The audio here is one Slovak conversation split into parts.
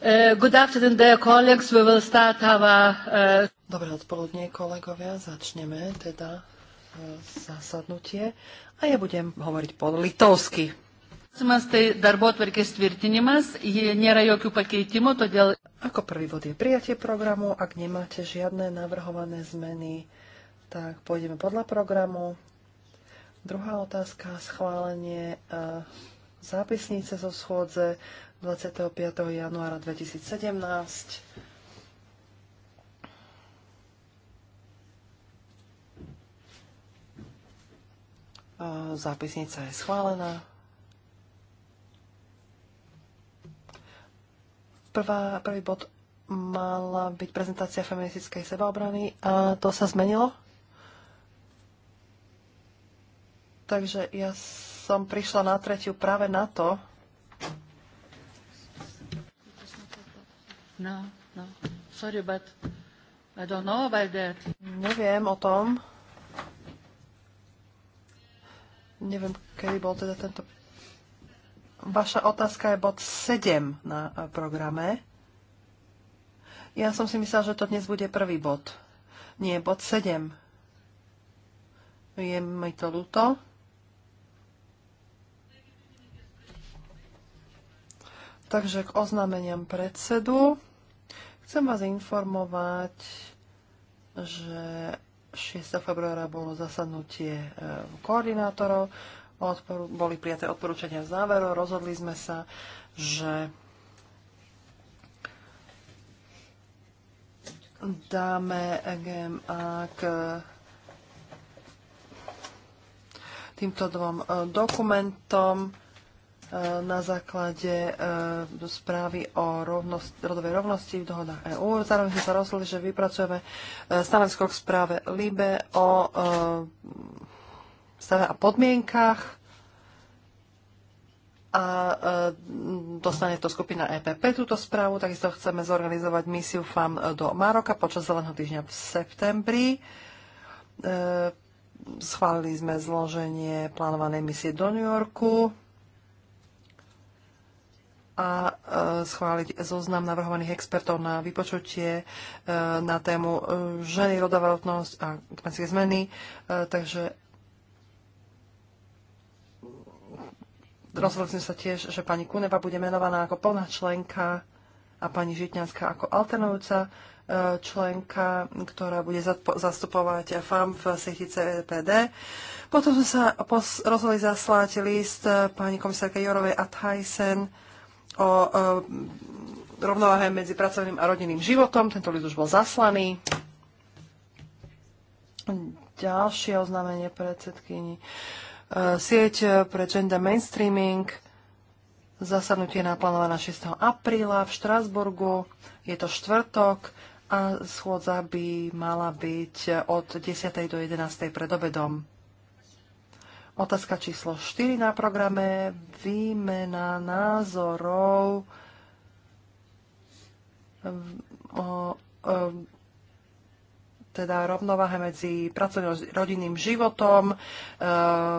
Uh, uh, Dobré odpoludne, kolegovia. Začneme teda uh, zasadnutie. A ja budem hovoriť po litovsky. Ako prvý bod je prijatie programu. Ak nemáte žiadne navrhované zmeny, tak pôjdeme podľa programu. Druhá otázka, schválenie zápisnice zo schôdze 25. januára 2017. Zápisnica je schválená. Prvá, prvý bod mala byť prezentácia feministickej sebaobrany a to sa zmenilo. Takže ja som prišla na tretiu práve na to, No, no. Sorry, but I don't know about that. Neviem o tom. Neviem, kedy bol teda tento... Vaša otázka je bod 7 na eh, programe. Ja som si myslel, že to dnes bude prvý bod. Nie, bod 7. Je mi to ľúto. Takže k oznámeniam predsedu. Chcem vás informovať, že 6. februára bolo zasadnutie e, koordinátorov, odporu, boli prijaté odporúčania záveru. rozhodli sme sa, že dáme e GMA k týmto dvom e, dokumentom Eh, na základe eh, správy o rovnosť, rodovej rovnosti v dohodách EÚ. Zároveň sme sa rozhodli, že vypracujeme eh, stanovisko k správe LIBE o stave a podmienkach a dostane to skupina EPP túto správu. Takisto chceme zorganizovať misiu FAM do Maroka počas zeleného týždňa v septembri. Schválili sme zloženie plánovanej misie do New Yorku a e, schváliť zoznam navrhovaných expertov na vypočutie e, na tému e, ženy, rodovalotnosť a kmenské zmeny. Takže rozhodli sme sa tiež, že pani Kuneva bude menovaná ako plná členka a pani Žitňanská ako alternujúca členka, ktorá bude zastupovať FAM v setice EPD. Potom sme sa rozhodli zaslať list pani komisárke Jorovej a Tyson, o rovnováhe medzi pracovným a rodinným životom. Tento list už bol zaslaný. Ďalšie oznámenie predsedkyni. E, sieť pre gender mainstreaming. Zasadnutie je naplánované 6. apríla v Štrásburgu. Je to štvrtok a schôdza by mala byť od 10. do 11. pred obedom. Otázka číslo 4 na programe. Výmena názorov ehm, o, o ehm, teda rovnováhe medzi pracovným rodinným životom e,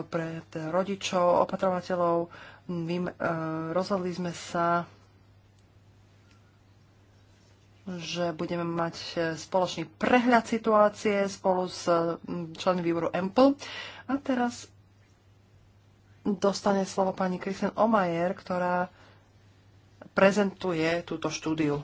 pre teda rodičov, opatrovateľov. My e, rozhodli sme sa, že budeme mať e, spoločný prehľad situácie spolu s členmi výboru EMPL. A teraz dostane slovo pani Kristen Omajer, ktorá prezentuje túto štúdiu.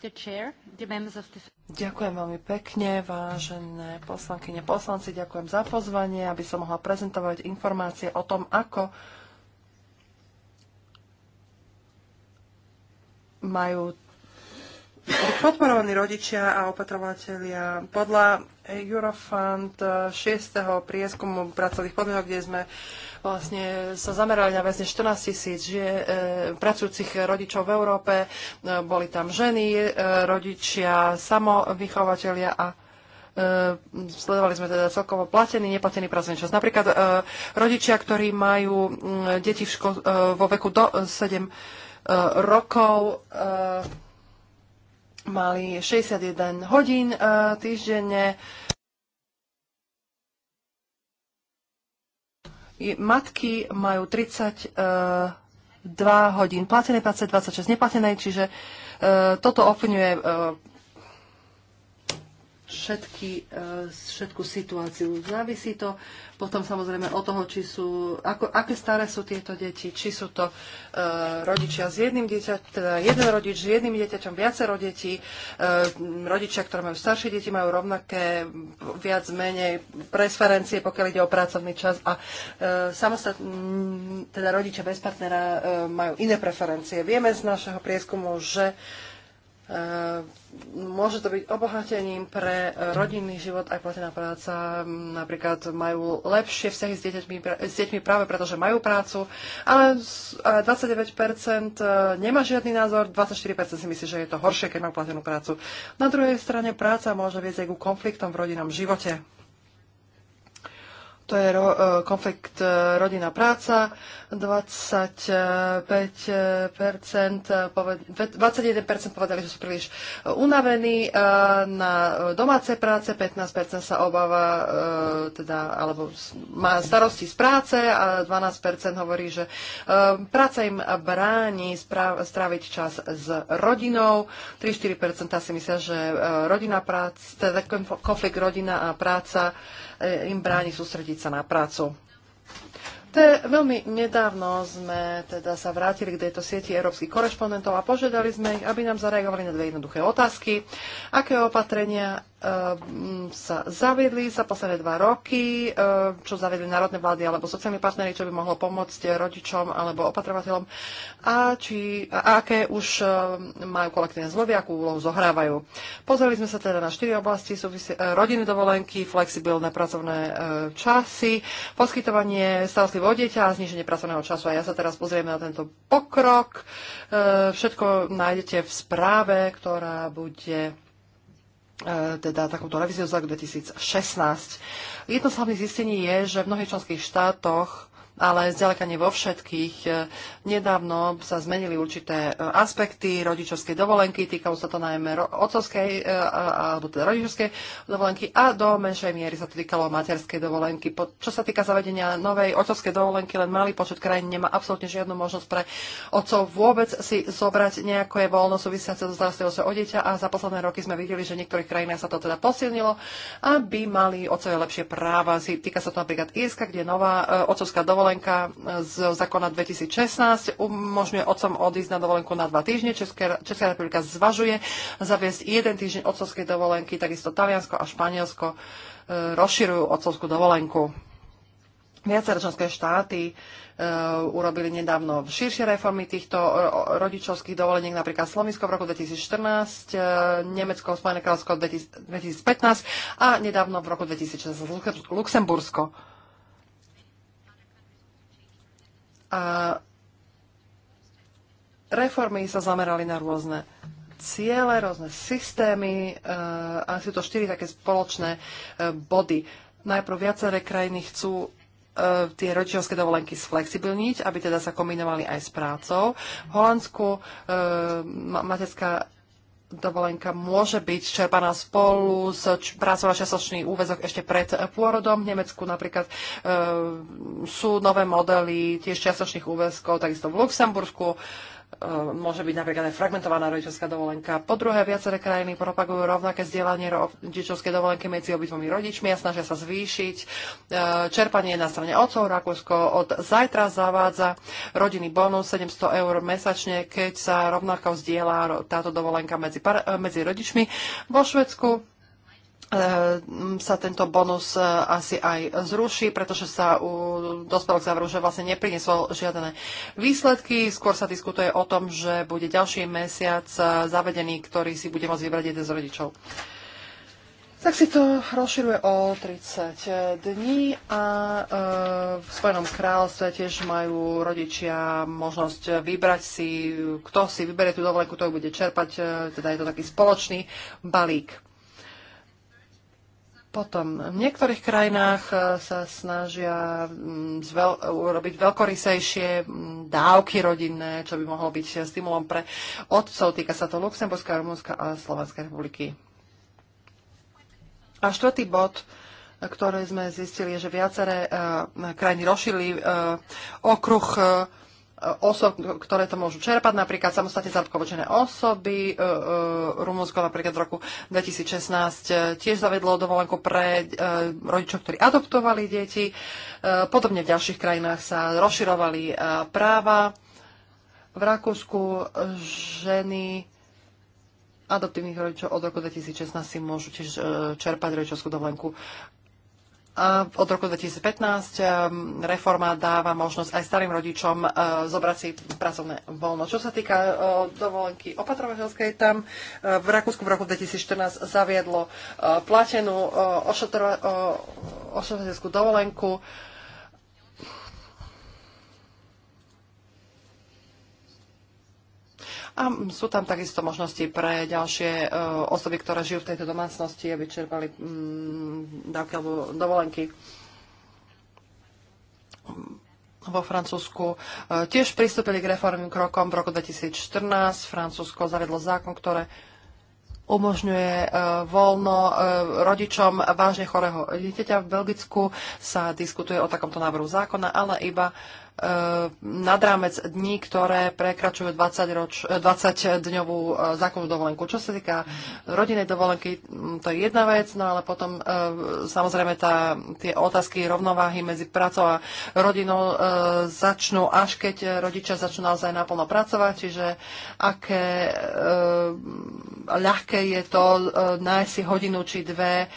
The chair, the the... Ďakujem veľmi pekne, vážené poslankyne, poslanci, ďakujem za pozvanie, aby som mohla prezentovať informácie o tom, ako majú podporovaní rodičia a opatrovateľia. Podľa Eurofund 6. Eh, prieskumu pracovných podmienok, kde sme vlastne sa zamerali na väzne 14 tisíc e, pracujúcich rodičov v Európe. E, boli tam ženy, e, rodičia, samovychovateľia a e, sledovali sme teda celkovo platený, neplatený pracovný čas. Napríklad e, rodičia, ktorí majú e, deti v ško- e, vo veku do e, 7 e, rokov, e, mali 61 hodín e, týždenne. Matky majú 32 e, hodín platené, práce, 26 neplatené, čiže e, toto ovplyvňuje všetky, eh, všetku situáciu. Závisí to potom samozrejme od toho, či sú, ako, aké staré sú tieto deti, či sú to uh, rodičia s jedným dieťaťom, teda jeden rodič s jedným dieťaťom, viacero detí, uh, rodičia, ktoré majú staršie deti, majú rovnaké viac menej preferencie, pokiaľ ide o pracovný čas a uh, samostatne, teda rodičia bez partnera uh, majú iné preferencie. Vieme z našeho prieskumu, že uh, Eh, môže to byť obohatením pre rodinný život aj platená práca. Napríklad majú lepšie vzťahy s deťmi, s deťmi práve preto, že majú prácu, ale 29% eh, nemá žiadny názor, 24% si myslí, že je to horšie, keď má platenú prácu. Na druhej strane práca môže viesť aj ku konfliktom v rodinnom živote to je ro, e, konflikt e, rodina práca, 25%, e, poved, 21% povedali, že sú príliš unavení na domáce práce, 15% sa obáva, teda, alebo má starosti z práce a 12% hovorí, že práca im bráni stráviť čas s rodinou, 3-4% si myslia, že rodina práca, teda konflikt rodina a práca im bráni sústrediť sa na prácu. Te, veľmi nedávno sme teda sa vrátili k tejto sieti európskych korešpondentov a požiadali sme ich, aby nám zareagovali na dve jednoduché otázky. Aké opatrenia Ehm, sa zavedli za posledné dva roky, ehm, čo zavedli národné vlády alebo sociálni partnery, čo by mohlo pomôcť rodičom alebo opatrovateľom a, či, a aké už ehm, majú kolektívne zlovy, akú úlohu zohrávajú. Pozreli sme sa teda na štyri oblasti, sú e, rodiny dovolenky, flexibilné pracovné e, časy, poskytovanie starostlivo o dieťa a zniženie pracovného času. A ja sa teraz pozrieme na tento pokrok. Všetko nájdete v správe, ktorá bude E, teda takúto revíziu za rok 2016. Jedno z hlavných zistení je, že v mnohých členských štátoch ale zďaleka nie vo všetkých. E, Nedávno sa zmenili určité e, aspekty rodičovskej dovolenky, týkalo sa to najmä otcovskej e, alebo teda rodičovskej dovolenky a do menšej miery sa to týkalo materskej dovolenky. Čo sa týka zavedenia novej otcovskej dovolenky, len malý počet krajín nemá absolútne žiadnu možnosť pre otcov vôbec si zobrať nejaké voľno súvisiace so starostlivosťou o dieťa a za posledné roky sme videli, že v niektorých krajinách sa to teda posilnilo, aby mali otcovia lepšie práva. Týka sa to napríklad Írska, kde nová otcovská dovolenka dovolenka e, z zákona 2016 umožňuje otcom odísť na dovolenku na dva týždne. Česká, Česká republika zvažuje zaviesť jeden týždeň otcovskej dovolenky, takisto Taliansko a Španielsko e, rozširujú otcovskú dovolenku. Viaceré členské štáty e, urobili nedávno širšie reformy týchto rodičovských dovoleniek, napríklad Slovensko v roku 2014, Nemecko, Spojené kráľovsko 2015 a nedávno v roku 2016 Luxembursko. A reformy sa zamerali na rôzne ciele, rôzne systémy eh, a sú to štyri také spoločné eh, body. Najprv viaceré krajiny chcú eh, tie rodičovské dovolenky sflexibilniť, aby teda sa kombinovali aj s prácou. V Holandsku materská dovolenka môže byť čerpaná spolu s pracovať časočný úvezok ešte pred pôrodom. V Nemecku napríklad e, sú nové modely tiež časočných úvezkov, takisto v Luxembursku. E, môže byť napríklad aj fragmentovaná rodičovská dovolenka. Po druhé, viaceré krajiny propagujú rovnaké zdieľanie rodičovskej dovolenky medzi obidvomi rodičmi a snažia sa zvýšiť e, čerpanie na strane otcov. Rakúsko od zajtra zavádza rodinný bonus 700 eur mesačne, keď sa rovnako zdieľa táto dovolenka medzi, par- e, medzi rodičmi. Vo Švedsku Ehm, sa tento bonus e, asi aj zruší, pretože sa u dospelok záveru, že vlastne neprinesol žiadne výsledky. Skôr sa diskutuje o tom, že bude ďalší mesiac e, zavedený, ktorý si bude môcť vybrať jeden z rodičov. Tak si to rozširuje o 30 e, dní a v Spojenom kráľstve tiež majú rodičia možnosť vybrať si, kto si vyberie tú dovolenku, to bude čerpať, teda je to taký spoločný balík. Potom v niektorých krajinách eh, sa snažia mm, zveľ, urobiť veľkorysejšie mm, dávky rodinné, čo by mohlo byť stimulom pre otcov. Týka sa to Luxemburska, Rumunska a Slovenskej republiky. A štvrtý bod, ktoré sme zistili, je, že viaceré eh, krajiny rozšili eh, okruh osob, ktoré to môžu čerpať, napríklad samostatne zabkovočené osoby. E, e, Rumunsko napríklad v roku 2016 e, tiež zavedlo dovolenku pre rodičov, ktorí adoptovali deti. Podobne v ďalších krajinách sa rozširovali práva. V Rakúsku ženy adoptívnych rodičov od roku 2016 si môžu tiež čerpať rodičovskú dovolenku Ehm, od roku 2015 ehm, reforma dáva možnosť aj starým rodičom ehm, zobrať si pracovné voľno. Čo sa týka dovolenky opatrovateľskej, tam v Rakúsku v roku 2014 zaviedlo platenú ošetrovateľskú dovolenku A sú tam takisto možnosti pre ďalšie e, osoby, ktoré žijú v tejto domácnosti, aby čerpali mm, dávky alebo dovolenky vo Francúzsku e, tiež pristúpili k reformným krokom v roku 2014. Francúzsko zavedlo zákon, ktoré umožňuje e, voľno rodičom vážne chorého dieťaťa. V Belgicku sa diskutuje o takomto návrhu zákona, ale iba Eh, nad rámec dní, ktoré prekračujú 20-dňovú 20, 20 zákonnú dovolenku. Čo sa týka rodinnej dovolenky, hm, to je jedna vec, no ale potom eh, samozrejme tá, tie otázky rovnováhy medzi pracou a rodinou eh, začnú až keď rodičia začnú naozaj naplno pracovať, čiže aké ľahké je to nájsť si hodinu či dve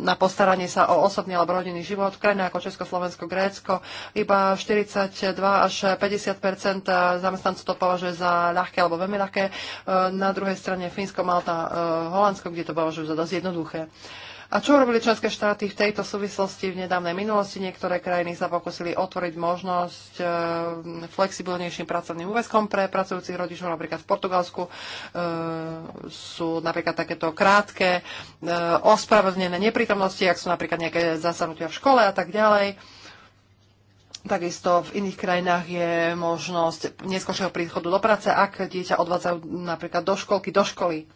na postaranie sa o osobný alebo rodinný život. Krajina ako Česko, Slovensko, Grécko, iba zhruba 42 až 50 zamestnancov to považuje za ľahké alebo veľmi ľahké. E, na druhej strane Fínsko, Malta, e, Holandsko, kde to považujú za dosť jednoduché. A čo robili členské štáty v tejto súvislosti v nedávnej minulosti? Niektoré krajiny sa pokusili otvoriť možnosť e, flexibilnejším pracovným úväzkom pre pracujúcich rodičov. Napríklad v Portugalsku e, sú napríklad takéto krátke e, ospravedlnené neprítomnosti, ak sú napríklad nejaké zasadnutia v škole a tak ďalej. Takisto v iných krajinách je možnosť neskôršieho príchodu do práce, ak dieťa odvádzajú napríklad do školky, do školy. E,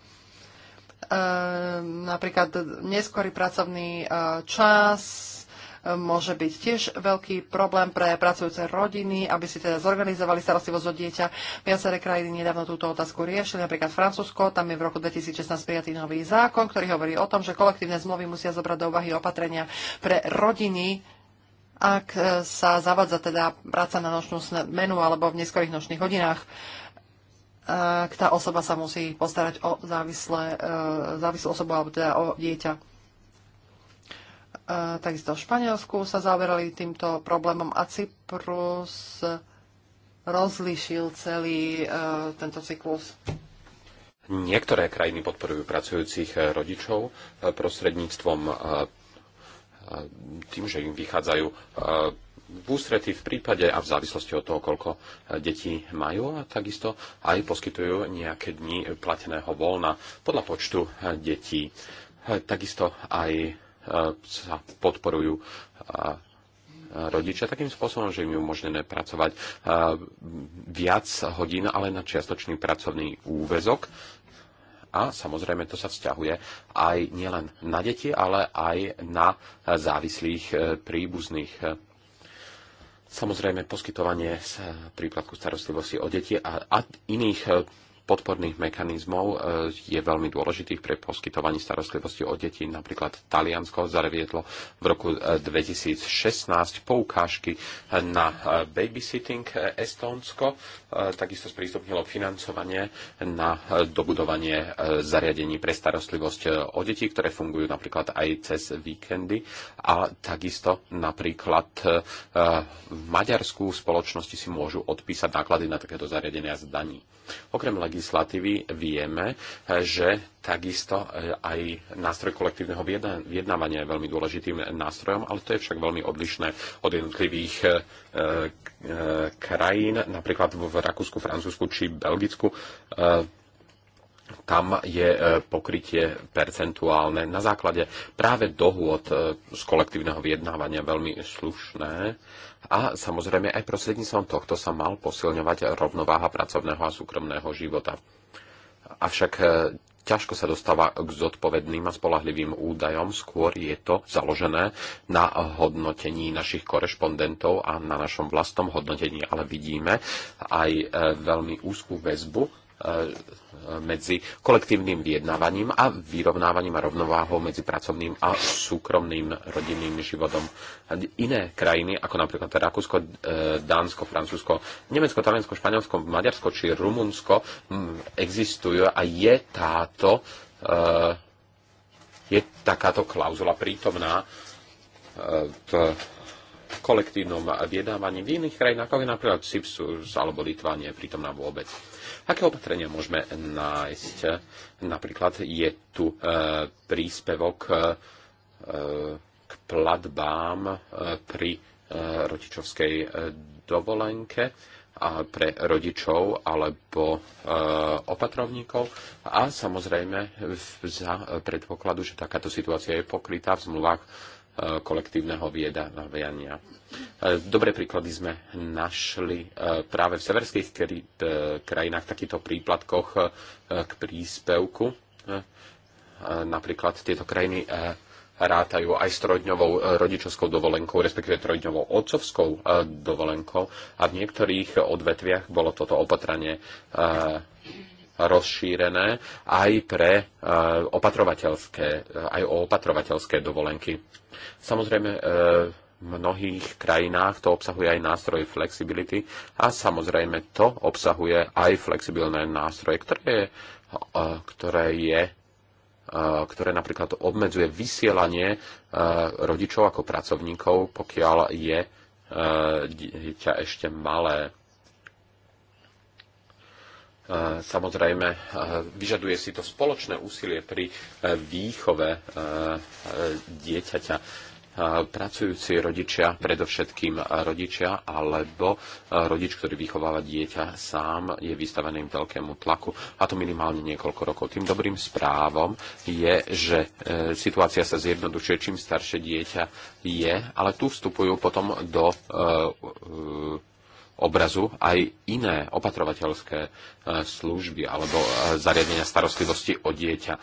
napríklad neskorý pracovný e, čas e, môže byť tiež veľký problém pre pracujúce rodiny, aby si teda zorganizovali starostlivosť o dieťa. Viaceré krajiny nedávno túto otázku riešili, napríklad Francúzsko, tam je v roku 2016 prijatý nový zákon, ktorý hovorí o tom, že kolektívne zmluvy musia zobrať do úvahy opatrenia pre rodiny, ak e, sa zavadza teda práca na nočnú menu alebo v neskorých nočných hodinách, e, ak tá osoba sa musí postarať o závislé, e, závislú osobu alebo teda o dieťa. Takisto v Španielsku sa zaoberali týmto problémom a Cyprus rozlišil celý tento cyklus. Niektoré krajiny podporujú pracujúcich rodičov prostredníctvom E, tým, že im vychádzajú e, v ústretí v prípade a v závislosti od toho, koľko e, detí majú a takisto aj poskytujú nejaké dni plateného voľna podľa počtu detí. Takisto aj sa podporujú rodičia takým spôsobom, že im je umožnené pracovať viac hodín, ale na čiastočný pracovný úvezok a samozrejme to sa vzťahuje aj nielen na deti, ale aj na závislých e, príbuzných. Samozrejme poskytovanie príplatku starostlivosti o deti a, a iných e, podporných mechanizmov e, je veľmi dôležitých pre poskytovanie starostlivosti o deti. Napríklad Taliansko zareviedlo v roku 2016 e, poukážky e, na babysitting Estónsko, takisto sprístupnilo financovanie na dobudovanie zariadení pre starostlivosť o deti, ktoré fungujú napríklad aj cez víkendy a takisto napríklad v Maďarsku spoločnosti si môžu odpísať náklady na takéto zariadenia z daní. Okrem legis- legislatívy vieme, že takisto eh, aj nástroj kolektívneho vyjednávania je veľmi dôležitým nástrojom, ale to je však veľmi odlišné od jednotlivých eh, eh, krajín, napríklad v Rakúsku, Francúzsku či Belgicku. Tam je pokrytie percentuálne na základe práve dohôd z kolektívneho vyjednávania veľmi slušné a samozrejme aj prostredníctvom tohto sa mal posilňovať rovnováha pracovného a súkromného života. Avšak e, ťažko sa dostáva k zodpovedným a spolahlivým údajom, skôr je to založené na hodnotení našich korešpondentov a na našom vlastnom hodnotení, ale vidíme aj e, veľmi úzkú väzbu E, medzi kolektívnym vyjednávaním a vyrovnávaním a rovnováhou medzi pracovným a súkromným rodinným životom. Iné krajiny, ako napríklad teda Rakúsko, e, Dánsko, Francúzsko, Nemecko, Taliansko, Španielsko, Maďarsko či Rumunsko, existujú a je táto e, je takáto klauzula prítomná v kolektívnom vyjednávaní v iných krajinách, ako je napríklad Cipsus alebo Litvánie je prítomná vôbec. Aké opatrenia môžeme nájsť? Napríklad je tu e, príspevok e, k platbám e, pri rodičovskej dovolenke a pre rodičov alebo e, opatrovníkov a samozrejme v, za predpokladu, že takáto situácia je pokrytá v zmluvách kolektívneho vyjednávania. Dobré príklady sme našli e, práve v severských e, krajinách v takýchto príplatkoch e, k príspevku. Napríklad tieto krajiny rátajú aj s trojdňovou rodičovskou dovolenkou, respektíve trojdňovou otcovskou dovolenkou a v niektorých odvetviach bolo toto opatranie rozšírené aj pre e, opatrovateľské, e, aj o opatrovateľské dovolenky. Samozrejme, e, v mnohých krajinách to obsahuje aj nástroj flexibility a samozrejme to obsahuje aj flexibilné nástroje, ktoré je, ktoré je ktoré napríklad obmedzuje vysielanie rodičov ako pracovníkov, pokiaľ je dieťa ešte malé. Eh, samozrejme, eh, vyžaduje si to spoločné úsilie pri eh, výchove dieťaťa. Pracujúci rodičia, predovšetkým rodičia, alebo rodič, ktorý vychováva dieťa sám, je vystavený veľkému tlaku. A to minimálne niekoľko rokov. Tým dobrým správom je, že situácia sa zjednodušuje, čím staršie dieťa je, ale tu vstupujú potom do obrazu aj iné opatrovateľské e, služby alebo e, zariadenia starostlivosti o dieťa.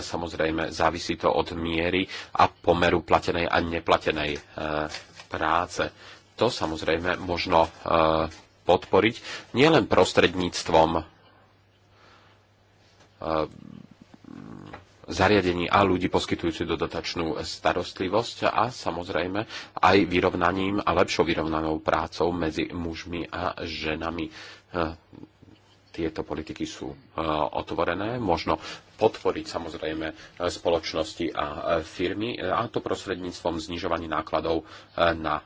Samozrejme, závisí to od miery a pomeru platenej a neplatenej e, práce. To samozrejme možno podporiť nielen prostredníctvom zariadení a ľudí poskytujúci dodatočnú starostlivosť a samozrejme aj vyrovnaním a lepšou vyrovnanou prácou medzi mužmi a ženami. E, tieto politiky sú e, otvorené. Možno podporiť samozrejme e, spoločnosti a firmy a to prostredníctvom znižovaní nákladov na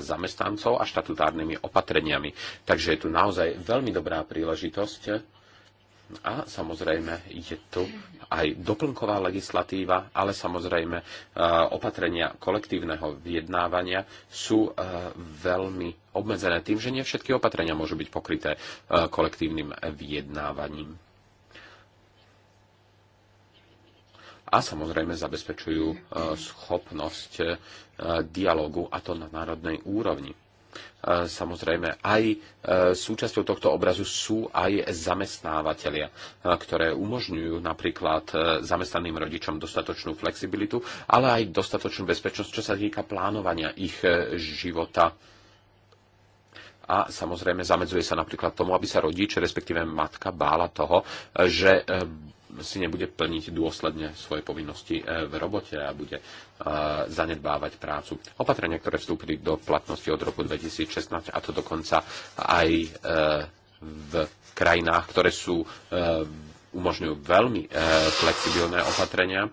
zamestnancov a štatutárnymi opatreniami. Takže je tu naozaj veľmi dobrá príležitosť a samozrejme je tu aj doplnková legislatíva, ale samozrejme e, opatrenia kolektívneho vyjednávania sú e, veľmi obmedzené tým, že nie všetky opatrenia môžu byť pokryté e, kolektívnym vyjednávaním. A samozrejme zabezpečujú schopnosť dialogu a to na národnej úrovni. Samozrejme, aj e, súčasťou tohto obrazu sú aj zamestnávateľia, e, ktoré umožňujú napríklad e, zamestnaným rodičom dostatočnú flexibilitu, ale aj dostatočnú bezpečnosť, čo sa týka plánovania ich života a samozrejme zamedzuje sa napríklad tomu, aby sa rodič, respektíve matka bála toho, že si nebude plniť dôsledne svoje povinnosti eh, v robote a bude eh, zanedbávať prácu. Opatrenia, ktoré vstúpili do platnosti od roku 2016 a to dokonca aj eh, v krajinách, ktoré sú umožňujú veľmi flexibilné opatrenia,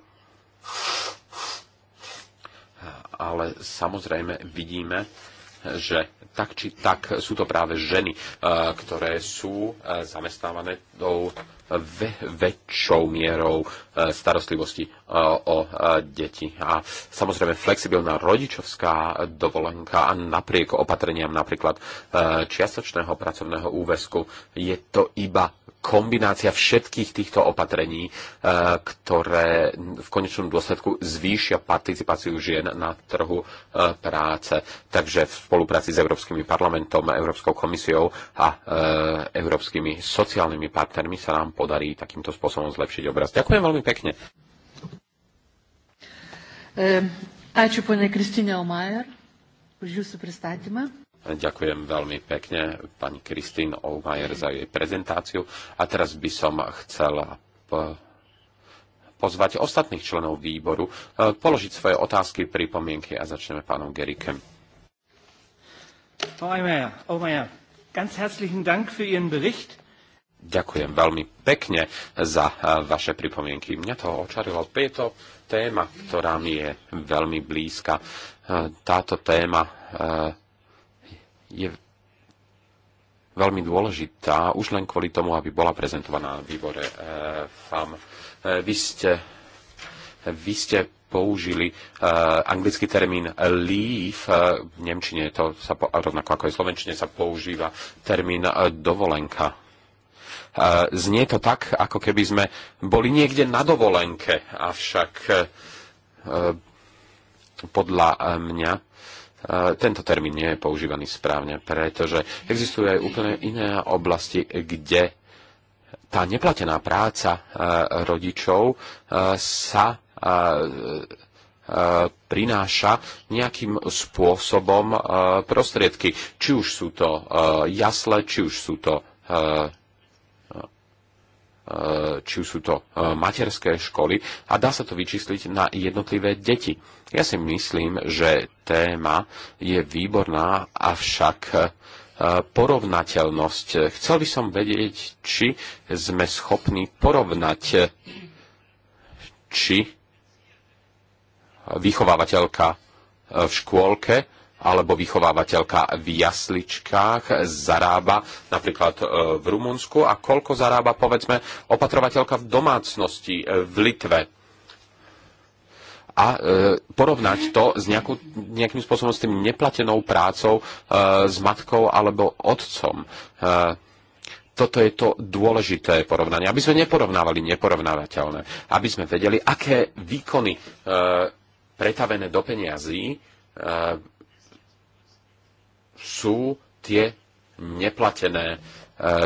ale samozrejme vidíme, že tak či tak sú to práve ženy, ktoré sú zamestnávané tou ve, väčšou mierou e, starostlivosti e, o e, deti. A samozrejme flexibilná rodičovská dovolenka a napriek opatreniam napríklad čiastočného pracovného úväzku je to iba kombinácia všetkých týchto opatrení, ktoré v konečnom dôsledku zvýšia participáciu žien na trhu práce. Takže v spolupráci s Európskym parlamentom, Európskou komisiou a európskymi sociálnymi partnermi sa nám podarí takýmto spôsobom zlepšiť obraz. Ďakujem veľmi pekne. čo ponia Kristine Omajer už sa pristatymą. Ďakujem veľmi pekne pani Kristín Omajer za jej prezentáciu. A teraz by som chcela pozvať ostatných členov výboru, e, položiť svoje otázky, pripomienky a začneme pánom Gerikem. Frau Omajer, ganz herzlichen Dank für Ihren Bericht. Ďakujem veľmi pekne za eh, vaše pripomienky. Mňa to očarilo. Je to téma, ktorá mi je veľmi blízka. Eh, táto téma eh, je veľmi dôležitá, už len kvôli tomu, aby bola prezentovaná na výbore FAM. Vy ste, vy ste použili anglický termín leave, v Nemčine to sa rovnako ako aj v Slovenčine sa používa termín dovolenka. Znie to tak, ako keby sme boli niekde na dovolenke, avšak e, e, podľa e, mňa tento termín nie je používaný správne, pretože existujú aj úplne iné oblasti, kde tá neplatená práca rodičov sa prináša nejakým spôsobom prostriedky. Či už sú to jasle, či už sú to Eh, či sú to eh, materské školy a dá sa to vyčísliť na jednotlivé deti. Ja si myslím, že téma je výborná, avšak eh, porovnateľnosť. Chcel by som vedieť, či sme schopní porovnať, či vychovávateľka v škôlke alebo vychovávateľka v jasličkách zarába napríklad e, v Rumunsku a koľko zarába povedzme opatrovateľka v domácnosti e, v Litve. A e, porovnať to s nejakú, nejakým spôsobom s tým neplatenou prácou s matkou alebo otcom toto je to dôležité porovnanie. Aby sme neporovnávali neporovnávateľné. Aby sme vedeli, aké výkony e, pretavené do peniazí. e, sú tie neplatené e,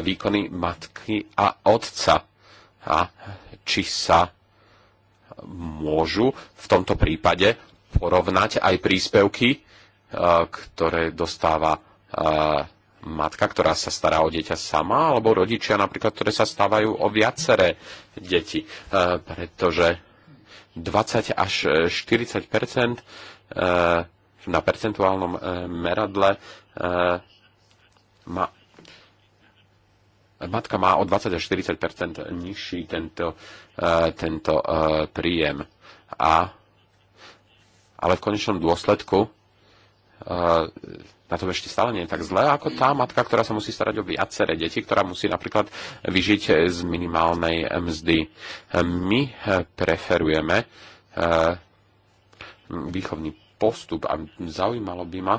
výkony matky a otca. A či sa môžu v tomto prípade porovnať aj príspevky, e, ktoré dostáva e, matka, ktorá sa stará o dieťa sama, alebo rodičia napríklad, ktoré sa stávajú o viaceré deti. Pretože 20 až 40 na percentuálnom e, meradle e, má matka má o 20 až 40 nižší tento, e, tento príjem. A, ale v konečnom dôsledku na tom ešte stále nie je tak zle ako tá matka, ktorá sa musí starať o viaceré deti, ktorá musí napríklad vyžiť z minimálnej mzdy. My preferujeme výchovný postup a zaujímalo by ma,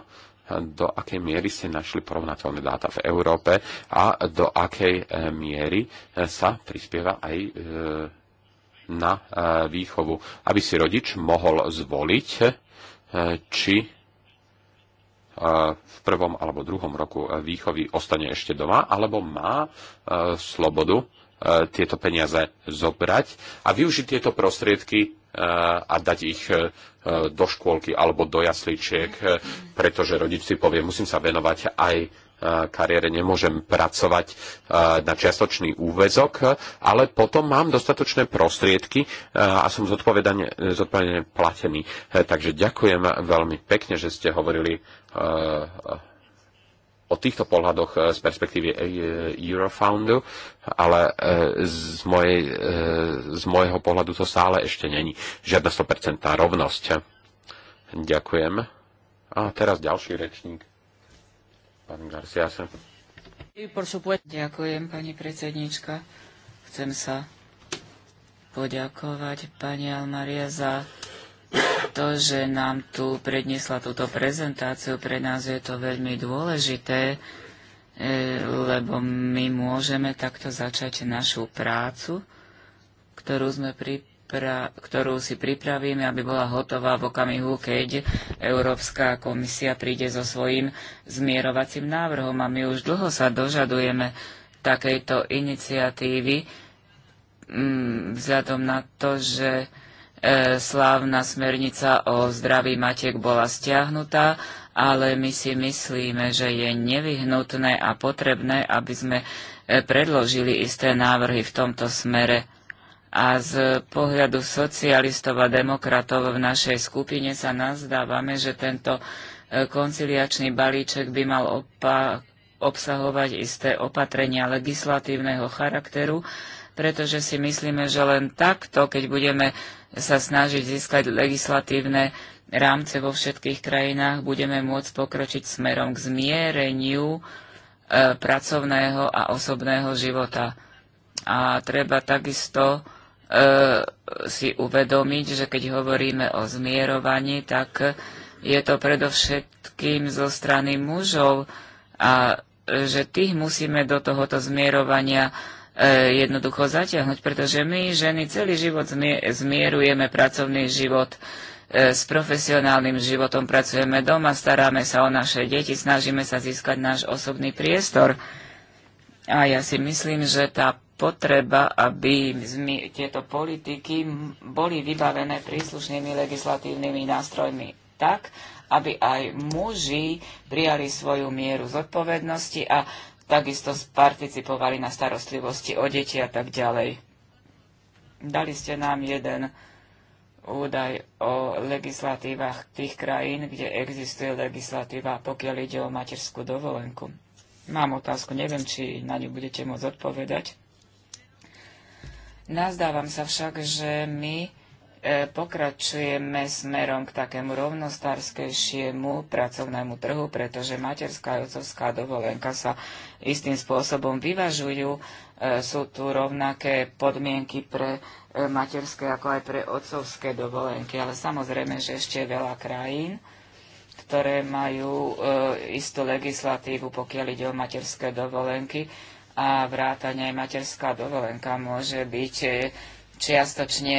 do akej miery ste našli porovnateľné dáta v Európe a do akej e, miery e, sa prispieva aj e, na výchovu, aby si rodič mohol zvoliť, či v prvom alebo druhom roku výchovy ostane ešte doma, alebo má slobodu tieto peniaze zobrať a využiť tieto prostriedky a dať ich e, do škôlky alebo do jasličiek, e, pretože rodič si povie, musím sa venovať aj e, kariére, nemôžem pracovať na čiastočný úvezok, ale potom mám dostatočné prostriedky a som zodpovedane, zodpovedane platený. Takže ďakujem veľmi pekne, že ste hovorili o týchto pohľadoch e, z perspektívy e, e, Eurofoundu, ale z, mojej, z môjho pohľadu to stále ešte není žiadna 100% rovnosť. Ďakujem. A teraz ďalší rečník. Pán Garcia. Ďakujem, pani predsednička. Chcem sa poďakovať pani Almaria za to, že nám tu predniesla túto prezentáciu. Pre nás je to veľmi dôležité, e, lebo my môžeme takto začať našu prácu, ktorú, sme pripra- ktorú si pripravíme, aby bola hotová v okamihu, keď Európska komisia príde so svojím zmierovacím návrhom. A my už dlho sa dožadujeme takejto iniciatívy mm, vzhľadom na to, že E, slávna smernica o zdraví matiek bola stiahnutá, ale my si myslíme, že je nevyhnutné a potrebné, aby sme e, predložili isté návrhy v tomto smere. A z pohľadu socialistov a demokratov v našej skupine sa nazdávame, že tento e, konciliačný balíček by mal obsahovať isté opatrenia legislatívneho charakteru, pretože si myslíme, že len takto, keď budeme sa snažiť získať legislatívne rámce vo všetkých krajinách, budeme môcť pokročiť smerom k zmiereniu e, pracovného a osobného života. A treba takisto e, si uvedomiť, že keď hovoríme o zmierovaní, tak je to predovšetkým zo strany mužov a že tých musíme do tohoto zmierovania E, jednoducho zaťahnuť, pretože my ženy celý život zmierujeme pracovný život e, s profesionálnym životom, pracujeme doma, staráme sa o naše deti, snažíme sa získať náš osobný priestor. A ja si myslím, že tá potreba, aby tieto politiky boli vybavené príslušnými legislatívnymi nástrojmi tak, aby aj muži prijali svoju mieru zodpovednosti a takisto participovali na starostlivosti o deti a tak ďalej. Dali ste nám jeden údaj o legislatívach tých krajín, kde existuje legislatíva, pokiaľ ide o materskú dovolenku. Mám otázku, neviem, či na ňu budete môcť odpovedať. Nazdávam sa však, že my E, pokračujeme smerom k takému rovnostárskejšiemu pracovnému trhu, pretože materská a otcovská dovolenka sa istým spôsobom vyvažujú. E, sú tu rovnaké podmienky pre e, materské ako aj pre otcovské dovolenky, ale samozrejme, že ešte je veľa krajín, ktoré majú istú legislatívu, pokiaľ ide o materské dovolenky a vrátane aj materská dovolenka môže byť čiastočne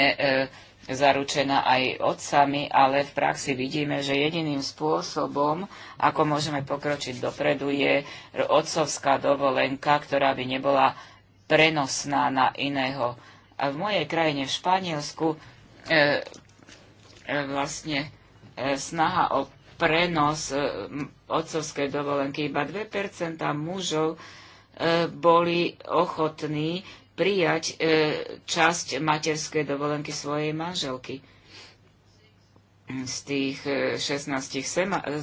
zaručená aj otcami, ale v praxi vidíme, že jediným spôsobom, ako môžeme pokročiť dopredu, je otcovská dovolenka, ktorá by nebola prenosná na iného. A v mojej krajine, v Španielsku, e, e, vlastne e, snaha o prenos e, otcovskej dovolenky iba 2% mužov e, boli ochotní prijať e, časť materskej dovolenky svojej manželky. Z tých 16 e,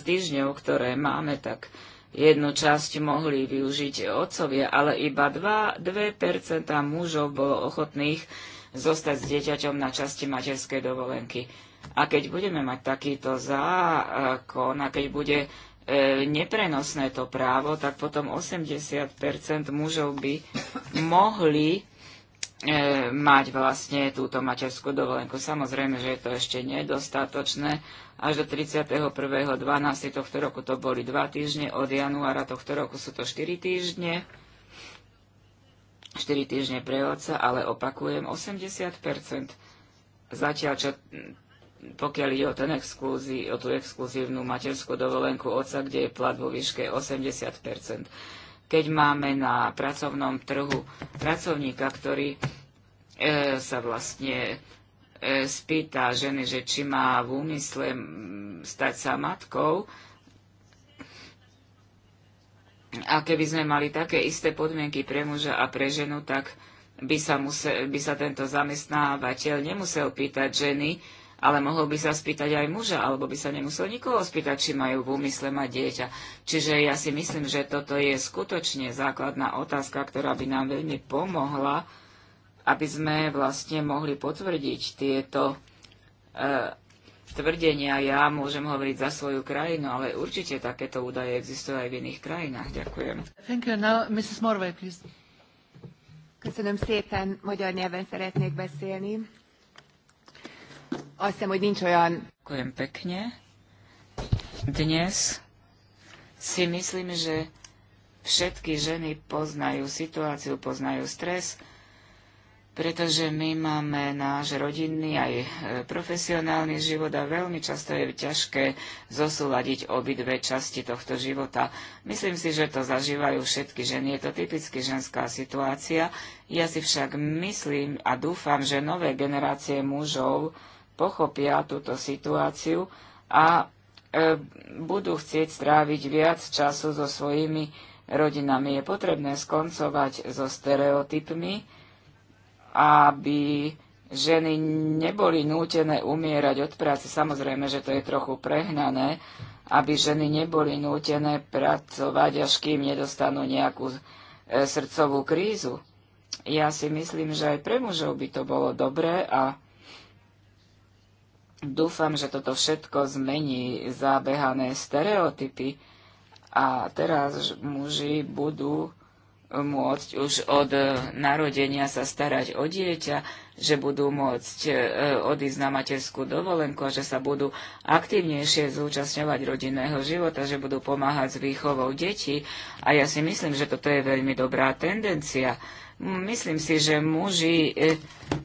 týždňov, ktoré máme, tak jednu časť mohli využiť otcovia, ale iba 2, 2% mužov bolo ochotných zostať s dieťaťom na časti materskej dovolenky. A keď budeme mať takýto zákon a keď bude E, neprenosné to právo, tak potom 80 mužov by mohli e, mať vlastne túto materskú dovolenku. Samozrejme, že je to ešte nedostatočné. Až do 31.12. tohto roku to boli 2 týždne, od januára tohto roku sú to 4 týždne. 4 týždne pre oca, ale opakujem 80 Zatiaľ, čo pokiaľ ide o, ten o tú exkluzívnu materskú dovolenku oca, kde je plat vo výške 80 Keď máme na pracovnom trhu pracovníka, ktorý e, sa vlastne e, spýta ženy, že či má v úmysle stať sa matkou, a keby sme mali také isté podmienky pre muža a pre ženu, tak by sa, musel, by sa tento zamestnávateľ nemusel pýtať ženy, ale mohol by sa spýtať aj muža, alebo by sa nemusel nikoho spýtať, či majú v úmysle mať dieťa. Čiže ja si myslím, že toto je skutočne základná otázka, ktorá by nám veľmi pomohla, aby sme vlastne mohli potvrdiť tieto e, tvrdenia. Ja môžem hovoriť za svoju krajinu, ale určite takéto údaje existujú aj v iných krajinách. Ďakujem. Thank you. Now, Mrs. Morvay, please. Köszönöm szépen, magyar nyelven szeretnék beszélni. Ďakujem pekne. Dnes si myslím, že všetky ženy poznajú situáciu, poznajú stres, pretože my máme náš rodinný aj e, profesionálny život a veľmi často je ťažké zosúľadiť obidve časti tohto života. Myslím si, že to zažívajú všetky ženy. Je to typicky ženská situácia. Ja si však myslím a dúfam, že nové generácie mužov pochopia túto situáciu a e, budú chcieť stráviť viac času so svojimi rodinami. Je potrebné skoncovať so stereotypmi, aby ženy neboli nútené umierať od práce. Samozrejme, že to je trochu prehnané, aby ženy neboli nútené pracovať, až kým nedostanú nejakú e, srdcovú krízu. Ja si myslím, že aj pre mužov by to bolo dobré a Dúfam, že toto všetko zmení zabehané stereotypy a teraz muži budú môcť už od narodenia sa starať o dieťa, že budú môcť e, odísť na materskú dovolenku a že sa budú aktívnejšie zúčastňovať rodinného života, že budú pomáhať s výchovou detí. A ja si myslím, že toto je veľmi dobrá tendencia. Myslím si, že muži e,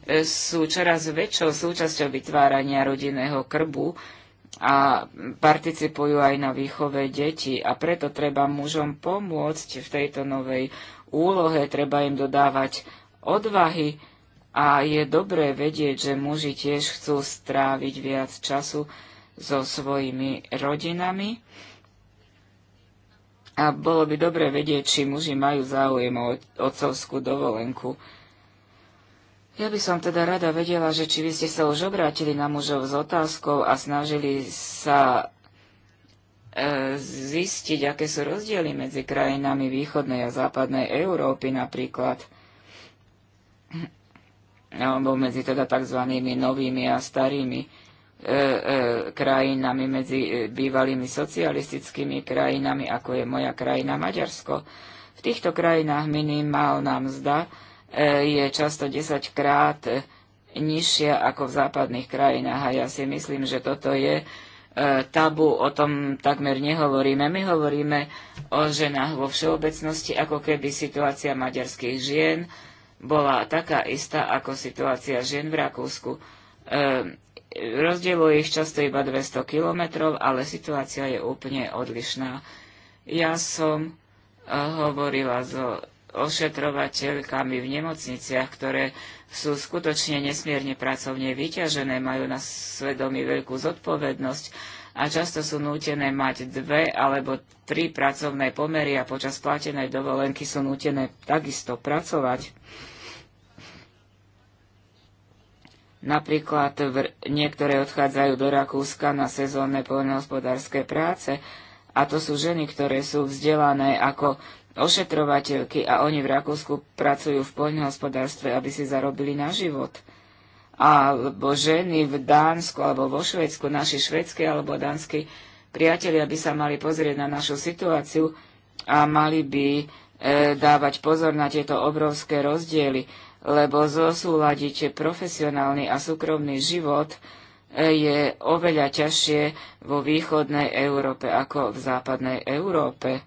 e, sú čoraz väčšou súčasťou vytvárania rodinného krbu a participujú aj na výchove detí a preto treba mužom pomôcť v tejto novej úlohe, treba im dodávať odvahy a je dobré vedieť, že muži tiež chcú stráviť viac času so svojimi rodinami a bolo by dobre vedieť, či muži majú záujem o otcovskú dovolenku. Ja by som teda rada vedela, že či by ste sa už obrátili na mužov s otázkou a snažili sa e, zistiť, aké sú rozdiely medzi krajinami východnej a západnej Európy napríklad, alebo medzi teda tzv. novými a starými E, e, krajinami, medzi e, bývalými socialistickými krajinami, ako je moja krajina Maďarsko. V týchto krajinách minimálna mzda je často 10 krát nižšia ako v západných krajinách a ja si myslím, že toto je tabu, o tom takmer nehovoríme. My hovoríme o ženách vo všeobecnosti, ako keby situácia maďarských žien bola taká istá ako situácia žien v Rakúsku. Rozdieluje ich často iba 200 kilometrov, ale situácia je úplne odlišná. Ja som eh, hovorila so ošetrovateľkami v nemocniciach, ktoré sú skutočne nesmierne pracovne vyťažené, majú na svedomí veľkú zodpovednosť a často sú nútené mať dve alebo tri pracovné pomery a počas platenej dovolenky sú nútené takisto pracovať. Napríklad niektoré odchádzajú do Rakúska na sezónne poľnohospodárske práce a to sú ženy, ktoré sú vzdelané ako ošetrovateľky a oni v Rakúsku pracujú v poľnohospodárstve, aby si zarobili na život. Alebo ženy v Dánsku alebo vo Švedsku, naši švedskí alebo dánsky priatelia by sa mali pozrieť na našu situáciu a mali by e, dávať pozor na tieto obrovské rozdiely lebo zosúľadiť profesionálny a súkromný život e, je oveľa ťažšie vo východnej Európe ako v západnej Európe.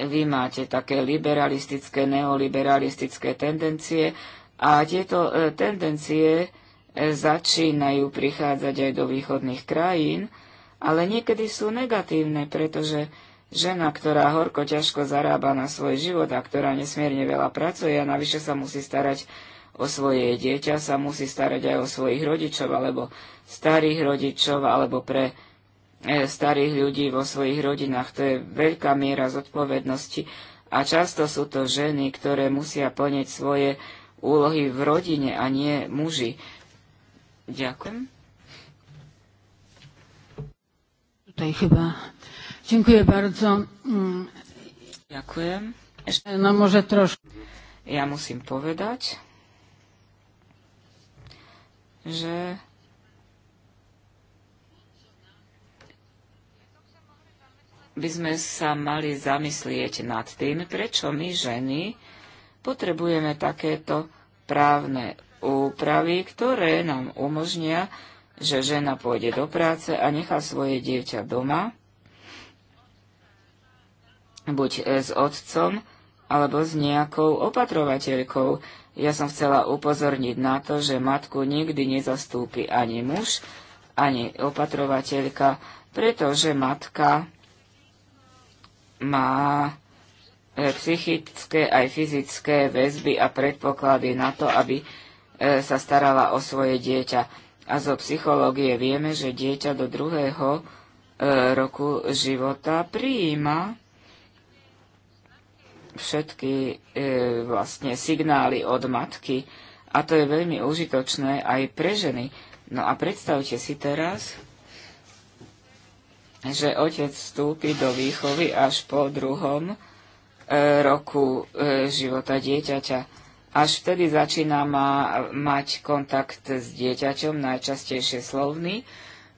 Vy máte také liberalistické, neoliberalistické tendencie a tieto e, tendencie e, začínajú prichádzať aj do východných krajín, ale niekedy sú negatívne, pretože Žena, ktorá horko ťažko zarába na svoj život a ktorá nesmierne veľa pracuje a navyše sa musí starať o svoje dieťa, sa musí starať aj o svojich rodičov alebo starých rodičov alebo pre e, starých ľudí vo svojich rodinách. To je veľká miera zodpovednosti a často sú to ženy, ktoré musia plniť svoje úlohy v rodine a nie muži. Ďakujem. Tutaj chyba Ďakujem Ďakujem. Ešte, no môže trošku. Ja musím povedať, že by sme sa mali zamyslieť nad tým, prečo my ženy potrebujeme takéto právne úpravy, ktoré nám umožnia, že žena pôjde do práce a nechá svoje dieťa doma buď e, s otcom, alebo s nejakou opatrovateľkou. Ja som chcela upozorniť na to, že matku nikdy nezastúpi ani muž, ani opatrovateľka, pretože matka má e, psychické aj fyzické väzby a predpoklady na to, aby e, sa starala o svoje dieťa. A zo psychológie vieme, že dieťa do druhého roku života prijíma všetky e, vlastne signály od matky a to je veľmi užitočné aj pre ženy. No a predstavte si teraz, že otec vstúpi do výchovy až po druhom e, roku e, života dieťaťa. Až vtedy začína ma, mať kontakt s dieťaťom, najčastejšie slovný,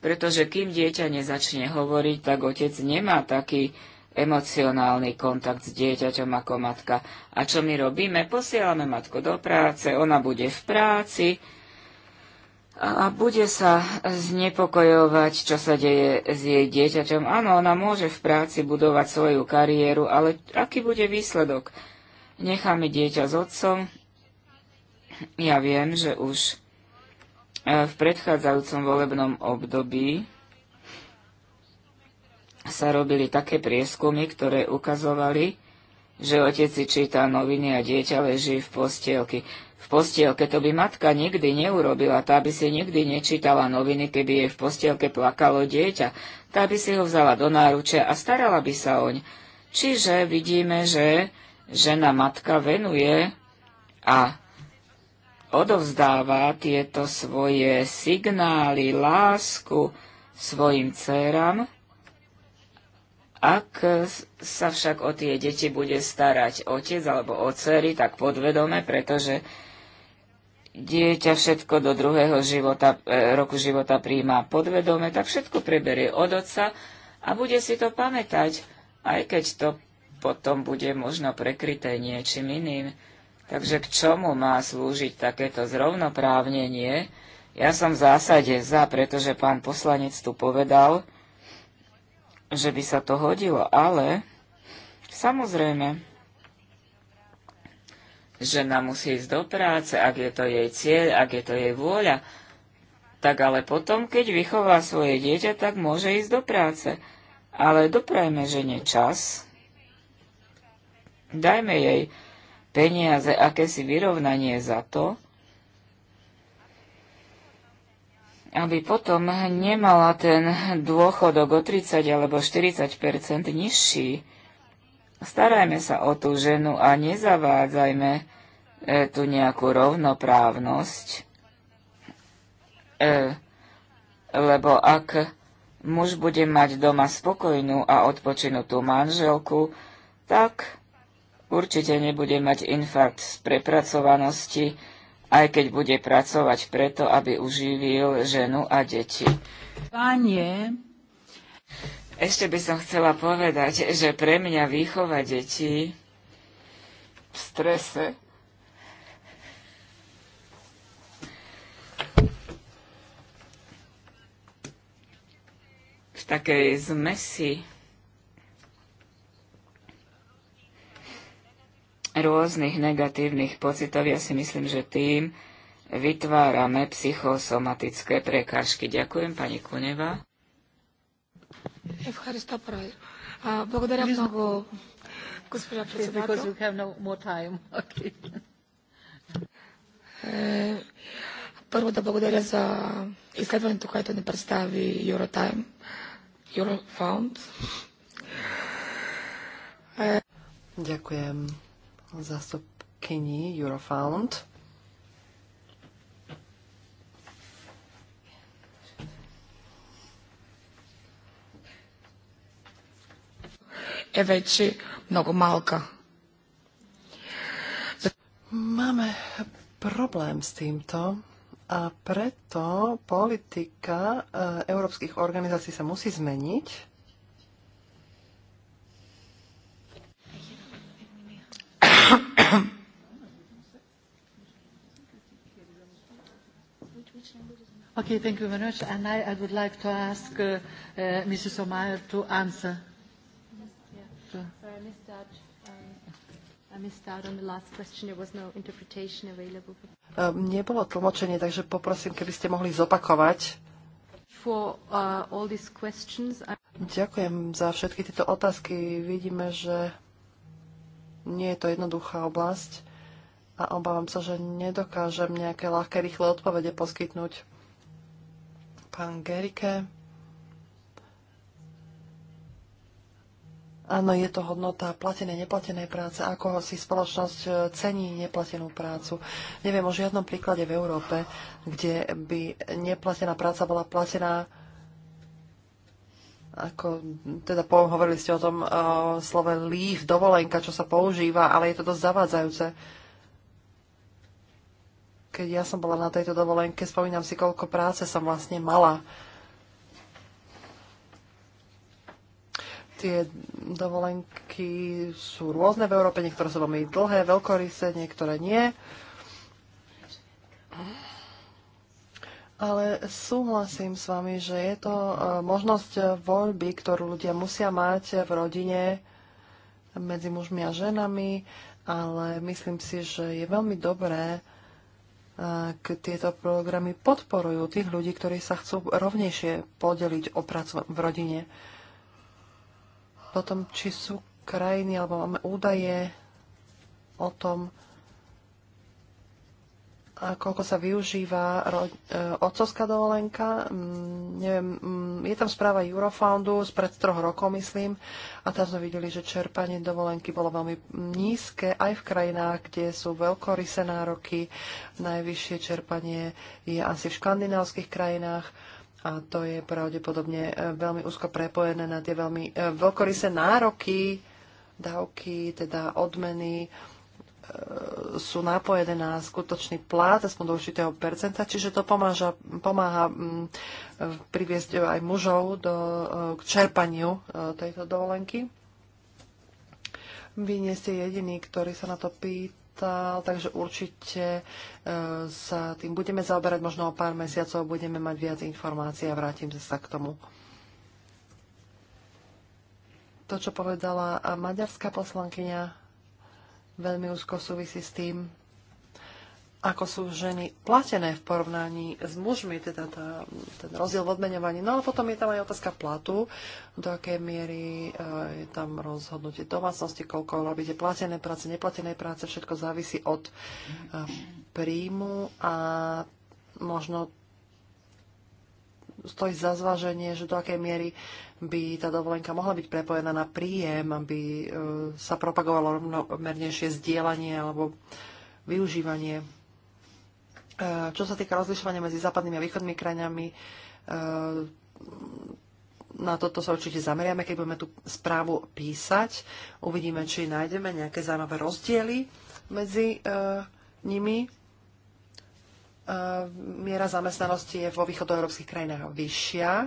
pretože kým dieťa nezačne hovoriť, tak otec nemá taký emocionálny kontakt s dieťaťom ako matka. A čo my robíme? Posielame matku do práce, ona bude v práci a bude sa znepokojovať, čo sa deje s jej dieťaťom. Áno, ona môže v práci budovať svoju kariéru, ale aký bude výsledok? Necháme dieťa s otcom. Ja viem, že už e, v predchádzajúcom volebnom období sa robili také prieskumy, ktoré ukazovali, že otec si číta noviny a dieťa leží v postielky. V postielke to by matka nikdy neurobila, tá by si nikdy nečítala noviny, keby jej v postielke plakalo dieťa. Tá by si ho vzala do náruče a starala by sa oň. Čiže vidíme, že žena matka venuje a odovzdáva tieto svoje signály, lásku svojim dcerám, ak sa však o tie deti bude starať otec alebo o tak podvedome, pretože dieťa všetko do druhého života, e, roku života príjma podvedome, tak všetko preberie od otca a bude si to pamätať, aj keď to potom bude možno prekryté niečím iným. Takže k čomu má slúžiť takéto zrovnoprávnenie? Ja som v zásade za, pretože pán poslanec tu povedal, že by sa to hodilo, ale samozrejme, žena musí ísť do práce, ak je to jej cieľ, ak je to jej vôľa, tak ale potom, keď vychová svoje dieťa, tak môže ísť do práce. Ale doprajme žene čas, dajme jej peniaze, akési vyrovnanie za to, aby potom nemala ten dôchodok o 30 alebo 40 nižší. Starajme sa o tú ženu a nezavádzajme e, tu nejakú rovnoprávnosť, e, lebo ak muž bude mať doma spokojnú a odpočinutú manželku, tak určite nebude mať infarkt z prepracovanosti, aj keď bude pracovať preto, aby uživil ženu a deti. Pánie. Ešte by som chcela povedať, že pre mňa výchova detí v strese v takej zmesi rôznych negatívnych pocitov. Ja si myslím, že tým vytvárame psychosomatické prekážky. Ďakujem, pani Kuneva. No Eurotime, Eurofound. Ďakujem zástupkyni Eurofound. je väčší mnogo malka. Máme problém s týmto a preto politika eh, európskych organizácií sa musí zmeniť Okay, thank you very much. And I, I would like to ask uh, uh, Mrs. O'Meara to answer. Yes, yeah. Sure. Sorry, I missed out. Um, uh, I missed out on the last question. There was no interpretation available. Um, nebolo tlmočenie, takže poprosím, keby ste mohli zopakovať. For, uh, all these questions. I... Ďakujem za všetky tieto otázky. Vidíme, že nie je to jednoduchá oblasť a obávam sa, že nedokážem nejaké ľahké, rýchle odpovede poskytnúť pán Gerike. Áno, je to hodnota platenej, neplatenej práce, ako si spoločnosť eh, cení neplatenú prácu. Neviem o žiadnom príklade v Európe, kde by neplatená práca bola platená ako, teda po, hovorili ste o tom uh, slove leave, dovolenka, čo sa používa, ale je to dosť zavádzajúce. Uh, keď ja som bola na tejto dovolenke, spomínam si, koľko práce som vlastne mala. Tie dovolenky sú rôzne v Európe, niektoré sú veľmi dlhé, veľkoryse, niektoré nie. Ale súhlasím s vami, že je to e, možnosť voľby, ktorú ľudia musia mať v rodine medzi mužmi a ženami, ale myslím si, že je veľmi dobré, k tieto programy podporujú tých ľudí, ktorí sa chcú rovnejšie podeliť o prácu v rodine. Potom, či sú krajiny, alebo máme údaje o tom, koľko sa využíva ro- e, otcovská dovolenka. Mm, neviem, mm, je tam správa Eurofoundu spred troch rokov, myslím, a tam sme videli, že čerpanie dovolenky bolo veľmi nízke aj v krajinách, kde sú veľkorysé nároky. Najvyššie čerpanie je asi v škandinávskych krajinách a to je pravdepodobne e, veľmi úzko prepojené na tie veľmi e, veľkorysé nároky, dávky, teda odmeny sú napojené na skutočný plát aspoň do určitého percenta, čiže to pomáža, pomáha mm, priviesť aj mužov do, eh, k čerpaniu eh, tejto dovolenky. Vy nie ste jediný, ktorý sa na to pýtal, takže určite eh, sa tým budeme zaoberať, možno o pár mesiacov budeme mať viac informácií a vrátim sa k tomu to, čo povedala maďarská poslankyňa veľmi úzko súvisí s tým, ako sú ženy platené v porovnaní s mužmi, teda tá, ten rozdiel v odmeňovaní. No ale potom je tam aj otázka platu, do akej miery e, je tam rozhodnutie domácnosti, koľko robíte platené práce, neplatené práce, všetko závisí od e, príjmu a možno stojí za zváženie, že do akej miery by tá dovolenka mohla byť prepojená na príjem, aby e, sa propagovalo rovnomernejšie zdieľanie alebo využívanie. E, čo sa týka rozlišovania medzi západnými a východnými krajinami, e, na toto sa určite zameriame, keď budeme tú správu písať. Uvidíme, či nájdeme nejaké zaujímavé rozdiely medzi nimi. Ehm, miera zamestnanosti je vo východoeurópskych krajinách vyššia.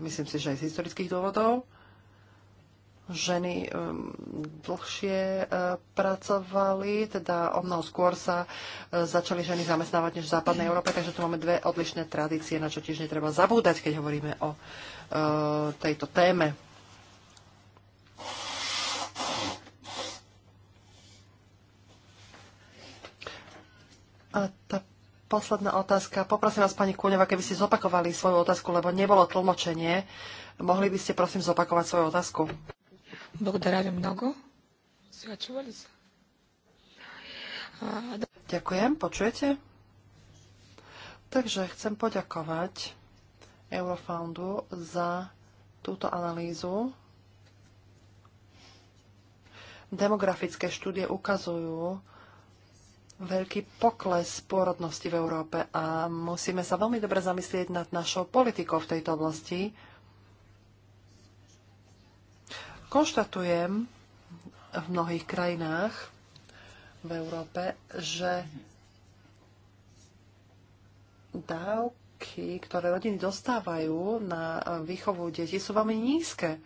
Myslím si, že aj z historických dôvodov. Ženy ehm, dlhšie ehm, pracovali, teda o mnoho skôr sa e, začali ženy zamestnávať než v západnej Európe, takže tu máme dve odlišné tradície, na čo tiež netreba zabúdať, keď hovoríme o e, tejto téme. A tá posledná otázka. Poprosím vás, pani Kúňová, keby ste zopakovali svoju otázku, lebo nebolo tlmočenie. Mohli by ste, prosím, zopakovať svoju otázku? Благодаря ви много. Сега Ďakujem, počujete? Takže chcem poďakovať Eurofoundu za túto analýzu. Demografické štúdie ukazujú, veľký pokles pôrodnosti v Európe a musíme sa veľmi dobre zamyslieť nad našou politikou v tejto oblasti. Konštatujem v mnohých krajinách v Európe, že dávky, ktoré rodiny dostávajú na výchovu detí, sú veľmi nízke.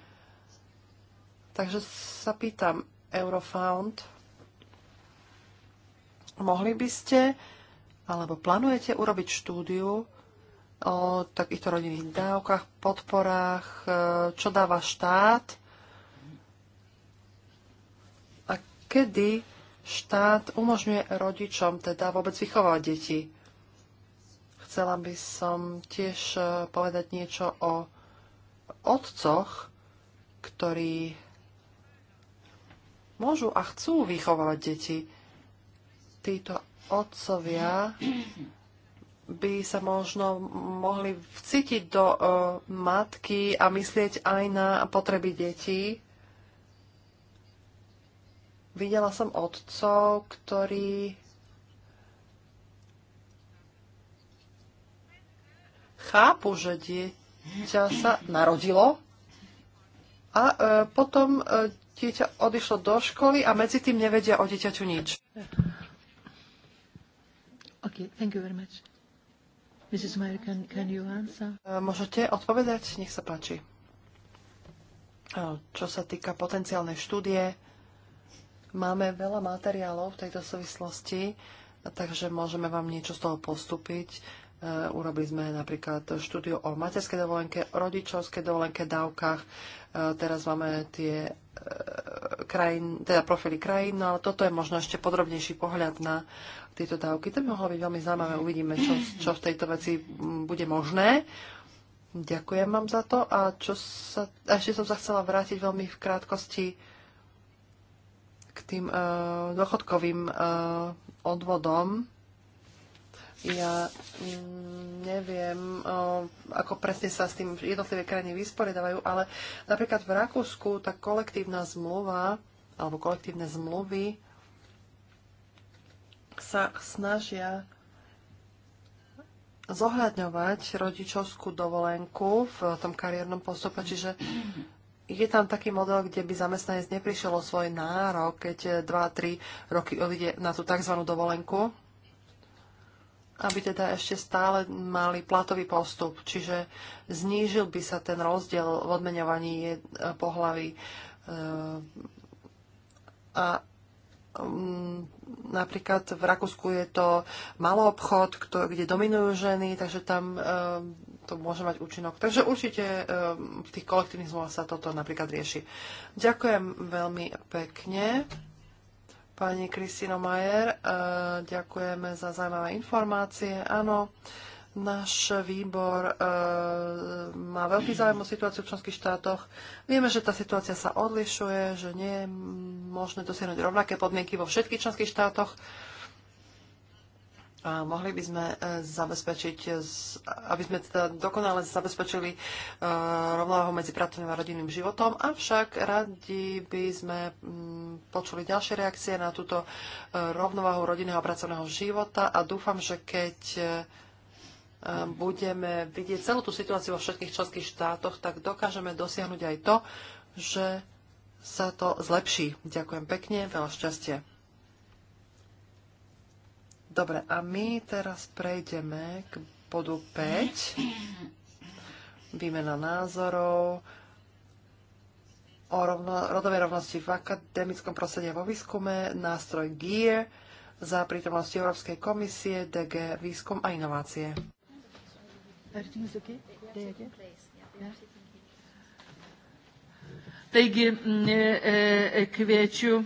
Takže sa pýtam, Eurofound Mohli by ste alebo plánujete urobiť štúdiu o takýchto rodinných dávkach, podporách, e, čo dáva štát a kedy štát umožňuje rodičom teda vôbec vychovať deti. Chcela by som tiež e, povedať niečo o otcoch, ktorí môžu a chcú vychovávať deti títo otcovia by sa možno mohli vcítiť do uh, matky a myslieť aj na potreby detí. Videla som otcov, ktorí chápu, že dieťa sa narodilo a uh, potom uh, dieťa odišlo do školy a medzi tým nevedia o dieťaťu nič. Okay, thank you very much. Mrs. Meyer, can, can you answer? E, môžete odpovedať? Nech sa páči. E, čo sa týka potenciálnej štúdie, máme veľa materiálov v tejto súvislosti, takže môžeme vám niečo z toho postúpiť. E, urobili sme napríklad štúdiu o materskej dovolenke, rodičovskej dovolenke, dávkach. Teraz máme tie krajín, teda profily krajín, no ale toto je možno ešte podrobnejší pohľad na tieto dávky. To by mohlo byť veľmi zaujímavé. Uvidíme, čo, čo v tejto veci mm, bude možné. Ďakujem vám za to. A čo sa, ešte som sa chcela vrátiť veľmi v krátkosti k tým uh, e, dochodkovým uh, e, odvodom. Ja mm, neviem, e, ako presne sa s tým jednotlivé krajiny vysporiadajú, ale napríklad v Rakúsku tá kolektívna zmluva alebo kolektívne zmluvy sa snažia zohľadňovať rodičovskú dovolenku v tom kariérnom postupe, čiže je tam taký model, kde by zamestnanec neprišiel o svoj nárok, keď 2-3 roky odíde na tú tzv. dovolenku, aby teda ešte stále mali platový postup. Čiže znížil by sa ten rozdiel v odmeňovaní eh, pohlaví. Eh, a Ehm, napríklad v Rakúsku je to malý obchod, kde dominujú ženy, takže tam ehm, to môže mať účinok. Takže určite ehm, v tých kolektívnych zmluvách sa toto napríklad rieši. Ďakujem veľmi pekne. Pani Kristino Majer, ďakujeme za zaujímavé informácie. Áno, Náš výbor e, má veľký záujem o situáciu v členských štátoch. Vieme, že tá situácia sa odlišuje, že nie je možné dosiahnuť rovnaké podmienky vo všetkých členských štátoch. A mohli by sme e, zabezpečiť, aby sme teda dokonale zabezpečili e, rovnováhu medzi pracovným a rodinným životom, avšak radi by sme mm, počuli ďalšie reakcie na túto e, rovnováhu rodinného a pracovného života a dúfam, že keď budeme vidieť celú tú situáciu vo všetkých členských štátoch, tak dokážeme dosiahnuť aj to, že sa to zlepší. Ďakujem pekne, veľa šťastie. Dobre, a my teraz prejdeme k bodu 5. Výmena názorov o rovno, rodovej rovnosti v akademickom prostredí vo výskume, nástroj GEAR za prítomnosti Európskej komisie, DG Výskum a inovácie. Everything is okay? They are okay? Yeah. Taigi mm, e, e, e, kviečiu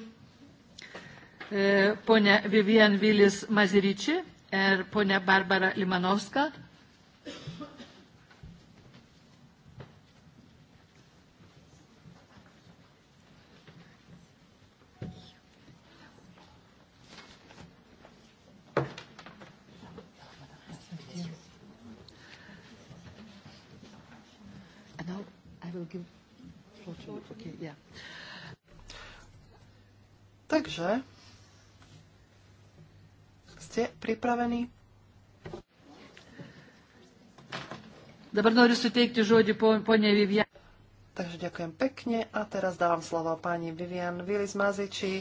ponia Vivian Vilis Maziriči ir er ponia Barbara Limanovska. will give floor to you. Okay, yeah. Takže, ste pripravení? Dabar noriu suteikti žodį ponė Vivian. Takže ďakujem pekne a teraz dávam slovo pani Vivian Vilis Maziči,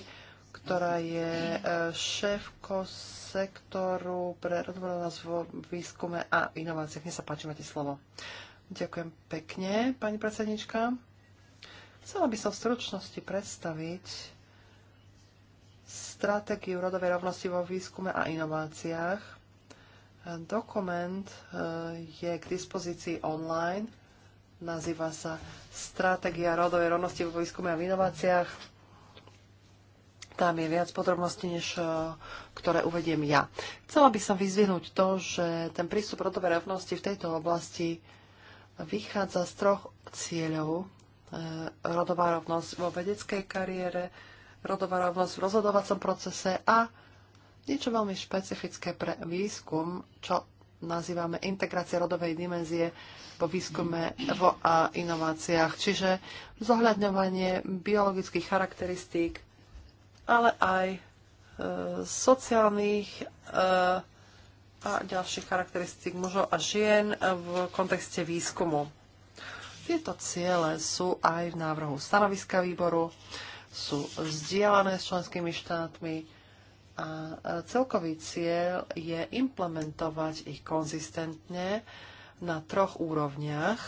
ktorá je e, šéfko sektoru pre rozvoj výskume a inováciách. Nech sa páči, máte slovo. Ďakujem pekne, pani predsednička. Chcela by som v stručnosti predstaviť stratégiu rodovej rovnosti vo výskume a inováciách. Dokument eh, je k dispozícii online. Nazýva sa Stratégia rodovej rovnosti vo výskume a v inováciách. Tam je viac podrobností, než eh, ktoré uvediem ja. Chcela by som vyzvihnúť to, že ten prístup rodovej rovnosti v tejto oblasti vychádza z troch cieľov. E, rodová rovnosť vo vedeckej kariére, rodová rovnosť v rozhodovacom procese a niečo veľmi špecifické pre výskum, čo nazývame integrácia rodovej dimenzie vo výskume vo a inováciách, čiže zohľadňovanie biologických charakteristík, ale aj e, sociálnych e, a ďalších charakteristík mužov a žien v kontexte výskumu. Tieto ciele sú aj v návrhu stanoviska výboru, sú vzdielané s členskými štátmi a celkový cieľ je implementovať ich konzistentne na troch úrovniach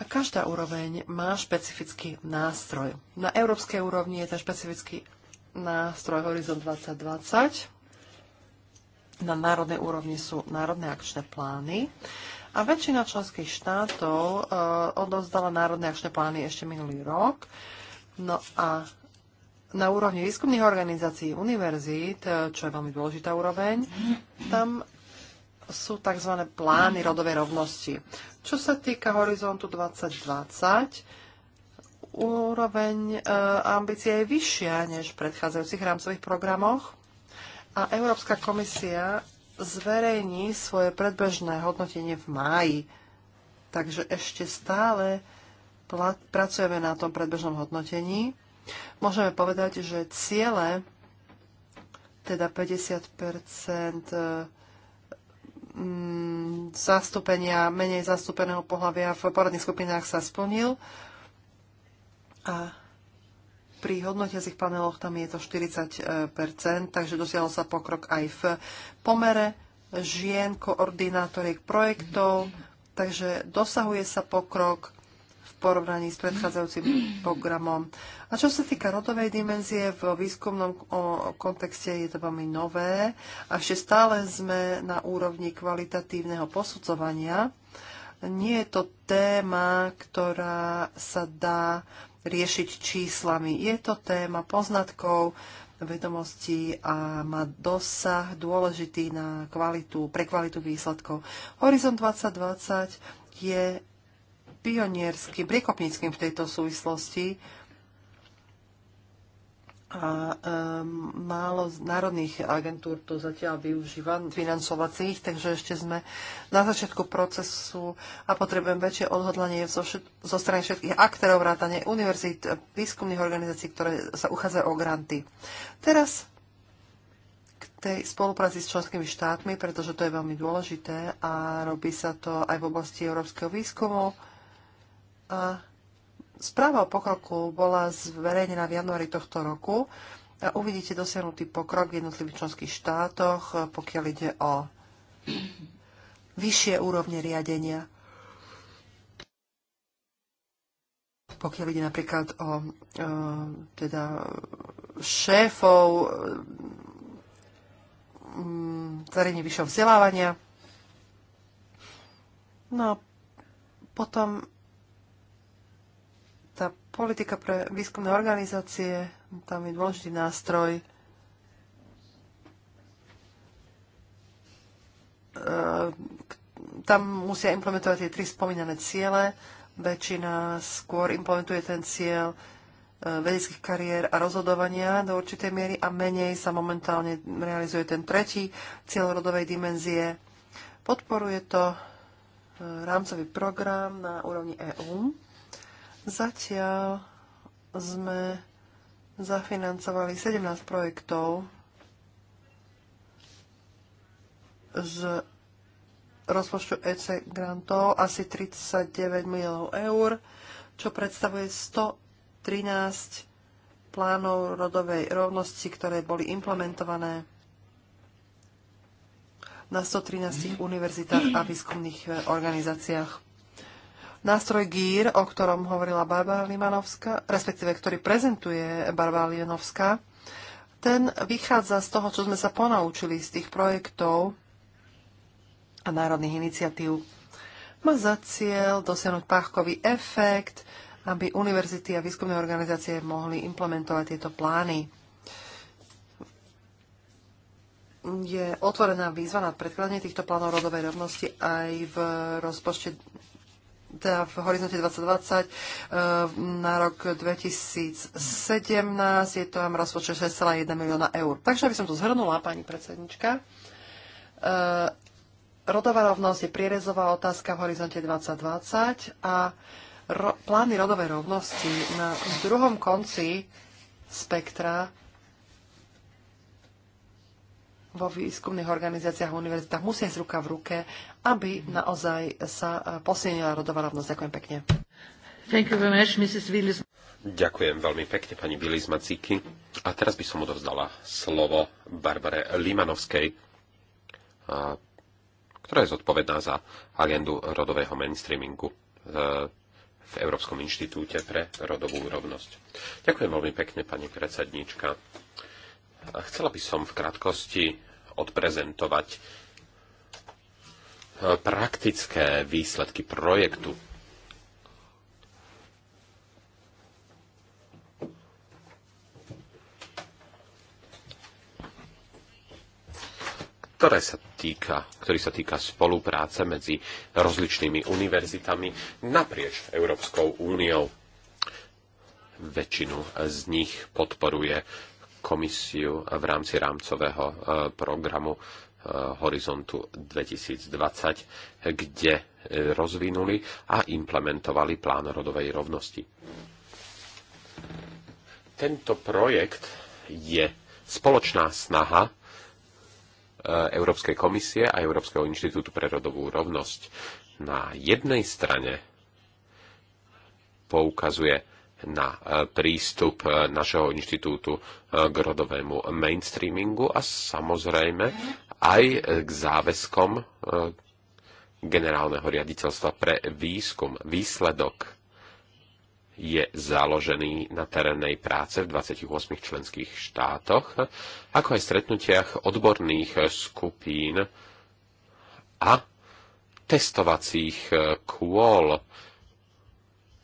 a každá úroveň má špecifický nástroj. Na európskej úrovni je ten špecifický nástroj Horizon 2020, na národnej úrovni sú národné akčné plány a väčšina členských štátov eh, odovzdala národné akčné plány ešte minulý rok. No a na úrovni výskumných organizácií univerzít, eh, čo je veľmi dôležitá úroveň, tam sú tzv. plány rodovej rovnosti. Čo sa týka horizontu 2020, úroveň eh, ambície je vyššia než v predchádzajúcich rámcových programoch a Európska komisia zverejní svoje predbežné hodnotenie v máji. Takže ešte stále pracujeme na tom predbežnom hodnotení. Môžeme povedať, že ciele, teda 50 e, mm, zastúpenia, menej zastúpeného pohľavia v poradných skupinách sa splnil. A pri hodnotiacich paneloch tam je to 40%, takže dosiahol sa pokrok aj v pomere žien, koordinátoriek projektov, takže dosahuje sa pokrok v porovnaní s predchádzajúcim programom. A čo sa týka rodovej dimenzie, v výskumnom kontexte je to veľmi nové a ešte stále sme na úrovni kvalitatívneho posudzovania. Nie je to téma, ktorá sa dá riešiť číslami. Je to téma poznatkov, vedomostí a má dosah dôležitý na kvalitu, pre kvalitu výsledkov. Horizont 2020 je pionierským, priekopníckým v tejto súvislosti a um, málo z národných agentúr to zatiaľ využíva, financovacích, takže ešte sme na začiatku procesu a potrebujem väčšie odhodlanie zo, všet, zo strany všetkých aktérov vrátane univerzít, výskumných organizácií, ktoré sa uchádzajú o granty. Teraz k tej spolupráci s členskými štátmi, pretože to je veľmi dôležité a robí sa to aj v oblasti európskeho výskumu. A Správa o pokroku bola zverejnená v januári tohto roku a uvidíte dosiahnutý pokrok v jednotlivých členských štátoch, pokiaľ ide o vyššie úrovne riadenia. Pokiaľ ide napríklad o e, teda šéfov zariadení mm, vyššieho vzdelávania. No a potom tá politika pre výskumné organizácie, tam je dôležitý nástroj, e, tam musia implementovať tie tri spomínané ciele. Väčšina skôr implementuje ten cieľ e, vedeckých kariér a rozhodovania do určitej miery a menej sa momentálne realizuje ten tretí cieľ rodovej dimenzie. Podporuje to e, rámcový program na úrovni EÚ. Zatiaľ sme zafinancovali 17 projektov z rozpočtu EC grantov asi 39 miliónov eur, čo predstavuje 113 plánov rodovej rovnosti, ktoré boli implementované na 113 mhm. univerzitách a výskumných eh, organizáciách. Nástroj GIR, o ktorom hovorila Barbara Limanovská, respektíve ktorý prezentuje Barbara Limanovská, ten vychádza z toho, čo sme sa ponaučili z tých projektov a národných iniciatív. Má za cieľ dosiahnuť páchkový efekt, aby univerzity a výskumné organizácie mohli implementovať tieto plány. Je otvorená výzva na predkladanie týchto plánov rodovej rovnosti aj v rozpočte teda v horizonte 2020 eh, na rok 2017 je to tam rozpočet 6,1 milióna eur. Takže aby som to zhrnula, pani predsednička, eh, rodová rovnosť je prierezová otázka v horizonte 2020 a ro- plány rodovej rovnosti na druhom konci spektra vo výskumných organizáciách a univerzitách musia ísť ruka v ruke aby naozaj sa e, posilnila rodová rovnosť. Ďakujem pekne. Thank you very much, Mrs. Willis. Ďakujem veľmi pekne pani Willis Maciky. A teraz by som odovzdala slovo Barbare Limanovskej, ktorá je zodpovedná za agendu rodového mainstreamingu e, v Európskom inštitúte pre rodovú rovnosť. Ďakujem veľmi pekne, pani predsedníčka. Chcela by som v krátkosti odprezentovať E, praktické výsledky projektu. ktoré sa týka, ktorý sa týka spolupráce medzi rozličnými univerzitami naprieč Európskou úniou. Väčšinu z nich podporuje komisiu v rámci rámcového e, programu Eh, horizontu 2020, kde eh, rozvinuli a implementovali plán rodovej rovnosti. Tento projekt je spoločná snaha eh, Európskej komisie a Európskeho inštitútu pre rodovú rovnosť. Na jednej strane poukazuje na prístup našeho inštitútu k rodovému mainstreamingu a samozrejme aj k záväzkom e, generálneho riaditeľstva pre výskum. Výsledok je založený na terénnej práce v 28 členských štátoch, ako aj stretnutiach odborných skupín a testovacích e, kôl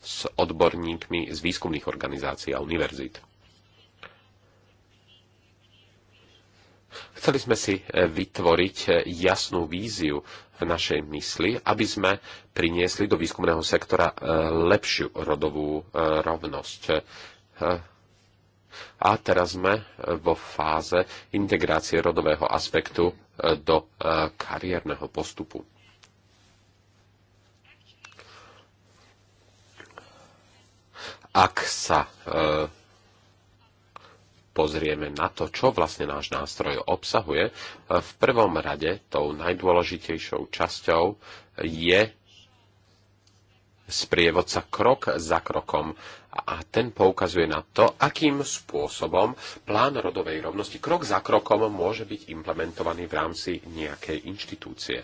s odborníkmi z výskumných organizácií a univerzít. Chceli sme si e, vytvoriť e, jasnú víziu v našej mysli, aby sme priniesli do výskumného sektora e, lepšiu rodovú rovnosť. A teraz sme vo fáze integrácie rodového aspektu do kariérneho postupu. Ak sa pozrieme na to, čo vlastne náš nástroj obsahuje, v prvom rade tou najdôležitejšou časťou je sprievodca krok za krokom a ten poukazuje na to, akým spôsobom plán rodovej rovnosti krok za krokom môže byť implementovaný v rámci nejakej inštitúcie.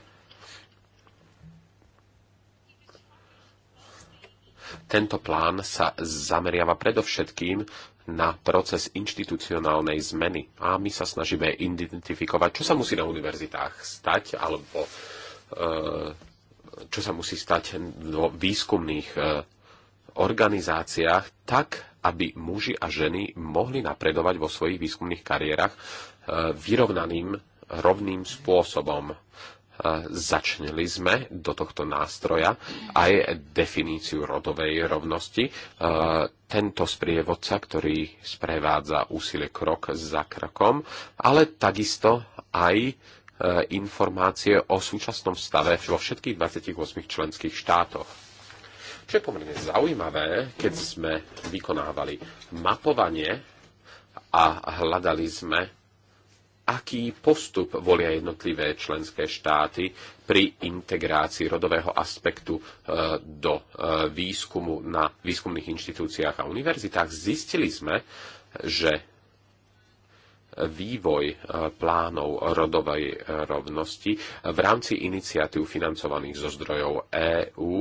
Tento plán sa zameriava predovšetkým na proces inštitucionálnej zmeny. A my sa snažíme identifikovať, čo sa musí na univerzitách stať, alebo e, čo sa musí stať vo výskumných e, organizáciách, tak, aby muži a ženy mohli napredovať vo svojich výskumných kariérach e, vyrovnaným, rovným spôsobom začneli sme do tohto nástroja aj definíciu rodovej rovnosti. Tento sprievodca, ktorý sprevádza úsilie krok za krokom, ale takisto aj e, informácie o súčasnom stave vo všetkých 28 členských štátoch. Čo je pomerne zaujímavé, keď sme vykonávali mapovanie a hľadali sme aký postup volia jednotlivé členské štáty pri integrácii rodového aspektu e, do e, výskumu na výskumných inštitúciách a univerzitách. Zistili sme, že vývoj e, plánov rodovej rovnosti v rámci iniciatív financovaných zo zdrojov EÚ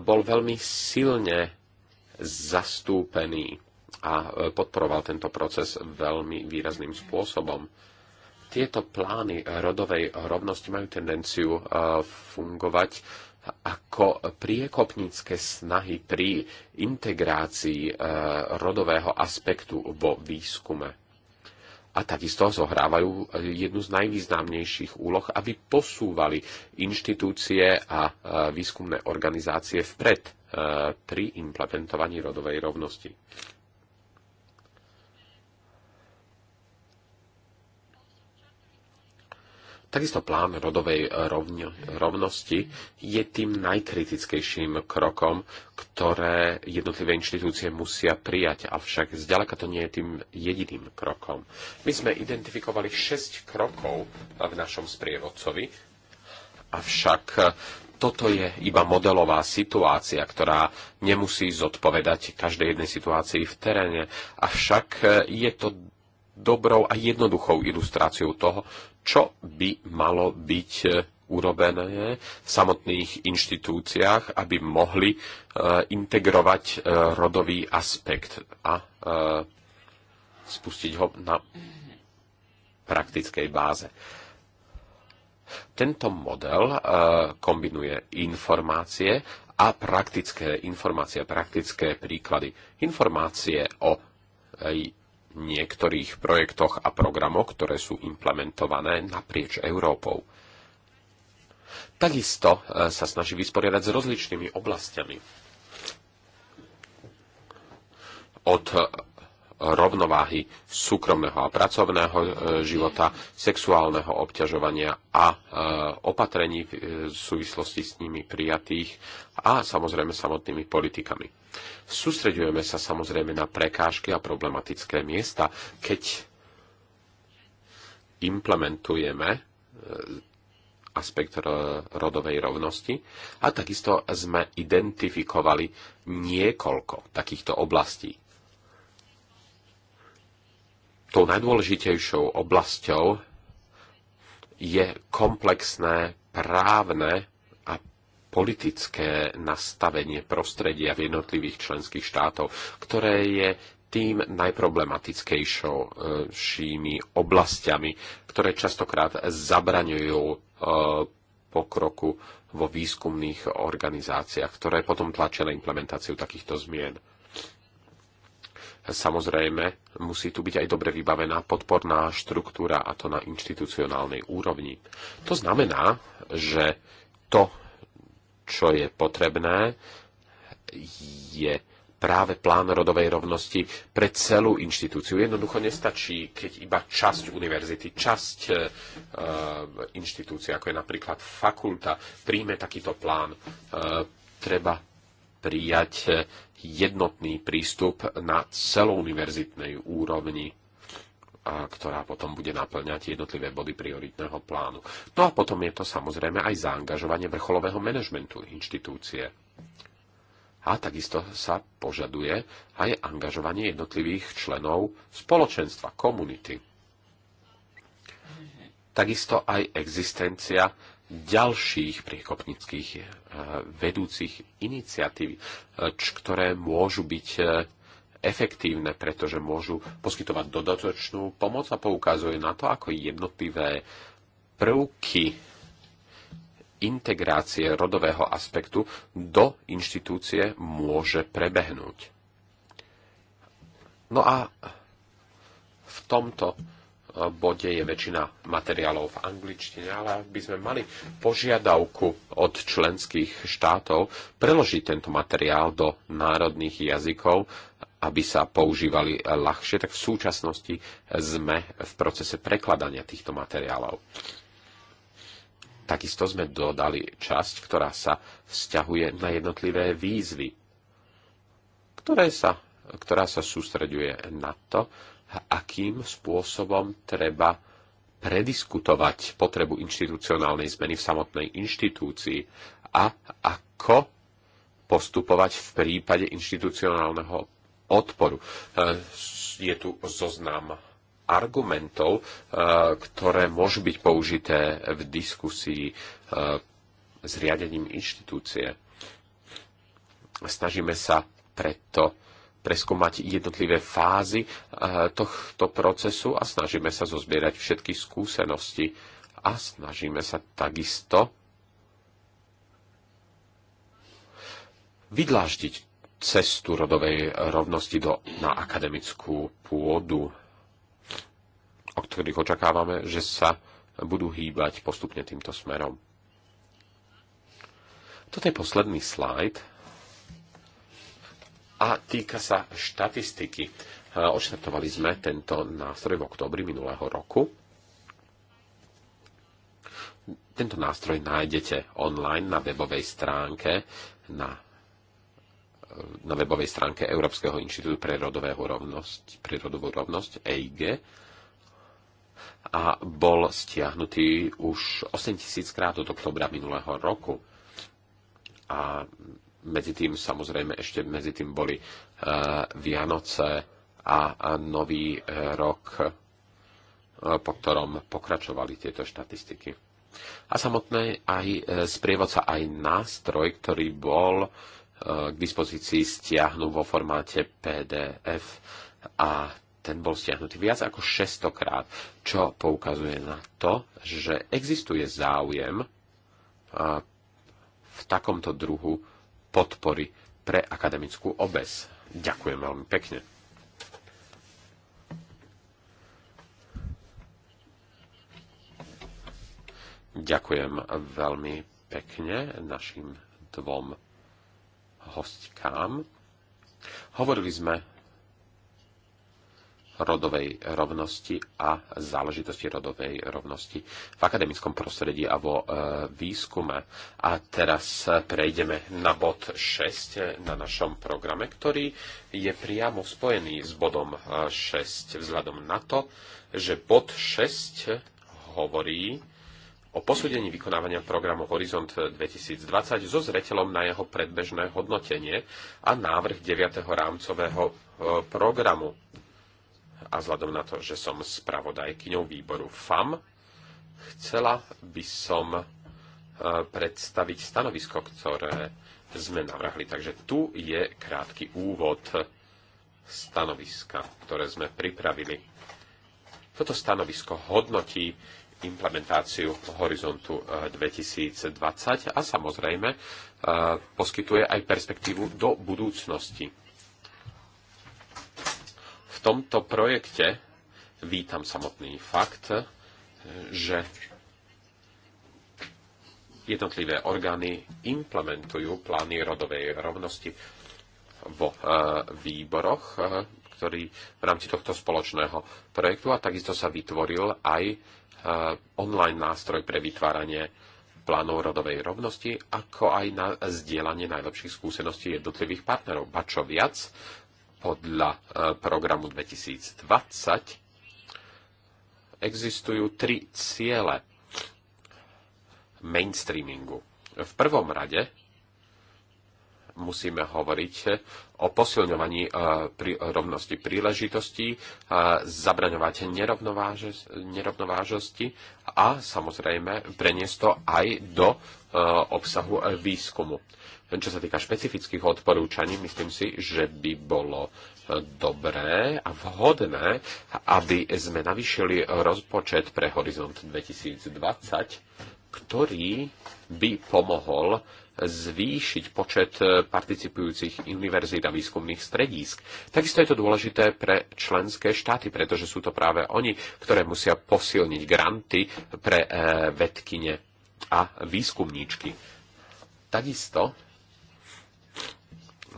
bol veľmi silne zastúpený a podporoval tento proces veľmi výrazným spôsobom tieto plány rodovej rovnosti majú tendenciu eh, fungovať ako priekopnícke snahy pri integrácii eh, rodového aspektu vo výskume. A takisto zohrávajú eh, jednu z najvýznamnejších úloh, aby posúvali inštitúcie a výskumné organizácie vpred pri implementovaní rodovej rovnosti. Takisto plán rodovej rovni, rovnosti je tým najkritickejším krokom, ktoré jednotlivé inštitúcie musia prijať, avšak zďaleka to nie je tým jediným krokom. My sme identifikovali 6 krokov v našom sprievodcovi, avšak toto je iba modelová situácia, ktorá nemusí zodpovedať každej jednej situácii v teréne. Avšak je to dobrou a jednoduchou ilustráciou toho, čo by malo byť e, urobené v samotných inštitúciách, aby mohli e, integrovať e, rodový aspekt a spustiť ho na praktickej báze. Tento model kombinuje informácie a praktické informácie, praktické príklady. Informácie o niektorých projektoch a programoch, ktoré sú implementované naprieč Európou. Takisto e, sa snaží vysporiadať s rozličnými oblastiami. Od rovnováhy súkromného a pracovného e, života, sexuálneho obťažovania a e, opatrení e, v súvislosti s nimi prijatých a samozrejme samotnými politikami. Sústreďujeme sa samozrejme na prekážky a problematické miesta, keď implementujeme aspekt rodovej rovnosti a takisto sme identifikovali niekoľko takýchto oblastí tou najdôležitejšou oblasťou je komplexné právne a politické nastavenie prostredia v jednotlivých členských štátov, ktoré je tým najproblematickejšími oblastiami, ktoré častokrát zabraňujú e, pokroku vo výskumných organizáciách, ktoré potom tlačia na implementáciu takýchto zmien. Samozrejme, musí tu byť aj dobre vybavená podporná štruktúra a to na inštitucionálnej úrovni. To znamená, že to, čo je potrebné, je práve plán rodovej rovnosti pre celú inštitúciu. Jednoducho nestačí, keď iba časť univerzity, časť e, inštitúcie, ako je napríklad fakulta, príjme takýto plán. E, treba prijať e, jednotný prístup na celouniverzitnej úrovni, ktorá potom bude naplňať jednotlivé body prioritného plánu. No a potom je to samozrejme aj zaangažovanie vrcholového manažmentu inštitúcie. A takisto sa požaduje aj angažovanie jednotlivých členov spoločenstva, komunity. Takisto aj existencia ďalších priekopnických eh, vedúcich iniciatív, eh, ktoré môžu byť eh, efektívne, pretože môžu poskytovať dodatočnú pomoc a poukazuje na to, ako jednotlivé prvky integrácie rodového aspektu do inštitúcie môže prebehnúť. No a v tomto bode je väčšina materiálov v angličtine, ale ak by sme mali požiadavku od členských štátov preložiť tento materiál do národných jazykov, aby sa používali ľahšie, tak v súčasnosti sme v procese prekladania týchto materiálov. Takisto sme dodali časť, ktorá sa vzťahuje na jednotlivé výzvy, ktoré sa, ktorá sa sústreďuje na to, akým spôsobom treba prediskutovať potrebu inštitucionálnej zmeny v samotnej inštitúcii a ako postupovať v prípade inštitucionálneho odporu. E, je tu zoznam argumentov, e, ktoré môžu byť použité v diskusii e, s riadením inštitúcie. Snažíme sa preto preskúmať jednotlivé fázy eh, tohto procesu a snažíme sa zozbierať všetky skúsenosti a snažíme sa takisto vydláždiť cestu rodovej rovnosti do, na akademickú pôdu, o ktorých očakávame, že sa budú hýbať postupne týmto smerom. Toto je posledný slajd a týka sa štatistiky. E, Odštartovali sme tento nástroj v oktobri minulého roku. Tento nástroj nájdete online na webovej stránke na na webovej stránke Európskeho inštitútu pre, rodovú rovnosť, pre rodovú rovnosť EIG a bol stiahnutý už 8000 krát od oktobra minulého roku. A medzi tým samozrejme ešte medzi tým boli e, Vianoce a Nový e, rok, e, po ktorom pokračovali tieto štatistiky. A samotné aj sprievodca, aj nástroj, ktorý bol k dispozícii stiahnu vo formáte PDF a ten bol stiahnutý viac ako 600 krát, čo poukazuje na to, že existuje záujem v takomto druhu podpory pre akademickú obec. Ďakujem veľmi pekne. Ďakujem veľmi pekne našim dvom hostkám. Hovorili sme rodovej rovnosti a záležitosti rodovej rovnosti v akademickom prostredí a vo e, výskume. A teraz prejdeme na bod 6 na našom programe, ktorý je priamo spojený s bodom 6 e, vzhľadom na to, že bod 6 hovorí o posúdení vykonávania programu Horizont 2020 so zreteľom na jeho predbežné hodnotenie a návrh 9. rámcového e, programu a vzhľadom na to, že som spravodajkyňou výboru FAM, chcela by som e, predstaviť stanovisko, ktoré sme navrhli. Takže tu je krátky úvod stanoviska, ktoré sme pripravili. Toto stanovisko hodnotí implementáciu Horizontu 2020 e, a samozrejme e, poskytuje aj perspektívu do budúcnosti tomto projekte vítam samotný fakt, že jednotlivé orgány implementujú plány rodovej rovnosti vo e, výboroch, e, ktorý v rámci tohto spoločného projektu a takisto sa vytvoril aj e, online nástroj pre vytváranie plánov rodovej rovnosti, ako aj na zdieľanie najlepších skúseností jednotlivých partnerov. Ba čo viac, podľa eh, programu 2020 existujú tri ciele mainstreamingu. V prvom rade musíme hovoriť o posilňovaní eh, rovnosti príležitostí, eh, zabraňovať nerovnovážosti a samozrejme preniesť to aj do obsahu výskumu. Čo sa týka špecifických odporúčaní, myslím si, že by bolo e, dobré a vhodné, aby sme navýšili rozpočet pre Horizont 2020, ktorý by pomohol zvýšiť počet e, participujúcich univerzít a výskumných stredísk. Takisto je to dôležité pre členské štáty, pretože sú to práve oni, ktoré musia posilniť granty pre e, vedkine a výskumníčky. Takisto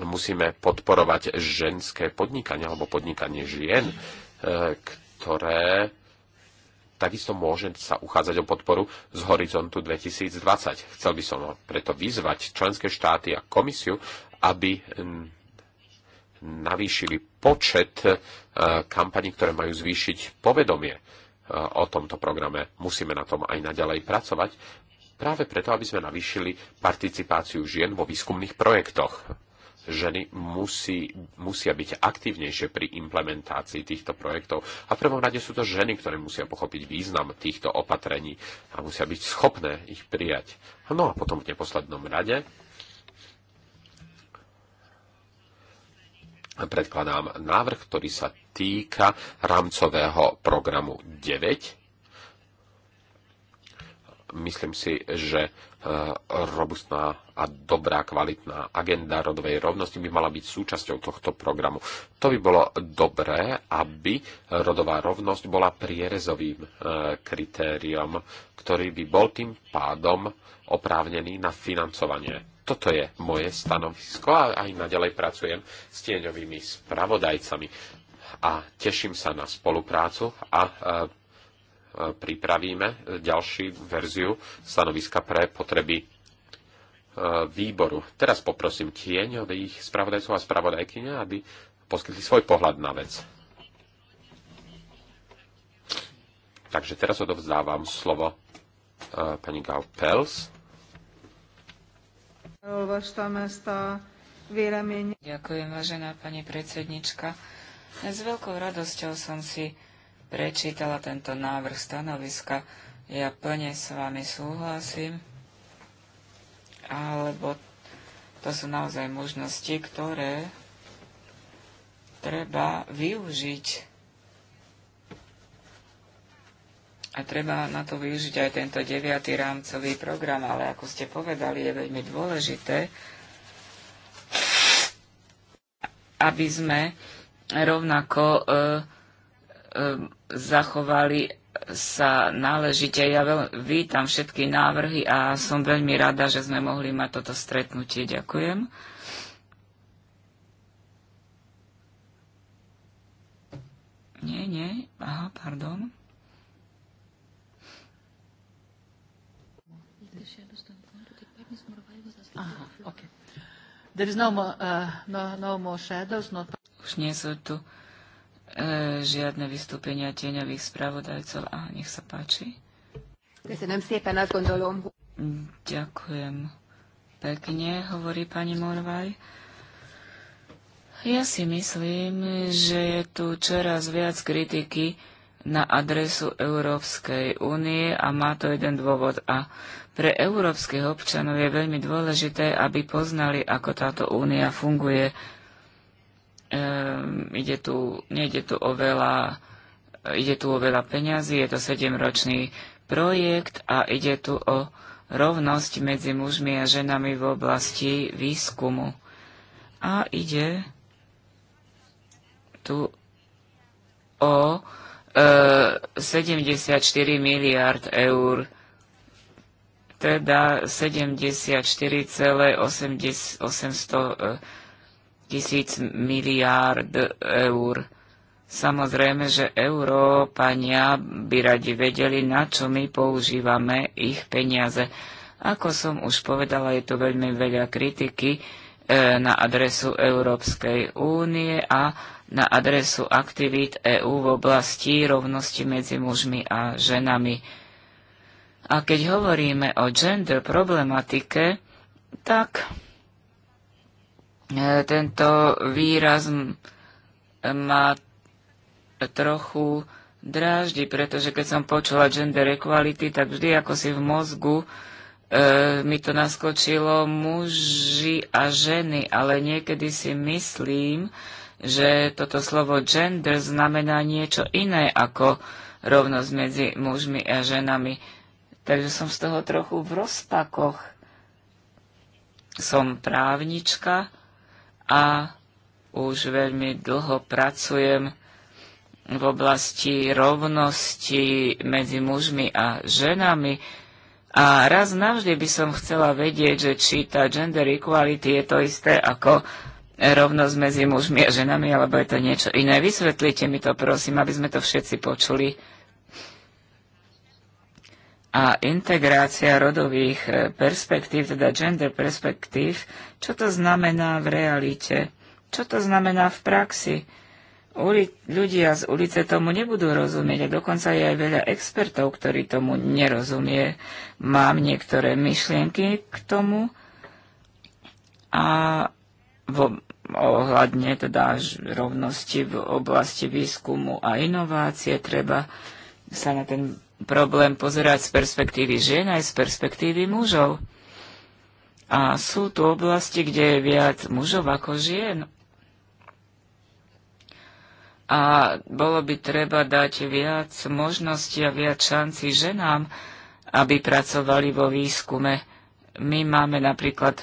musíme podporovať ženské podnikanie alebo podnikanie žien, e, ktoré takisto môže sa uchádzať o podporu z horizontu 2020. Chcel by som preto vyzvať členské štáty a komisiu, aby navýšili počet e, kampaní, ktoré majú zvýšiť povedomie e, o tomto programe. Musíme na tom aj naďalej pracovať, práve preto, aby sme navýšili participáciu žien vo výskumných projektoch ženy musí, musia byť aktívnejšie pri implementácii týchto projektov. A v prvom rade sú to ženy, ktoré musia pochopiť význam týchto opatrení a musia byť schopné ich prijať. No a potom v neposlednom rade predkladám návrh, ktorý sa týka rámcového programu 9. Myslím si, že Eh, robustná a dobrá, kvalitná agenda rodovej rovnosti by mala byť súčasťou tohto programu. To by bolo dobré, aby rodová rovnosť bola prierezovým eh, kritériom, ktorý by bol tým pádom oprávnený na financovanie. Toto je moje stanovisko a aj naďalej pracujem s tieňovými spravodajcami a teším sa na spoluprácu a eh, pripravíme e, ďalší verziu stanoviska pre potreby e, výboru. Teraz poprosím tieňových spravodajcov a spravodajkyne, aby poskytli svoj pohľad na vec. Takže teraz odovzdávam slovo e, pani Gau Pels. Ďakujem, vážená pani predsednička. S veľkou radosťou som si prečítala tento návrh stanoviska. Ja plne s vami súhlasím, alebo to sú naozaj možnosti, ktoré treba využiť. A treba na to využiť aj tento deviatý rámcový program, ale ako ste povedali, je veľmi dôležité, aby sme rovnako uh, Ehm, zachovali sa náležite. Ja veľ, vítam všetky návrhy a som veľmi rada, že sme mohli mať toto stretnutie. Ďakujem. Nie, nie. Aha, pardon. Aha, okay. There is no more, uh, no, no more shadows, not... Už nie sú tu E, žiadne vystúpenia tieňových spravodajcov. A nech sa páči. Ďakujem pekne, hovorí pani Morvaj. Ja si myslím, že je tu čoraz viac kritiky na adresu Európskej únie a má to jeden dôvod. A pre európskych občanov je veľmi dôležité, aby poznali, ako táto únia funguje Um, ide tu, nejde tu o veľa, ide tu o veľa peňazí, je to 7-ročný projekt a ide tu o rovnosť medzi mužmi a ženami v oblasti výskumu. A ide tu o e, 74 miliard eur, teda 74,8. e, tisíc miliárd eur. Samozrejme, že Európania by radi vedeli, na čo my používame ich peniaze. Ako som už povedala, je tu veľmi veľa kritiky e, na adresu Európskej únie a na adresu aktivít EÚ v oblasti rovnosti medzi mužmi a ženami. A keď hovoríme o gender problematike, tak E, tento výraz ma trochu dráždi, pretože keď som počula gender equality, tak vždy ako si v mozgu e, mi to naskočilo muži a ženy, ale niekedy si myslím, že toto slovo gender znamená niečo iné ako rovnosť medzi mužmi a ženami. Takže som z toho trochu v rozpakoch. Som právnička, a už veľmi dlho pracujem v oblasti rovnosti medzi mužmi a ženami. A raz navždy by som chcela vedieť, že či tá gender equality je to isté ako rovnosť medzi mužmi a ženami, alebo je to niečo iné. Vysvetlite mi to, prosím, aby sme to všetci počuli a integrácia rodových e, perspektív, teda gender perspektív, čo to znamená v realite, čo to znamená v praxi. Uli- ľudia z ulice tomu nebudú rozumieť a dokonca je aj veľa expertov, ktorí tomu nerozumie. Mám niektoré myšlienky k tomu a vo, ohľadne teda rovnosti v oblasti výskumu a inovácie treba sa na ten problém pozerať z perspektívy žien aj z perspektívy mužov. A sú tu oblasti, kde je viac mužov ako žien. A bolo by treba dať viac možností a viac šancí ženám, aby pracovali vo výskume. My máme napríklad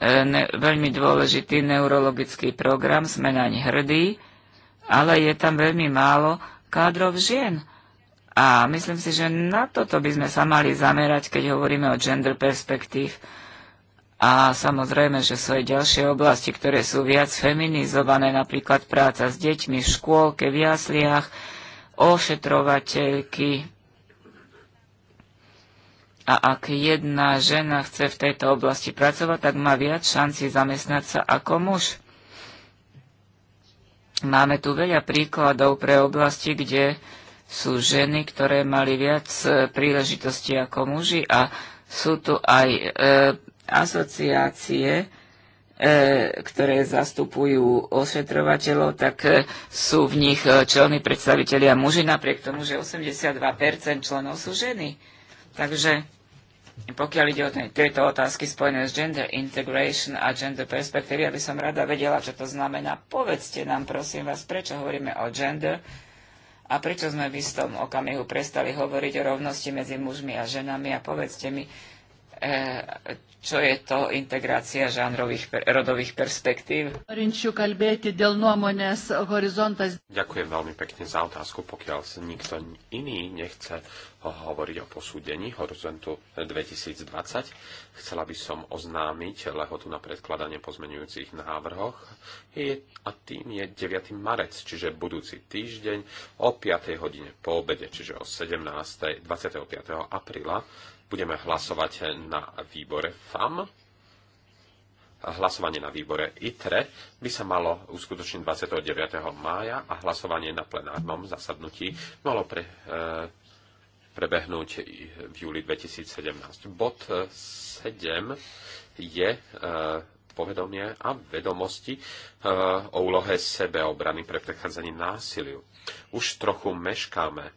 e, ne, veľmi dôležitý neurologický program, sme naň hrdí, ale je tam veľmi málo kádrov žien. A myslím si, že na toto by sme sa mali zamerať, keď hovoríme o gender perspektív. A samozrejme, že sú aj ďalšie oblasti, ktoré sú viac feminizované, napríklad práca s deťmi v škôlke, v jasliach, ošetrovateľky. A ak jedna žena chce v tejto oblasti pracovať, tak má viac šanci zamestnať sa ako muž. Máme tu veľa príkladov pre oblasti, kde sú ženy, ktoré mali viac e, príležitosti ako muži a sú tu aj e, asociácie, e, ktoré zastupujú ošetrovateľov, tak e, sú v nich e, čelní predstavitelia muži, napriek tomu, že 82% členov sú ženy. Takže pokiaľ ide o tieto otázky spojené s gender integration a gender perspektívy, aby som rada vedela, čo to znamená. Povedzte nám, prosím vás, prečo hovoríme o gender a prečo sme v istom okamihu prestali hovoriť o rovnosti medzi mužmi a ženami a povedzte mi, eh, čo je to integrácia žánrových rodových perspektív. Ďakujem veľmi pekne za otázku, pokiaľ si nikto iný nechce hovoriť o posúdení Horizontu 2020. Chcela by som oznámiť lehotu na predkladanie pozmenujúcich návrhoch a tým je 9. marec, čiže budúci týždeň o 5. hodine po obede, čiže o 17. 25. apríla Budeme hlasovať na výbore FAM. Hlasovanie na výbore ITRE by sa malo uskutočniť 29. mája a hlasovanie na plenárnom zasadnutí malo pre, e, prebehnúť v júli 2017. Bod 7 je e, povedomie a vedomosti eh, o úlohe sebeobrany pre prechádzanie násiliu. Už trochu meškáme.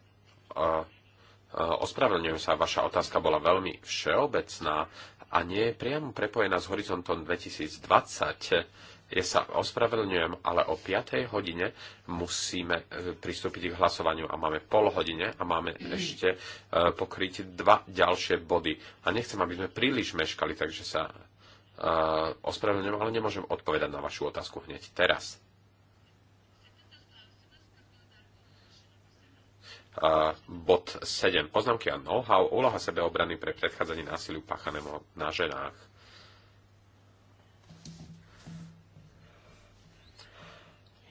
Eh, ospravedlňujem sa, vaša otázka bola veľmi všeobecná a nie je priamo prepojená s horizontom 2020. Ja sa ospravedlňujem, ale o 5. hodine musíme eh, pristúpiť k hlasovaniu a máme pol hodine a máme ešte eh, pokryť dva ďalšie body. A nechcem, aby sme príliš meškali, takže sa ospravedlňujem, ale nemôžem odpovedať na vašu otázku hneď teraz. bod 7. Poznámky a know-how, úloha sebeobrany pre predchádzanie násiliu páchanému na ženách.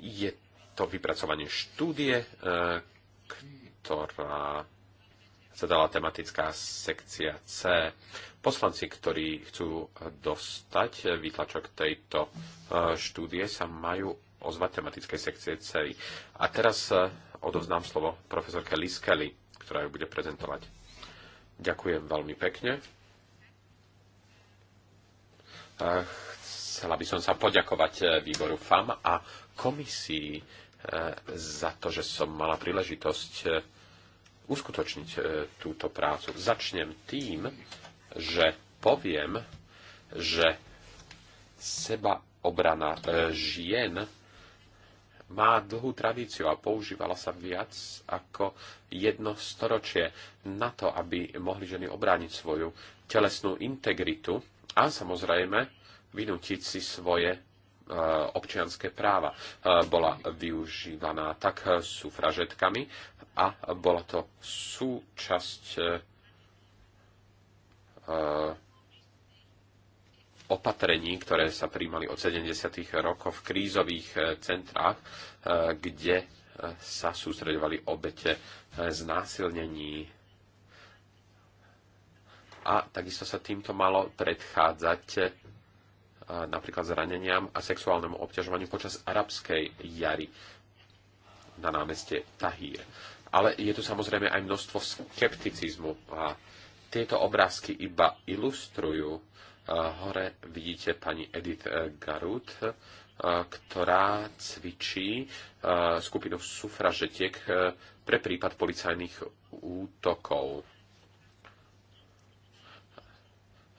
Je to vypracovanie štúdie, e, ktorá sa dala tematická sekcia C. Poslanci, ktorí chcú dostať výtlačok tejto e, štúdie, sa majú ozvať tematickej sekcie CERI. A teraz e, odovznám slovo profesorke Liz Kelly, ktorá ju bude prezentovať. Ďakujem veľmi pekne. Chcela by som sa poďakovať e, výboru FAM a komisii e, za to, že som mala príležitosť uskutočniť túto prácu. Začnem tým, že poviem, že seba obrana žien má dlhú tradíciu a používala sa viac ako jedno storočie na to, aby mohli ženy obrániť svoju telesnú integritu a samozrejme vynútiť si svoje e, občianské práva. E, bola využívaná tak sufražetkami a bola to súčasť e, opatrení, ktoré sa príjmali od 70. rokov v krízových eh, centrách, eh, kde eh, sa sústredovali obete znásilnení. A takisto sa týmto malo predchádzať napríklad zraneniam a sexuálnemu obťažovaniu počas arabskej jary na námeste Tahír. Ale je tu samozrejme aj množstvo skepticizmu a tieto obrázky iba ilustrujú Hore vidíte pani Edith eh, Garut, eh, ktorá cvičí eh, skupinu sufražetiek pre prípad policajných útokov.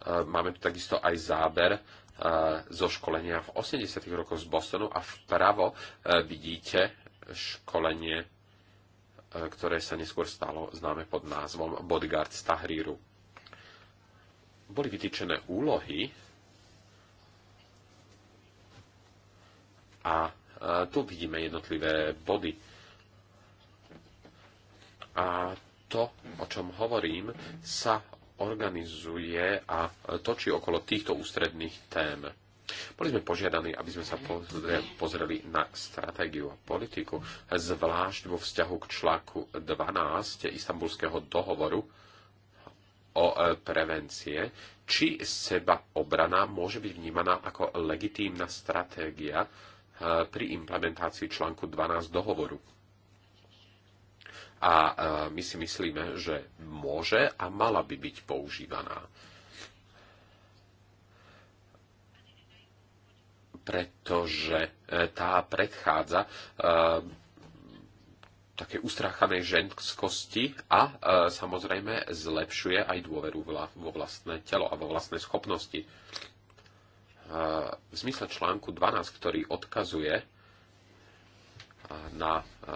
Máme tu takisto aj záber zo školenia v 80. rokoch z Bostonu a vpravo vidíte školenie, ktoré sa neskôr stalo známe pod názvom Bodyguard z Tahríru boli vytýčené úlohy a tu vidíme jednotlivé body. A to, o čom hovorím, sa organizuje a točí okolo týchto ústredných tém. Boli sme požiadaní, aby sme sa pozreli na stratégiu a politiku, zvlášť vo vzťahu k článku 12 istambulského dohovoru, o e, prevencie, či seba obrana môže byť vnímaná ako legitímna stratégia e, pri implementácii článku 12 dohovoru. A e, my si myslíme, že môže a mala by byť používaná. Pretože tá predchádza také ustráchanej ženskosti a e, samozrejme zlepšuje aj dôveru vla, vo vlastné telo a vo vlastné schopnosti. E, v zmysle článku 12, ktorý odkazuje e, na e, e,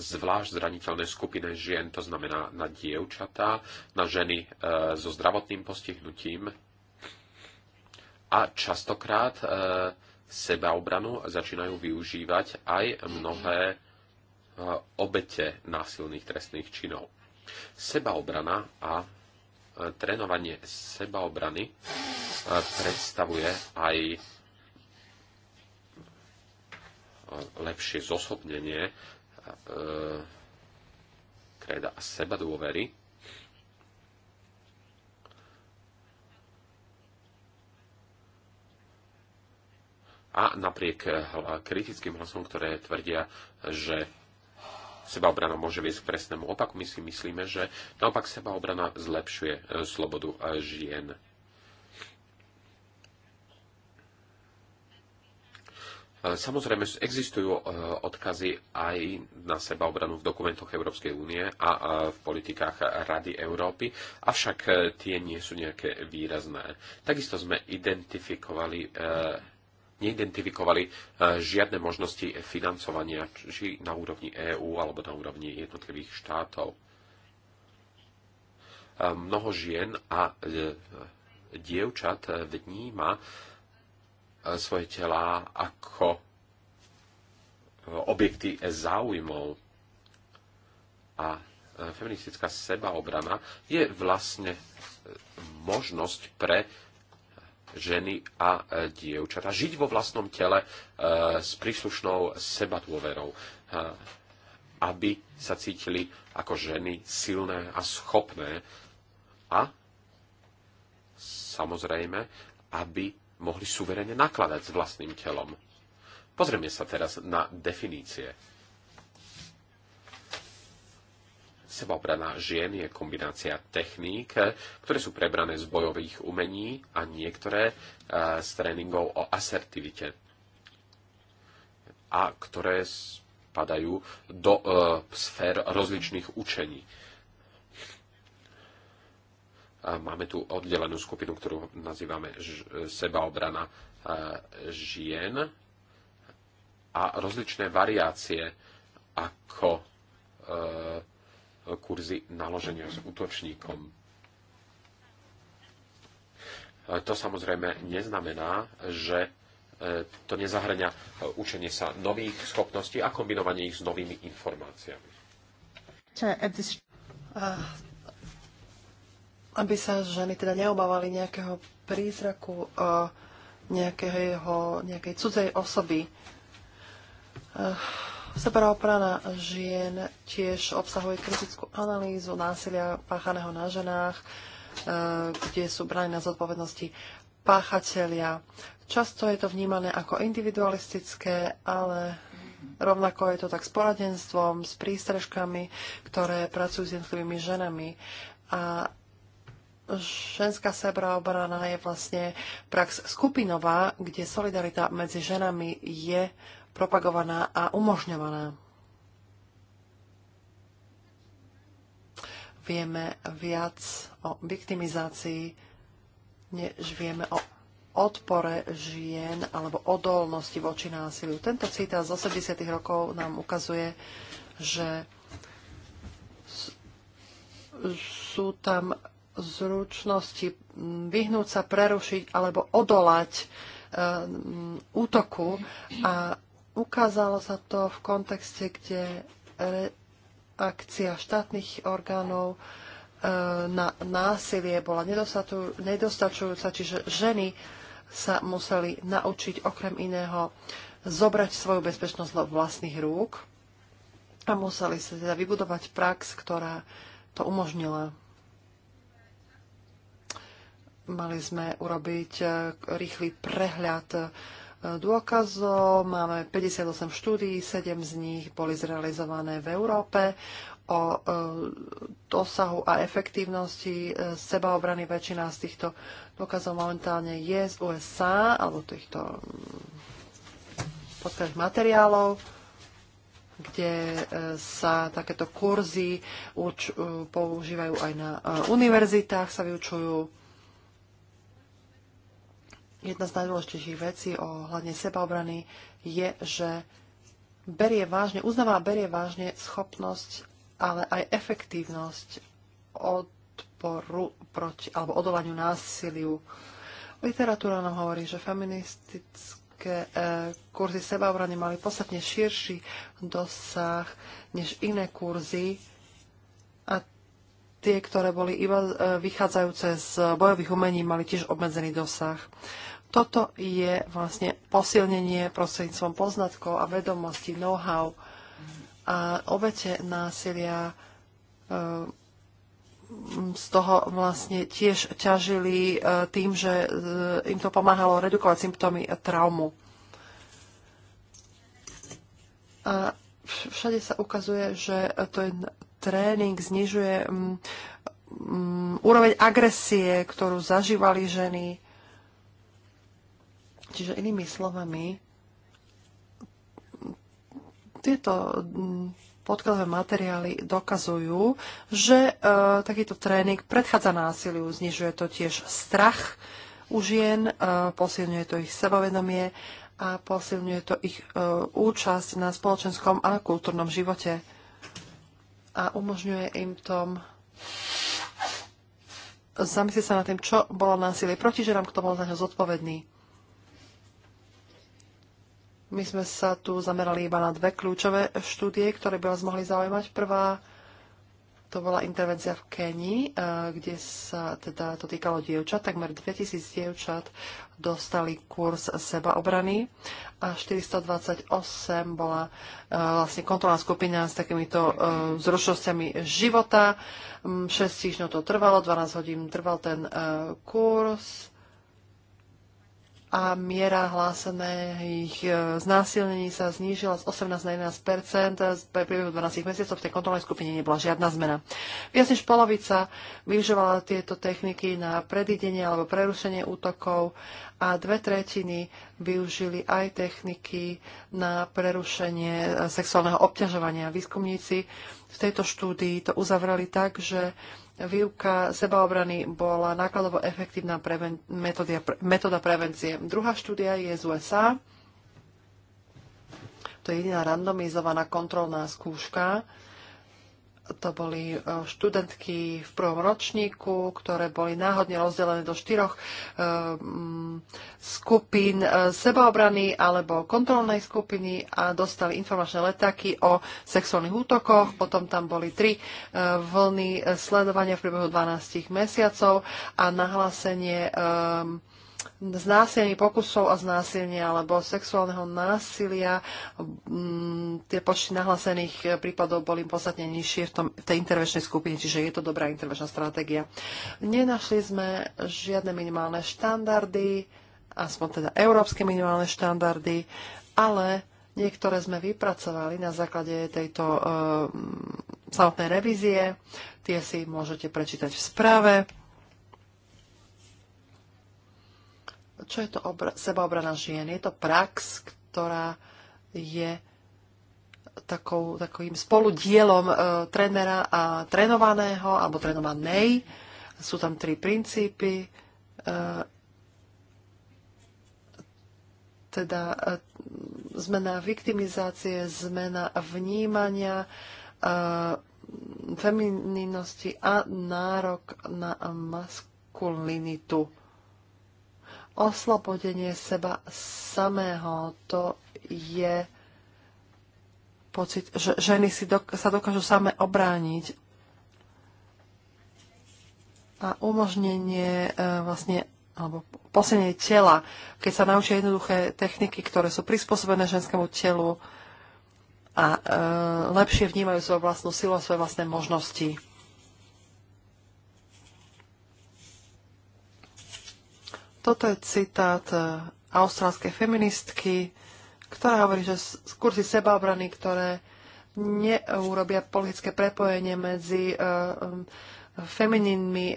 zvlášť zraniteľné skupiny žien, to znamená na dievčatá, na ženy e, so zdravotným postihnutím a častokrát e, sebaobranu začínajú využívať aj mnohé obete násilných trestných činov. Sebaobrana a e, trénovanie sebaobrany e, predstavuje aj e, lepšie zosobnenie kreda a seba dôvery. A napriek kritickým hlasom, ktoré tvrdia, že sebaobrana môže viesť k presnému opaku. My si myslíme, že naopak sebaobrana zlepšuje e, slobodu e, žien. E, samozrejme, existujú odkazy aj na sebaobranu v dokumentoch Európskej únie a v politikách Rady Európy, avšak tie nie sú nejaké výrazné. Takisto sme identifikovali neidentifikovali e, žiadne možnosti financovania, či na úrovni EÚ alebo na úrovni jednotlivých štátov. E, mnoho žien a e, dievčat vníma svoje tela ako objekty záujmov a feministická sebaobrana je vlastne možnosť pre ženy a e, dievčata. žiť vo vlastnom tele e, s príslušnou sebadôverou, e, aby sa cítili ako ženy silné a schopné a samozrejme, aby mohli suverene nakladať s vlastným telom. Pozrieme sa teraz na definície Sebaobrana obrana žien je kombinácia techník, ktoré sú prebrané z bojových umení a niektoré e, z tréningov o asertivite a ktoré spadajú do uh, sfér rozličných učení. A máme tu oddelenú skupinu, ktorú nazývame ž- sebaobrana uh, žien a rozličné variácie ako uh, kurzy naloženia s útočníkom. To samozrejme neznamená, že e, to nezahrania učenie sa nových schopností a kombinovanie ich s novými informáciami. Aby sa ženy teda neobávali nejakého prízraku, e, nejakého, nejakej cudzej osoby, e, Severová prana žien tiež obsahuje kritickú analýzu násilia páchaného na ženách, e, kde sú brané na zodpovednosti páchatelia. Často je to vnímané ako individualistické, ale rovnako je to tak s poradenstvom, s prístrežkami, ktoré pracujú s jednotlivými ženami. A ženská sebraobrana je vlastne prax skupinová, kde solidarita medzi ženami je propagovaná a umožňovaná. Vieme viac o viktimizácii, než vieme o odpore žien alebo odolnosti voči násiliu. Tento citát z 80. rokov nám ukazuje, že sú tam zručnosti vyhnúť sa, prerušiť alebo odolať eh, útoku a Ukázalo sa to v kontexte, kde reakcia štátnych orgánov e, na násilie bola nedostačujúca, čiže ženy sa museli naučiť okrem iného zobrať svoju bezpečnosť do vlastných rúk a museli sa teda vybudovať prax, ktorá to umožnila. Mali sme urobiť e, rýchly prehľad dôkazov. Máme 58 štúdií, 7 z nich boli zrealizované v Európe. O e, dosahu a efektívnosti e, sebaobrany väčšina z týchto dôkazov momentálne je z USA alebo týchto mm, podkladných materiálov kde e, sa takéto kurzy uč- používajú aj na univerzitách, sa vyučujú jedna z najdôležitejších vecí ohľadne sebaobrany je, že berie vážne, uznáva a berie vážne schopnosť, ale aj efektívnosť odporu proti, alebo odolaniu násiliu. Literatúra nám hovorí, že feministické e, kurzy sebaobrany mali podstatne širší dosah než iné kurzy, tie, ktoré boli iba e, vychádzajúce z bojových umení, mali tiež obmedzený dosah. Toto je vlastne posilnenie prostredníctvom poznatkov a vedomostí, know-how a obete násilia e, z toho vlastne tiež ťažili e, tým, že im to pomáhalo redukovať symptómy traumu. A všade sa ukazuje, že to je tréning znižuje um, um, úroveň agresie, ktorú zažívali ženy. Čiže inými slovami, tieto mm, podkladové materiály dokazujú, že e, takýto tréning predchádza násiliu, znižuje to tiež strach u žien, e, posilňuje to ich sebavedomie a posilňuje to ich e, účasť na spoločenskom a kultúrnom živote a umožňuje im tom zamyslieť sa nad tým, čo bolo násilie proti ženám, kto bol za ňo zodpovedný. My sme sa tu zamerali iba na dve kľúčové štúdie, ktoré by vás mohli zaujímať. Prvá to bola intervencia v Kenii, eh, kde sa teda to týkalo dievčat. Takmer 2000 dievčat dostali kurz sebaobrany a 428 bola eh, vlastne kontrolná skupina s takýmito eh, zručnosťami života. 6 mm, týždňov to trvalo, 12 hodín trval ten kurz a miera hlásených e, znásilnení sa znížila z 18 na 11 z priebehu 12 mesiacov. V tej kontrolnej skupine nebola žiadna zmena. Viac než polovica využívala tieto techniky na predidenie alebo prerušenie útokov a dve tretiny využili aj techniky na prerušenie e, sexuálneho obťažovania. Výskumníci v tejto štúdii to uzavreli tak, že Výuka sebaobrany bola nákladovo efektívna preven- metódia, pre- metóda prevencie. Druhá štúdia je z USA. To je jediná randomizovaná kontrolná skúška, to boli e, študentky v prvom ročníku, ktoré boli náhodne rozdelené do štyroch e, skupín e, sebaobrany alebo kontrolnej skupiny a dostali informačné letáky o sexuálnych útokoch. Potom tam boli tri vlny sledovania v priebehu 12 mesiacov a nahlásenie znásilní, pokusov o znásilnie alebo sexuálneho násilia. Mm, tie počty nahlasených prípadov boli podstatne nižšie v, tom, v tej intervenčnej skupine, čiže je to dobrá intervenčná stratégia. Nenašli sme žiadne minimálne štandardy, aspoň teda európske minimálne štandardy, ale niektoré sme vypracovali na základe tejto uh, samotnej revízie. Tie si môžete prečítať v správe. čo je to obra- sebaobrana žien. Je to prax, ktorá je takou, takým spoludielom e, trénera a trénovaného alebo trénovanej. Sú tam tri princípy. E, teda e, zmena viktimizácie, zmena vnímania, e, femininnosti a nárok na maskulinitu oslobodenie seba samého. To je pocit, že ženy si dok- sa dokážu same obrániť a umožnenie e, vlastne alebo posilnenie tela, keď sa naučia jednoduché techniky, ktoré sú prispôsobené ženskému telu a e, lepšie vnímajú svoju vlastnú silu a svoje vlastné možnosti. Toto je citát e, austrálskej feministky, ktorá hovorí, že kurzy sebaobrany, ktoré neurobia politické prepojenie medzi e, e, femininmi,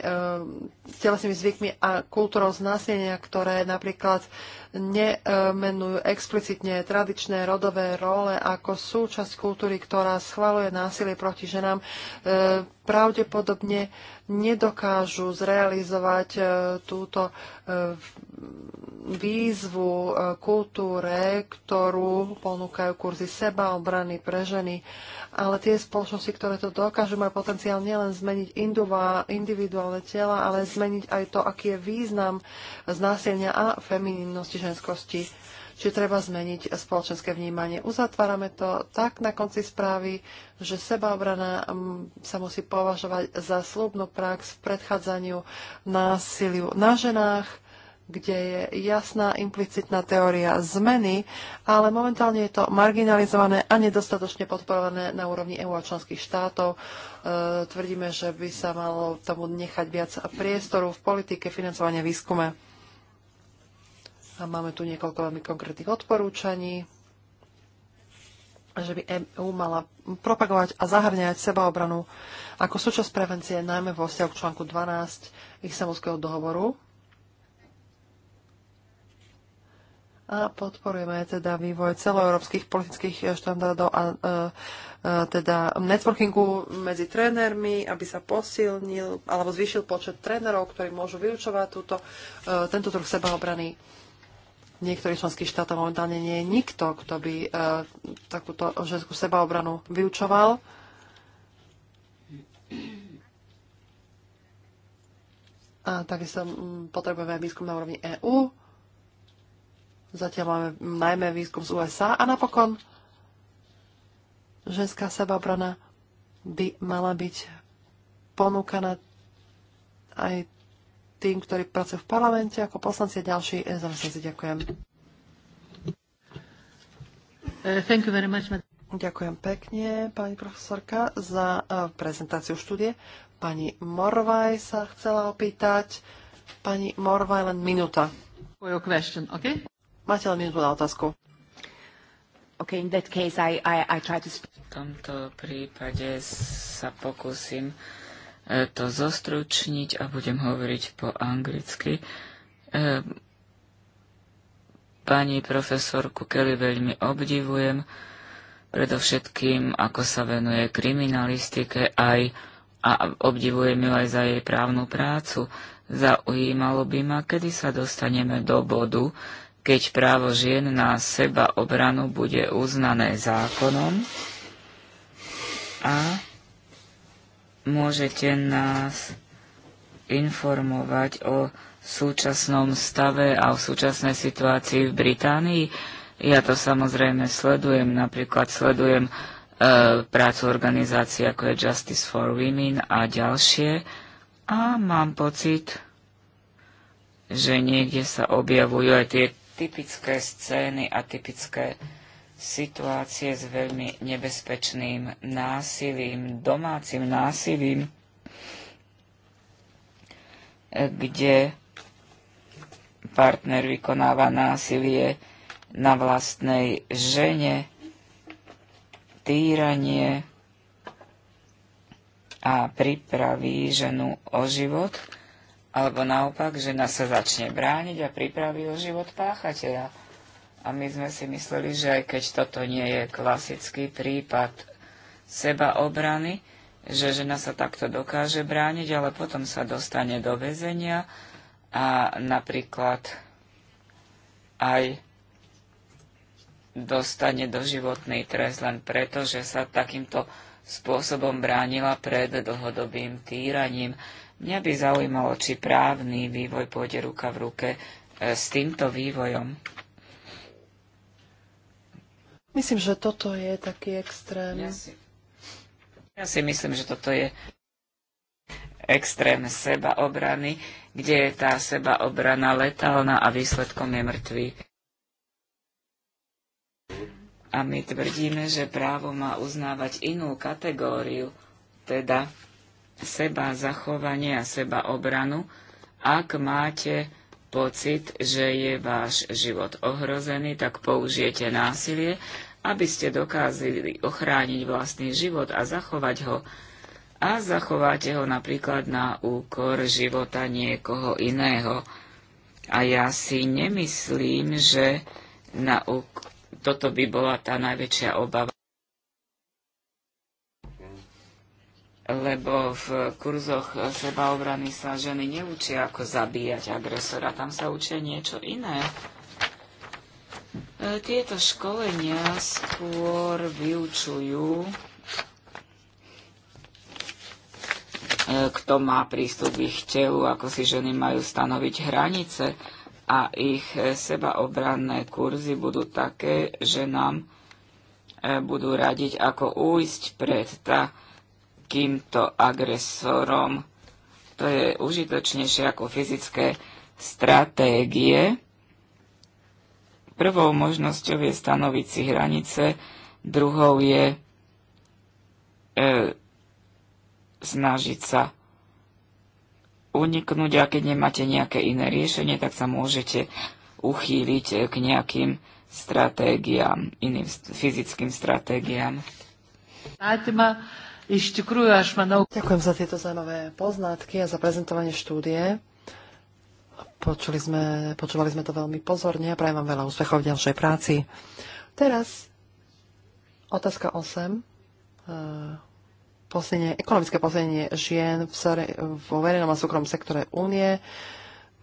telesnými zvykmi a kultúrou znásilnenia, ktoré napríklad nemenujú explicitne tradičné rodové role ako súčasť kultúry, ktorá schvaluje násilie proti ženám, e, pravdepodobne nedokážu zrealizovať e, túto e, výzvu kultúre, ktorú ponúkajú kurzy seba, obrany pre ženy. Ale tie spoločnosti, ktoré to dokážu, majú potenciál nielen zmeniť individuálne tela, ale zmeniť aj to, aký je význam znásilnia a femininnosti ženskosti, či treba zmeniť spoločenské vnímanie. Uzatvárame to tak na konci správy, že sebaobrana sa musí považovať za slúbnú prax v predchádzaniu násiliu na ženách, kde je jasná implicitná teória zmeny, ale momentálne je to marginalizované a nedostatočne podporované na úrovni EU a členských štátov. E, tvrdíme, že by sa malo tomu nechať viac priestoru v politike, financovania, výskume. A máme tu niekoľko veľmi konkrétnych odporúčaní, že by EU mala propagovať a zahrňať sebaobranu ako súčasť prevencie, najmä vo vzťahu k článku 12 samovského dohovoru. A podporujeme teda vývoj celoeurópskych politických štandardov a, a, e, a e, teda networkingu medzi trénermi, aby sa posilnil alebo zvýšil počet trénerov, ktorí môžu vyučovať túto, a, e, tento druh sebaobrany niektorých členských štátov momentálne nie je nikto, kto by e, takúto ženskú sebaobranu vyučoval. A takisto potrebujeme výskum na úrovni EÚ. Zatiaľ máme najmä výskum z USA a napokon ženská sebaobrana by mala byť ponúkaná aj tým, ktorí pracujú v parlamente ako poslanci a ďalší eh, zamestnanci. Ďakujem. Eh, thank you very much, Ďakujem pekne, pani profesorka, za eh, prezentáciu štúdie. Pani Morvaj sa chcela opýtať. Pani Morvaj, len minúta. Question, okay? Máte len minútu na otázku. Okay, in that case I, I, I try to... V tomto prípade sa pokúsim uh, E, to zostručniť a budem hovoriť po anglicky. E, pani profesorku Kelly veľmi obdivujem, predovšetkým ako sa venuje kriminalistike aj a obdivujem ju aj za jej právnu prácu. Zaujímalo by ma, kedy sa dostaneme do bodu, keď právo žien na seba obranu bude uznané zákonom a môžete nás informovať o súčasnom stave a o súčasnej situácii v Británii. Ja to samozrejme sledujem, napríklad sledujem e, prácu organizácií ako je Justice for Women a ďalšie a mám pocit, že niekde sa objavujú aj tie typické scény a typické situácie s veľmi nebezpečným násilím, domácim násilím, kde partner vykonáva násilie na vlastnej žene, týranie a pripraví ženu o život, alebo naopak žena sa začne brániť a pripraví o život páchateľa. A my sme si mysleli, že aj keď toto nie je klasický prípad seba obrany, že žena sa takto dokáže brániť, ale potom sa dostane do väzenia a napríklad aj dostane do životnej trest len preto, že sa takýmto spôsobom bránila pred dlhodobým týraním. Mňa by zaujímalo, či právny vývoj pôjde ruka v ruke eh, s týmto vývojom. Myslím, že toto je taký extrém. Ja si, ja si myslím, že toto je extrém sebaobrany, kde je tá sebaobrana letálna a výsledkom je mŕtvý. A my tvrdíme, že právo má uznávať inú kategóriu, teda seba zachovanie a seba obranu, ak máte pocit, že je váš život ohrozený, tak použijete násilie aby ste dokázali ochrániť vlastný život a zachovať ho. A zachováte ho napríklad na úkor života niekoho iného. A ja si nemyslím, že na úk- toto by bola tá najväčšia obava. Lebo v kurzoch sebaobrany sa ženy neučia, ako zabíjať agresora. Tam sa učia niečo iné E, tieto školenia skôr vyučujú, e, kto má prístup k ich telu, ako si ženy majú stanoviť hranice a ich e, sebaobranné kurzy budú také, že nám budú radiť, ako újsť pred takýmto agresorom. To je užitočnejšie ako fyzické stratégie Prvou možnosťou je stanoviť si hranice, druhou je e, snažiť sa uniknúť a keď nemáte nejaké iné riešenie, tak sa môžete uchýliť e, k nejakým stratégiám, iným fyzickým stratégiám. Ďakujem za tieto zaujímavé poznatky a za prezentovanie štúdie. Počuli sme, počúvali sme to veľmi pozorne a prajem vám veľa úspechov v ďalšej práci. Teraz otázka 8 e, posilnenie, ekonomické posledenie žien v, vo verejnom a súkromnom sektore únie.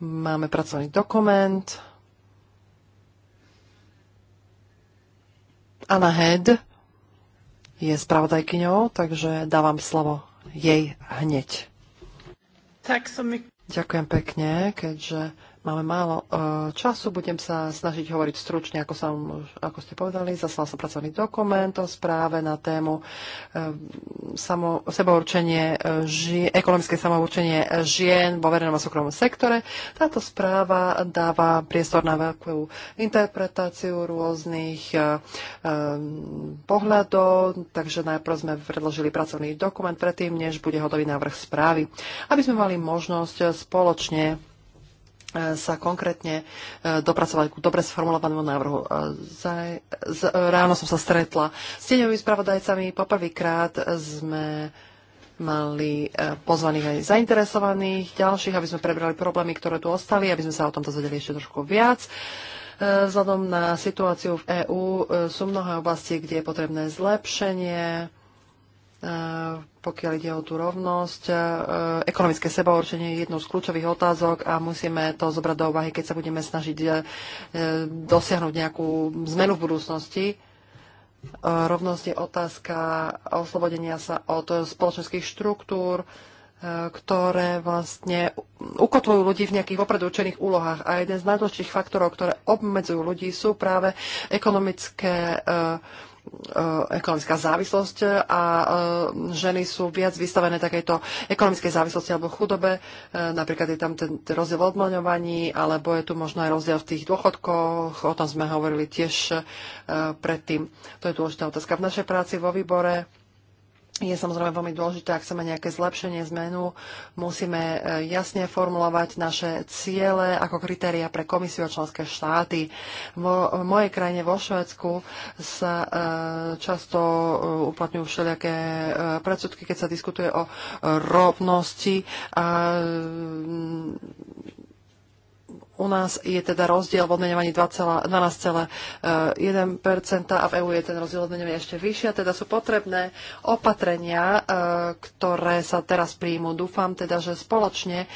Máme pracovný dokument. Anna Head je spravodajkyňou, takže dávam slovo jej hneď. Tak som Ďakujem pekne, keďže Máme málo e, času, budem sa snažiť hovoriť stručne, ako, som, ako ste povedali. Zaslal som pracovný dokument o správe na tému e, samo, e, ži, ekonomické samourčenie žien vo verejnom a súkromnom sektore. Táto správa dáva priestor na veľkú interpretáciu rôznych pohľadov, takže najprv sme predložili pracovný dokument predtým, než bude hotový návrh správy, aby sme mali možnosť spoločne sa konkrétne e, dopracovali ku dobre sformulovanému návrhu. E, Zaj, z, ráno som sa stretla s tieňovými spravodajcami. Poprvýkrát sme mali e, pozvaných aj zainteresovaných ďalších, aby sme prebrali problémy, ktoré tu ostali, aby sme sa o tom dozvedeli ešte trošku viac. Vzhľadom na situáciu v EÚ sú mnohé oblasti, kde je potrebné zlepšenie Eh, pokiaľ ide o tú rovnosť. Eh, ekonomické sebaurčenie je jednou z kľúčových otázok a musíme to zobrať do úvahy, keď sa budeme snažiť eh, dosiahnuť nejakú zmenu v budúcnosti. Rovnosť je otázka oslobodenia sa od spoločenských štruktúr, ktoré vlastne ukotvujú ľudí v nejakých opredúčených úlohách. A jeden z najdôležitejších faktorov, ktoré obmedzujú ľudí, sú práve ekonomické uh, Eh, ekonomická závislosť a eh, ženy sú viac vystavené takejto ekonomickej závislosti alebo chudobe. Eh, napríklad je tam ten rozdiel v odmlňovaní, alebo je tu možno aj rozdiel v tých dôchodkoch. O tom sme hovorili tiež predtým. To je dôležitá otázka. V našej práci vo výbore je samozrejme veľmi dôležité, ak chceme nejaké zlepšenie, zmenu, musíme e, jasne formulovať naše ciele ako kritéria pre komisiu a členské štáty. Vo mojej krajine, vo Švedsku, sa e, často e, uplatňujú všelijaké predsudky, keď sa diskutuje o rovnosti a u nás je teda rozdiel v odmenovaní 12,1% e, a v EÚ je ten rozdiel odmenovania ešte vyšší a teda sú potrebné opatrenia, e, ktoré sa teraz príjmu. Dúfam teda, že spoločne e,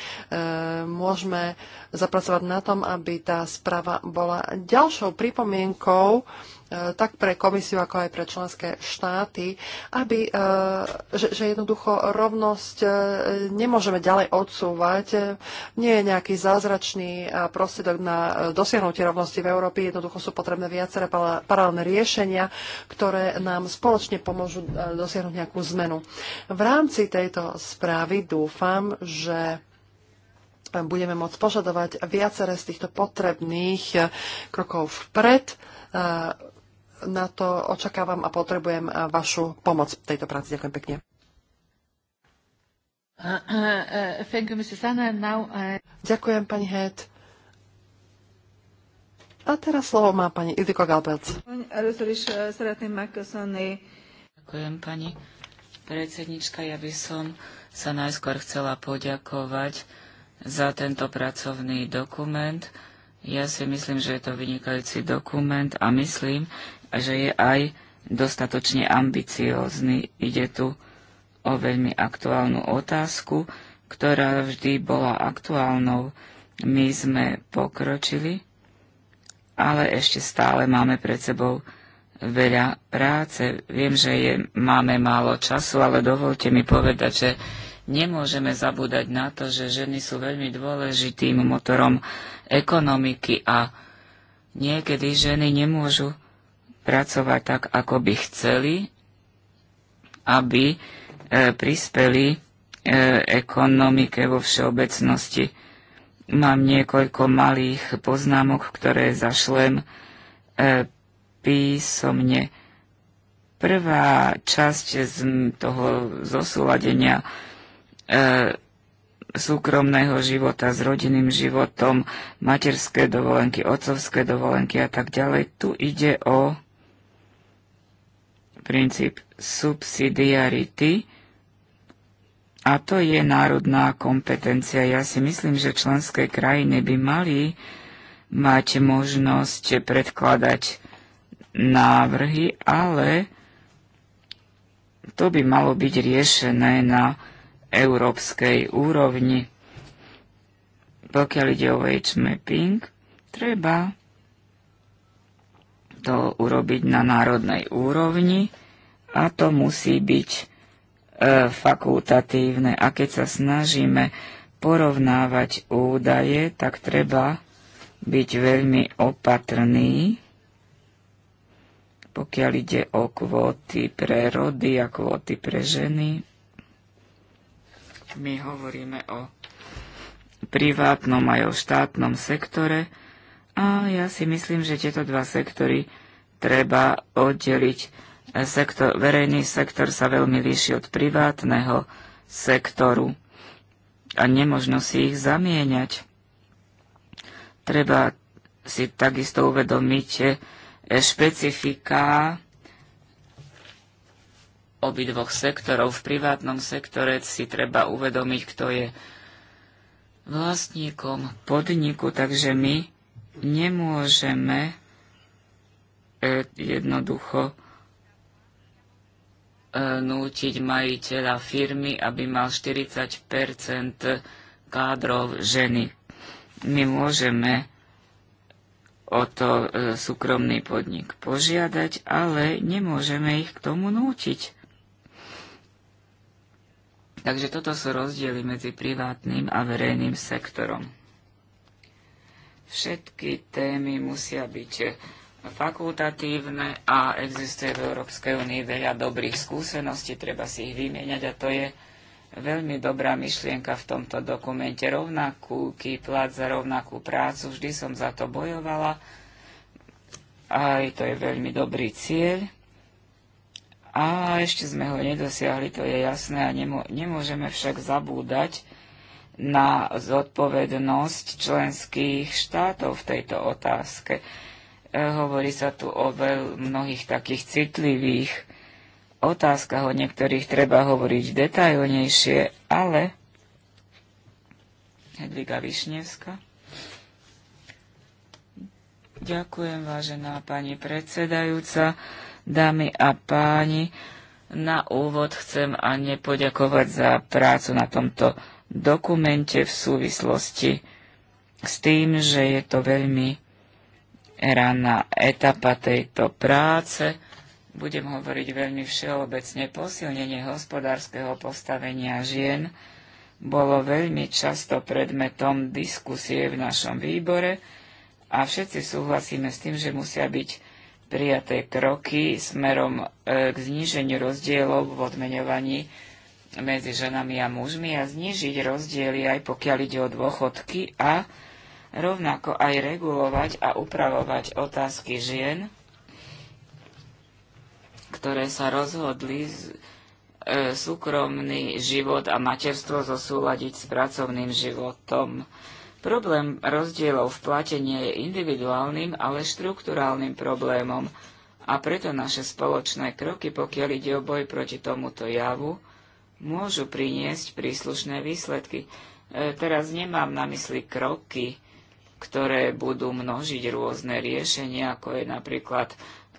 môžeme zapracovať na tom, aby tá správa bola ďalšou pripomienkou, E, tak pre komisiu, ako aj pre členské štáty, aby, e, že, že jednoducho rovnosť e, nemôžeme ďalej odsúvať. Nie je nejaký zázračný prostriedok na dosiahnutie rovnosti v Európe. Jednoducho sú potrebné viaceré paralelné riešenia, ktoré nám spoločne pomôžu dosiahnuť nejakú zmenu. V rámci tejto správy dúfam, že budeme môcť požadovať viaceré z týchto potrebných krokov vpred na to očakávam a potrebujem eh, vašu pomoc v tejto práci. Ďakujem pekne. Eh, eh, Ďakujem, pani Het. A teraz slovo má pani Idiko Galpelc. Ďakujem, pani predsednička. Ja by som sa najskôr chcela poďakovať za tento pracovný dokument. Ja si myslím, že je to vynikajúci dokument a myslím, a že je aj dostatočne ambiciózny. Ide tu o veľmi aktuálnu otázku, ktorá vždy bola aktuálnou. My sme pokročili, ale ešte stále máme pred sebou veľa práce. Viem, že je, máme málo času, ale dovolte mi povedať, že nemôžeme zabúdať na to, že ženy sú veľmi dôležitým motorom ekonomiky a niekedy ženy nemôžu pracovať tak, ako by chceli, aby e, prispeli e, ekonomike vo všeobecnosti. Mám niekoľko malých poznámok, ktoré zašlem e, písomne. Prvá časť z toho zosúladenia súkromného života s rodinným životom, materské dovolenky, otcovské dovolenky a tak ďalej. Tu ide o princíp subsidiarity a to je národná kompetencia. Ja si myslím, že členské krajiny by mali mať možnosť predkladať návrhy, ale to by malo byť riešené na európskej úrovni. Pokiaľ ide o wage mapping, treba to urobiť na národnej úrovni a to musí byť e, fakultatívne. A keď sa snažíme porovnávať údaje, tak treba byť veľmi opatrný, pokiaľ ide o kvóty pre rody a kvóty pre ženy. My hovoríme o privátnom aj o štátnom sektore, a ja si myslím, že tieto dva sektory treba oddeliť. Sektor, verejný sektor sa veľmi líši od privátneho sektoru a nemožno si ich zamieňať. Treba si takisto uvedomiť špecifika obidvoch sektorov. V privátnom sektore si treba uvedomiť, kto je vlastníkom podniku, takže my nemôžeme e, jednoducho e, nútiť majiteľa firmy, aby mal 40 kádrov ženy. My môžeme o to e, súkromný podnik požiadať, ale nemôžeme ich k tomu nútiť. Takže toto sú rozdiely medzi privátnym a verejným sektorom. Všetky témy musia byť fakultatívne a existuje v Európskej únii veľa dobrých skúseností, treba si ich vymieňať a to je veľmi dobrá myšlienka v tomto dokumente. Rovnakú kýplat za rovnakú prácu, vždy som za to bojovala. Aj to je veľmi dobrý cieľ. A ešte sme ho nedosiahli, to je jasné, a nemô- nemôžeme však zabúdať na zodpovednosť členských štátov v tejto otázke. E, hovorí sa tu o veľ mnohých takých citlivých otázkach, o niektorých treba hovoriť detailnejšie, ale Hedviga Višnevská. Ďakujem, vážená pani predsedajúca, dámy a páni. Na úvod chcem a nepoďakovať za prácu na tomto dokumente v súvislosti s tým, že je to veľmi raná etapa tejto práce. Budem hovoriť veľmi všeobecne. Posilnenie hospodárskeho postavenia žien bolo veľmi často predmetom diskusie v našom výbore a všetci súhlasíme s tým, že musia byť prijaté kroky smerom e, k zníženiu rozdielov v odmeňovaní medzi ženami a mužmi a znižiť rozdiely aj pokiaľ ide o dôchodky a rovnako aj regulovať a upravovať otázky žien, ktoré sa rozhodli z, e, súkromný život a materstvo zosúľadiť s pracovným životom. Problém rozdielov v plate nie je individuálnym, ale štruktúrálnym problémom a preto naše spoločné kroky, pokiaľ ide o boj proti tomuto javu, môžu priniesť príslušné výsledky. E, teraz nemám na mysli kroky, ktoré budú množiť rôzne riešenia, ako je napríklad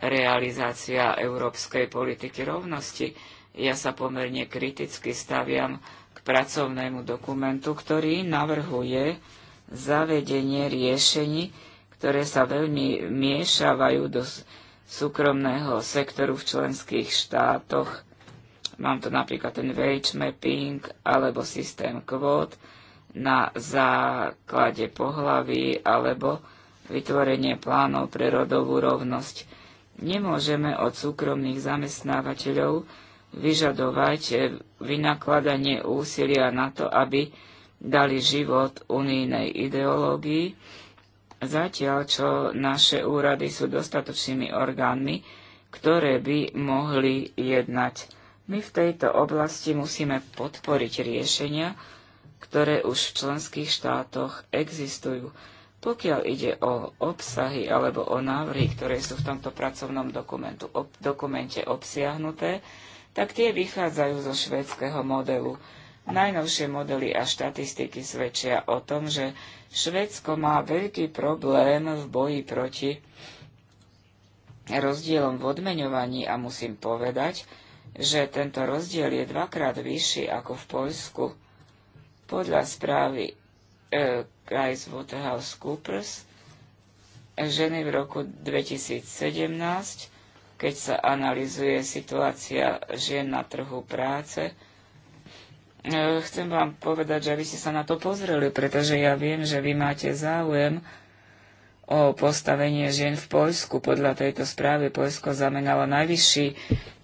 realizácia európskej politiky rovnosti. Ja sa pomerne kriticky staviam k pracovnému dokumentu, ktorý navrhuje zavedenie riešení, ktoré sa veľmi miešavajú do súkromného sektoru v členských štátoch Mám tu napríklad ten wage mapping alebo systém kvót na základe pohlavy alebo vytvorenie plánov pre rodovú rovnosť. Nemôžeme od súkromných zamestnávateľov vyžadovať eh, vynakladanie úsilia na to, aby dali život unijnej ideológii, zatiaľ čo naše úrady sú dostatočnými orgánmi, ktoré by mohli jednať. My v tejto oblasti musíme podporiť riešenia, ktoré už v členských štátoch existujú. Pokiaľ ide o obsahy alebo o návrhy, ktoré sú v tomto pracovnom dokumentu, ob, dokumente obsiahnuté, tak tie vychádzajú zo švédskeho modelu. Najnovšie modely a štatistiky svedčia o tom, že Švédsko má veľký problém v boji proti rozdielom v odmeňovaní a musím povedať, že tento rozdiel je dvakrát vyšší ako v Poľsku. Podľa správy e, PricewaterhouseCoopers ženy v roku 2017, keď sa analizuje situácia žien na trhu práce, e, Chcem vám povedať, že aby ste sa na to pozreli, pretože ja viem, že vy máte záujem o postavenie žien v Poľsku. Podľa tejto správy Poľsko zamenalo najvyšší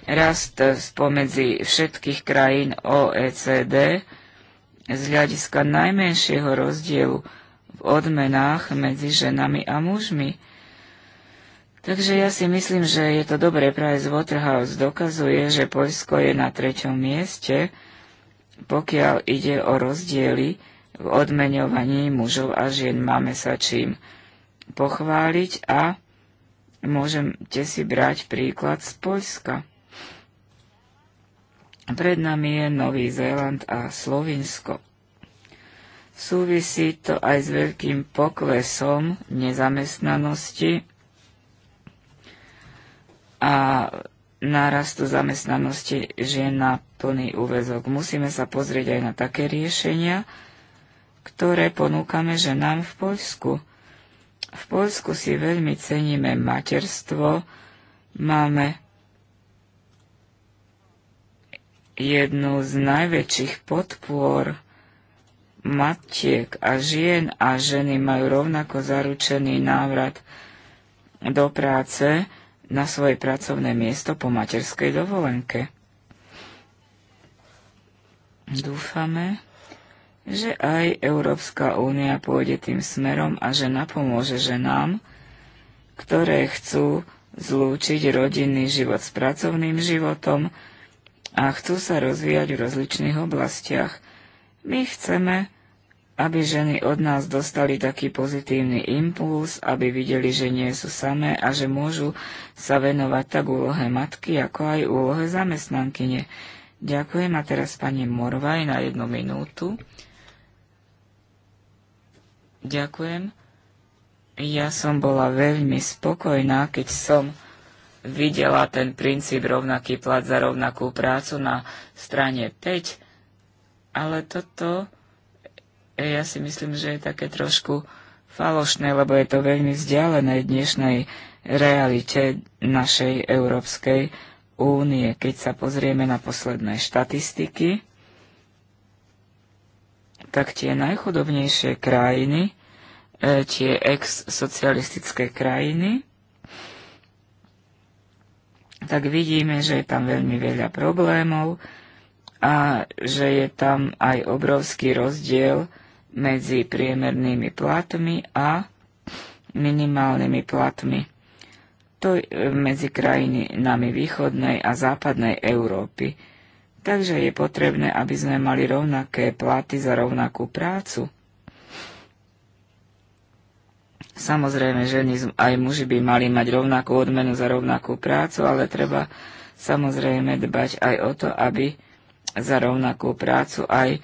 rast spomedzi všetkých krajín OECD z hľadiska najmenšieho rozdielu v odmenách medzi ženami a mužmi. Takže ja si myslím, že je to dobré. Price Waterhouse dokazuje, že Poľsko je na treťom mieste, pokiaľ ide o rozdiely v odmeňovaní mužov a žien. Máme sa čím pochváliť a môžete si brať príklad z Poľska. Pred nami je Nový Zéland a Slovinsko. Súvisí to aj s veľkým poklesom nezamestnanosti a nárastu zamestnanosti žien na plný úvezok. Musíme sa pozrieť aj na také riešenia, ktoré ponúkame ženám v Poľsku. V Poľsku si veľmi ceníme materstvo, máme jednu z najväčších podpor matiek a žien a ženy majú rovnako zaručený návrat do práce na svoje pracovné miesto po materskej dovolenke. Dúfame, že aj Európska únia pôjde tým smerom a že napomôže ženám, ktoré chcú zlúčiť rodinný život s pracovným životom, a chcú sa rozvíjať v rozličných oblastiach. My chceme, aby ženy od nás dostali taký pozitívny impuls, aby videli, že nie sú samé a že môžu sa venovať tak úlohe matky, ako aj úlohe zamestnankyne. Ďakujem a teraz pani Morvaj na jednu minútu. Ďakujem. Ja som bola veľmi spokojná, keď som videla ten princíp rovnaký plat za rovnakú prácu na strane 5, ale toto e, ja si myslím, že je také trošku falošné, lebo je to veľmi vzdialené dnešnej realite našej Európskej únie. Keď sa pozrieme na posledné štatistiky, tak tie najchudobnejšie krajiny, e, tie ex-socialistické krajiny, tak vidíme, že je tam veľmi veľa problémov a že je tam aj obrovský rozdiel medzi priemernými platmi a minimálnymi platmi. To e, medzi krajinami východnej a západnej Európy. Takže je potrebné, aby sme mali rovnaké platy za rovnakú prácu. Samozrejme, ženy aj muži by mali mať rovnakú odmenu za rovnakú prácu, ale treba samozrejme dbať aj o to, aby za rovnakú prácu aj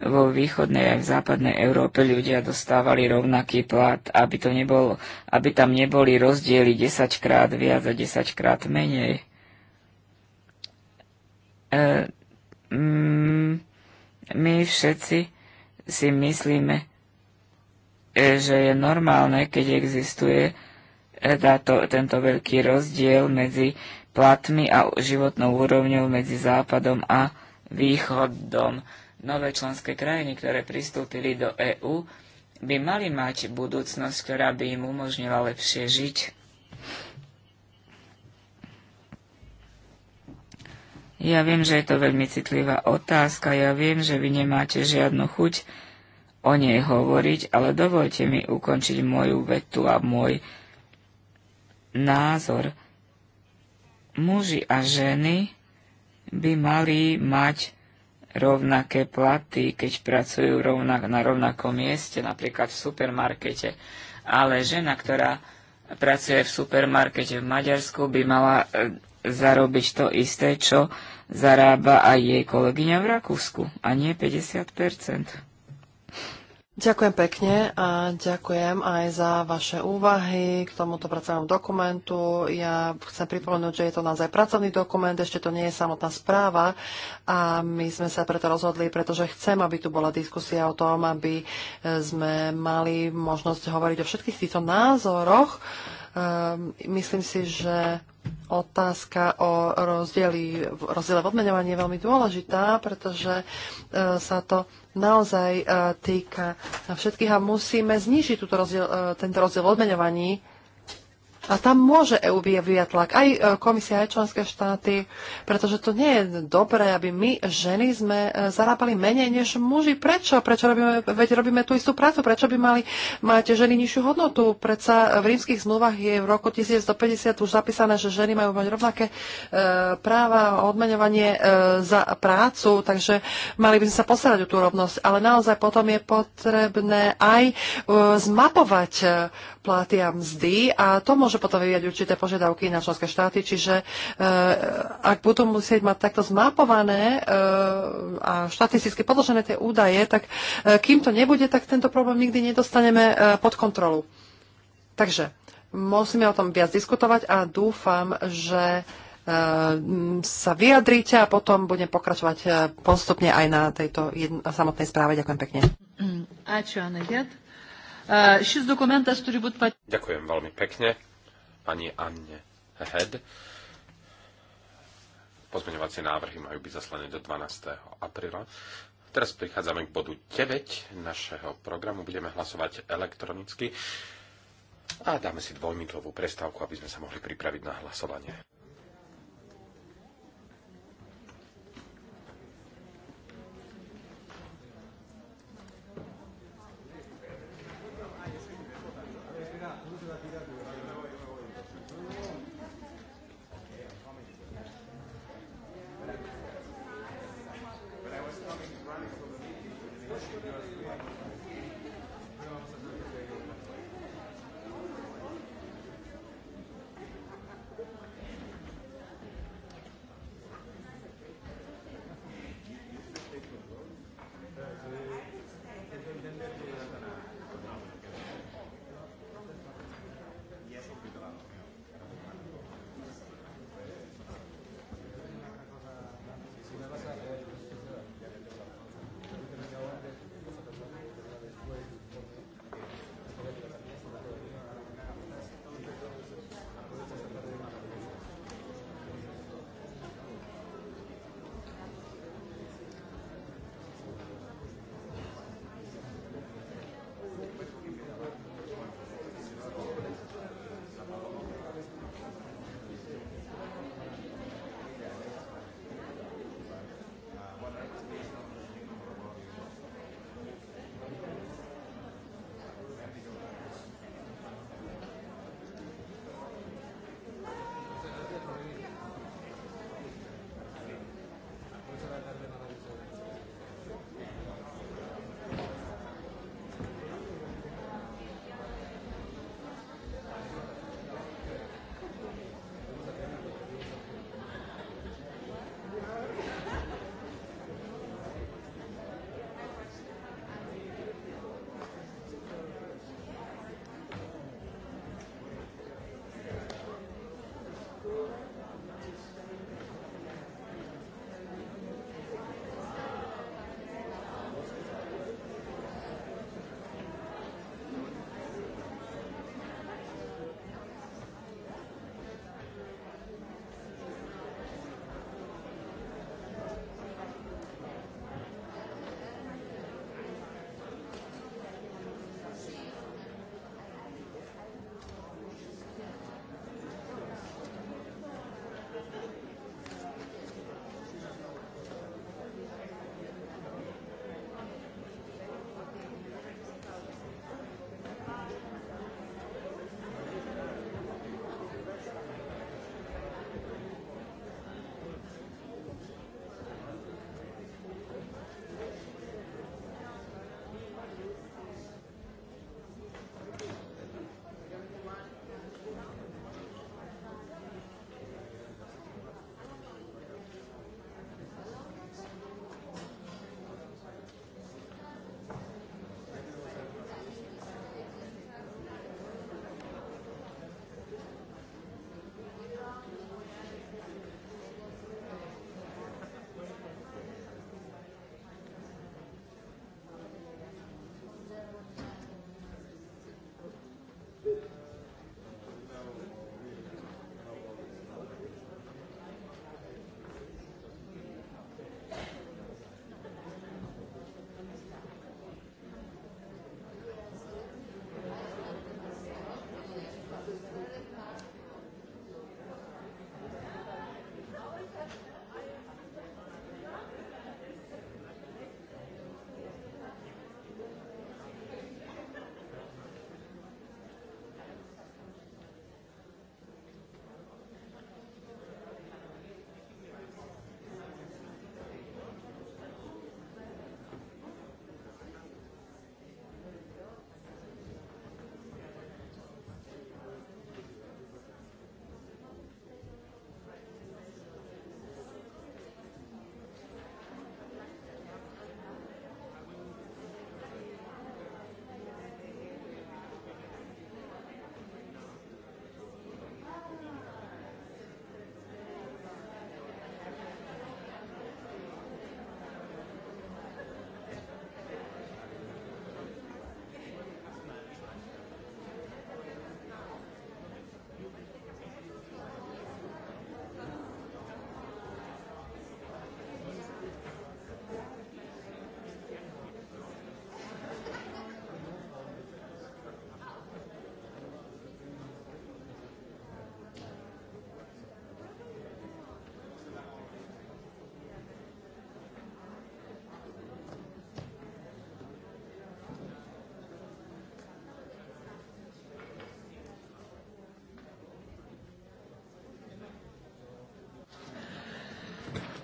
vo východnej aj v západnej Európe ľudia dostávali rovnaký plat, aby, to nebolo, aby tam neboli rozdiely 10 krát viac a 10 krát menej. E, mm, my všetci si myslíme, E, že je normálne, keď existuje e, táto, tento veľký rozdiel medzi platmi a životnou úrovňou medzi Západom a Východom. Nové členské krajiny, ktoré pristúpili do EÚ, by mali mať budúcnosť, ktorá by im umožnila lepšie žiť. Ja viem, že je to veľmi citlivá otázka, ja viem, že vy nemáte žiadnu chuť o nej hovoriť, ale dovolte mi ukončiť moju vetu a môj názor. Muži a ženy by mali mať rovnaké platy, keď pracujú rovnak, na rovnakom mieste, napríklad v supermarkete. Ale žena, ktorá pracuje v supermarkete v Maďarsku, by mala e, zarobiť to isté, čo zarába aj jej kolegyňa v Rakúsku, a nie 50 Ďakujem pekne a ďakujem aj za vaše úvahy k tomuto pracovnému dokumentu. Ja chcem pripomenúť, že je to naozaj pracovný dokument, ešte to nie je samotná správa a my sme sa preto rozhodli, pretože chcem, aby tu bola diskusia o tom, aby sme mali možnosť hovoriť o všetkých týchto názoroch Ehm, myslím si, že otázka o rozdieli, rozdiele v odmeňovaní je veľmi dôležitá, pretože eh, sa to naozaj eh, týka všetkých a musíme znižiť rozdiel, eh, tento rozdiel v odmenovaní a tam môže EU vyvíjať tlak, aj e, komisia, aj členské štáty, pretože to nie je dobré, aby my, ženy, sme e, zarábali menej než muži. Prečo? Prečo robíme, veď robíme tú istú prácu? Prečo by mali mať ženy nižšiu hodnotu? Predsa v rímskych zmluvách je v roku 1150 už zapísané, že ženy majú mať rovnaké e, práva, a odmenovanie za prácu, takže mali by sme sa postarať o tú rovnosť. Ale naozaj potom je potrebné aj zmapovať platy a mzdy a to môže môže potom vyvíjať určité požiadavky na členské štáty, čiže eh, ak budú musieť mať takto zmapované eh, a štatisticky podložené tie údaje, tak eh, kým to nebude, tak tento problém nikdy nedostaneme pod kontrolu. Takže musíme o tom viac diskutovať a dúfam, že sa vyjadríte a potom budem pokračovať postupne aj na tejto jedn- samotnej správe. Ďakujem pekne. Ďakujem veľmi pekne pani Anne Head. Pozmeňovacie návrhy majú byť zaslané do 12. apríla. Teraz prichádzame k bodu 9 našeho programu. Budeme hlasovať elektronicky a dáme si dvojminútovú prestávku, aby sme sa mohli pripraviť na hlasovanie.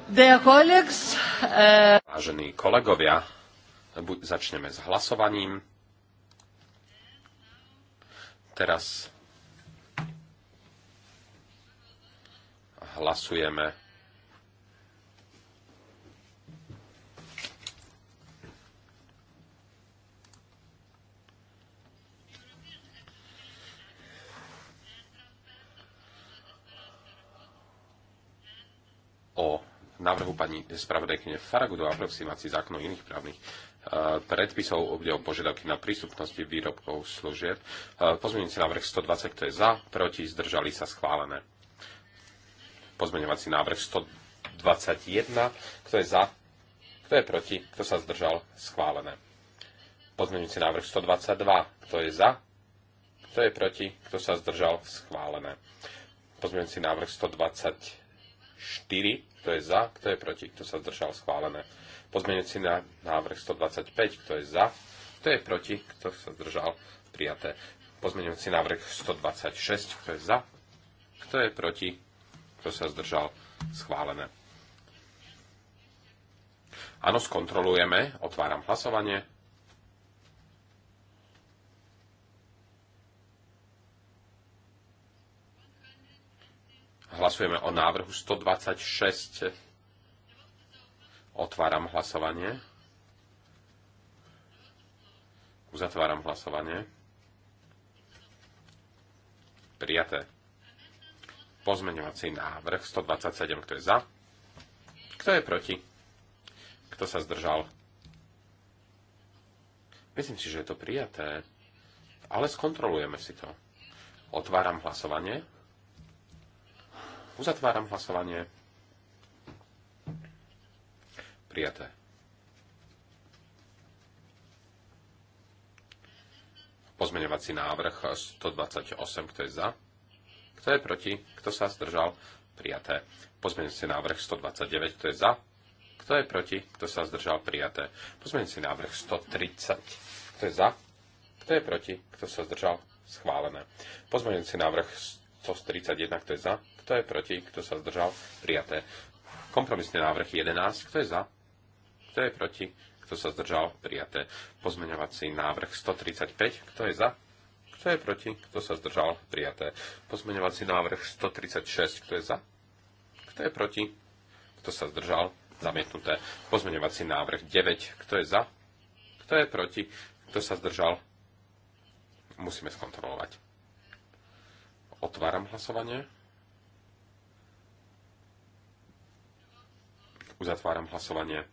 Eh, Vážení kolegovia, začneme s hlasovaním. Teraz hlasujeme pani spravodajkyne Faragudo aproximácii zákonov iných právnych eh, predpisov obdel požiadavky na prístupnosti výrobkov služieb. Eh, pozmeňujúci návrh 120, kto je za, proti, zdržali sa schválené. Pozmeňovací návrh 121, kto je za, kto je proti, kto sa zdržal, schválené. Pozmeňujúci návrh 122, kto je za, kto je proti, kto sa zdržal, schválené. Pozmeňujúci návrh 123, 4, kto je za, kto je proti, kto sa zdržal schválené. Pozmeňujúci na návrh 125, kto je za, kto je proti, kto sa zdržal prijaté. Pozmeňujúci návrh 126, kto je za, kto je proti, kto sa zdržal schválené. Áno, skontrolujeme. Otváram hlasovanie. Hlasujeme o návrhu 126. Otváram hlasovanie. Uzatváram hlasovanie. Prijaté. Pozmeňovací návrh 127. Kto je za? Kto je proti? Kto sa zdržal? Myslím si, že je to prijaté. Ale skontrolujeme si to. Otváram hlasovanie. Uzatváram hlasovanie. Prijaté. Pozmeňovací návrh 128, kto je za? Kto je proti? Kto sa zdržal? Prijaté. Pozmeňovací návrh 129, kto je za? Kto je proti? Kto sa zdržal? Prijaté. Pozmeňovací návrh 130, kto je za? Kto je proti? Kto sa zdržal? Schválené. Pozmeňovací návrh 131, kto je za? Kto je proti? Kto sa zdržal? Prijaté. Kompromisný návrh 11. Kto je za? Kto je proti? Kto sa zdržal? Prijaté. Pozmeňovací návrh 135. Kto je za? Kto je proti? Kto sa zdržal? Prijaté. Pozmeňovací návrh 136. Kto je za? Kto je proti? Kto sa zdržal? Zamietnuté. Pozmeňovací návrh 9. Kto je za? Kto je proti? Kto sa zdržal? Musíme skontrolovať. Otváram hlasovanie. Uzatváram hlasovanie.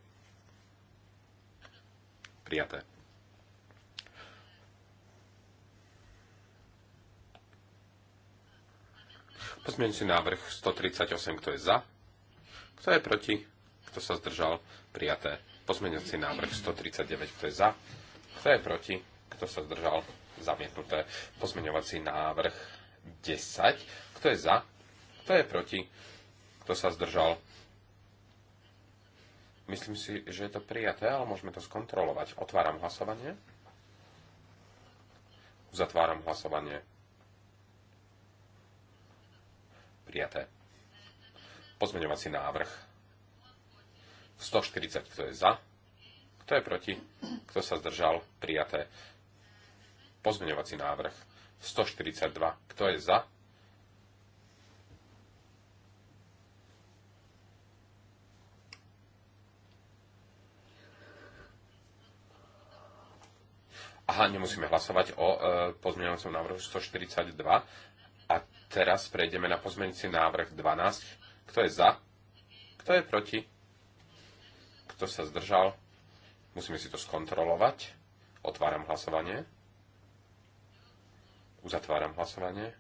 Prijaté. Pozmeňujúci návrh 138, kto je za, kto je proti, kto sa zdržal, prijaté. Pozmeňujúci návrh 139, kto je za, kto je proti, kto sa zdržal, zamietnuté. Pozmeňovací návrh 10, kto je za, kto je proti, kto sa zdržal, Myslím si, že je to prijaté, ale môžeme to skontrolovať. Otváram hlasovanie. Zatváram hlasovanie. Prijaté. Pozmeňovací návrh. 140, kto je za, kto je proti, kto sa zdržal, prijaté. Pozmeňovací návrh. 142, kto je za, Aha, nemusíme hlasovať o e, pozmeňovacom návrhu 142. A teraz prejdeme na pozmeňujúci návrh 12. Kto je za? Kto je proti? Kto sa zdržal? Musíme si to skontrolovať. Otváram hlasovanie. Uzatváram hlasovanie.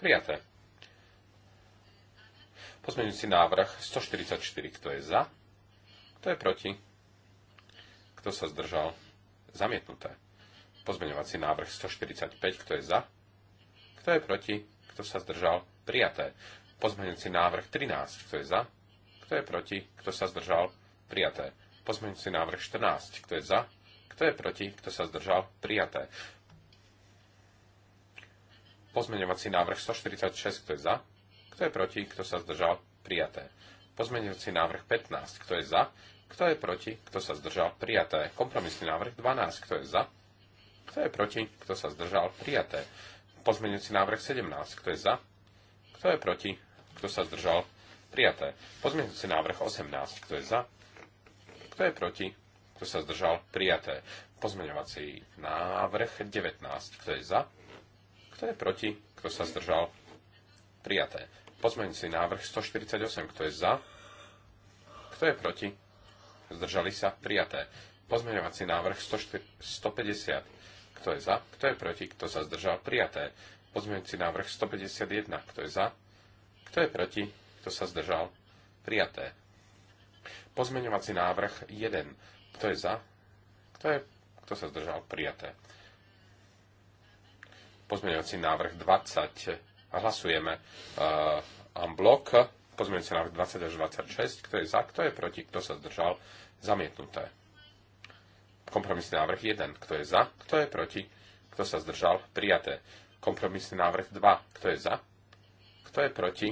Prijaté. Pozmeňujúci návrh 144. Kto je za? Kto je proti? Kto sa zdržal? Zamietnuté. Pozmeňovací návrh 145. Kto je za? Kto je proti? Kto sa zdržal? Prijaté. Pozmeňujúci návrh 13. Kto je za? Kto je proti? Kto sa zdržal? Prijaté. Pozmeňujúci návrh 14. Kto je za? Kto je proti? Kto sa zdržal? Prijaté. Pozmeňovací návrh 146. Kto je za? Kto je proti? Kto sa zdržal? Prijaté. Pozmeňujúci návrh 15. Kto je za? Kto je proti? Kto sa zdržal? Prijaté. Kompromisný návrh 12. Kto je za? Kto je proti? Kto sa zdržal? Prijaté. Pozmeňujúci návrh 17. Kto je za? Kto je proti? Kto sa zdržal? Prijaté. Pozmeňujúci návrh 18. Kto je za? Kto je proti? Kto sa zdržal? Prijaté. Pozmeňovací návrh 19. Kto je za? Kto je proti? Kto sa zdržal? Prijaté. Pozmeňujúci návrh 148, kto je za? Kto je proti? Zdržali sa? Prijaté. Pozmeňovací návrh 150, kto je za? Kto je proti? Kto sa zdržal? Prijaté. Pozmeňujúci návrh 151, kto je za? Kto je proti? Kto sa zdržal? Prijaté. Pozmeňovací návrh 1, kto je za? Kto, je, kto sa zdržal? Prijaté. Pozmeňovací návrh 20, Hlasujeme uh, en bloc. Pozmeňujúci návrh 20 až 26. Kto je za, kto je proti, kto sa zdržal? Zamietnuté. Kompromisný návrh 1. Kto je za, kto je proti, kto sa zdržal? Prijaté. Kompromisný návrh 2. Kto je za, kto je proti,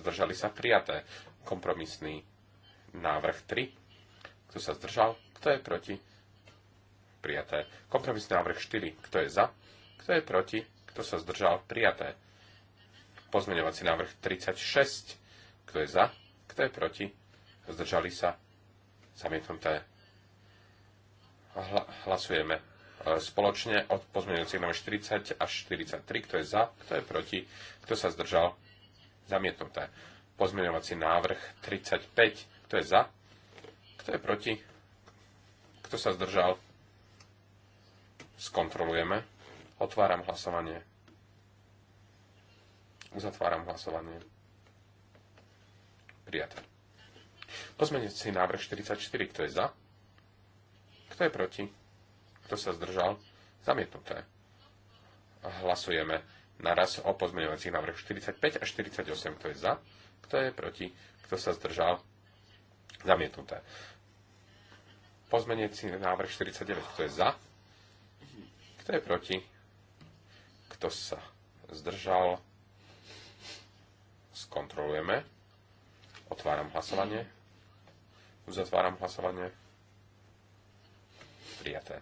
zdržali sa? Prijaté. Kompromisný návrh 3. Kto sa zdržal? Kto je proti? Prijaté. Kompromisný návrh 4. Kto je za? Kto je proti? Kto sa zdržal? Prijaté. Pozmeňovací návrh 36. Kto je za? Kto je proti? Zdržali sa? Zamietnuté. hlasujeme e, spoločne od pozmeňujúcich návrh 40 až 43. Kto je za? Kto je proti? Kto sa zdržal? Zamietnuté. Pozmeňovací návrh 35. Kto je za? Kto je proti? Kto sa zdržal? Skontrolujeme. Otváram hlasovanie. Uzatváram hlasovanie. Prijaté. si návrh 44. Kto je za? Kto je proti? Kto sa zdržal? Zamietnuté. Hlasujeme naraz o pozmeňovacích návrh 45 a 48. Kto je za? Kto je proti? Kto sa zdržal? Zamietnuté. si návrh 49. Kto je za? Kto je proti? Kto sa zdržal? skontrolujeme. Otváram hlasovanie. Uzatváram hlasovanie. Prijaté.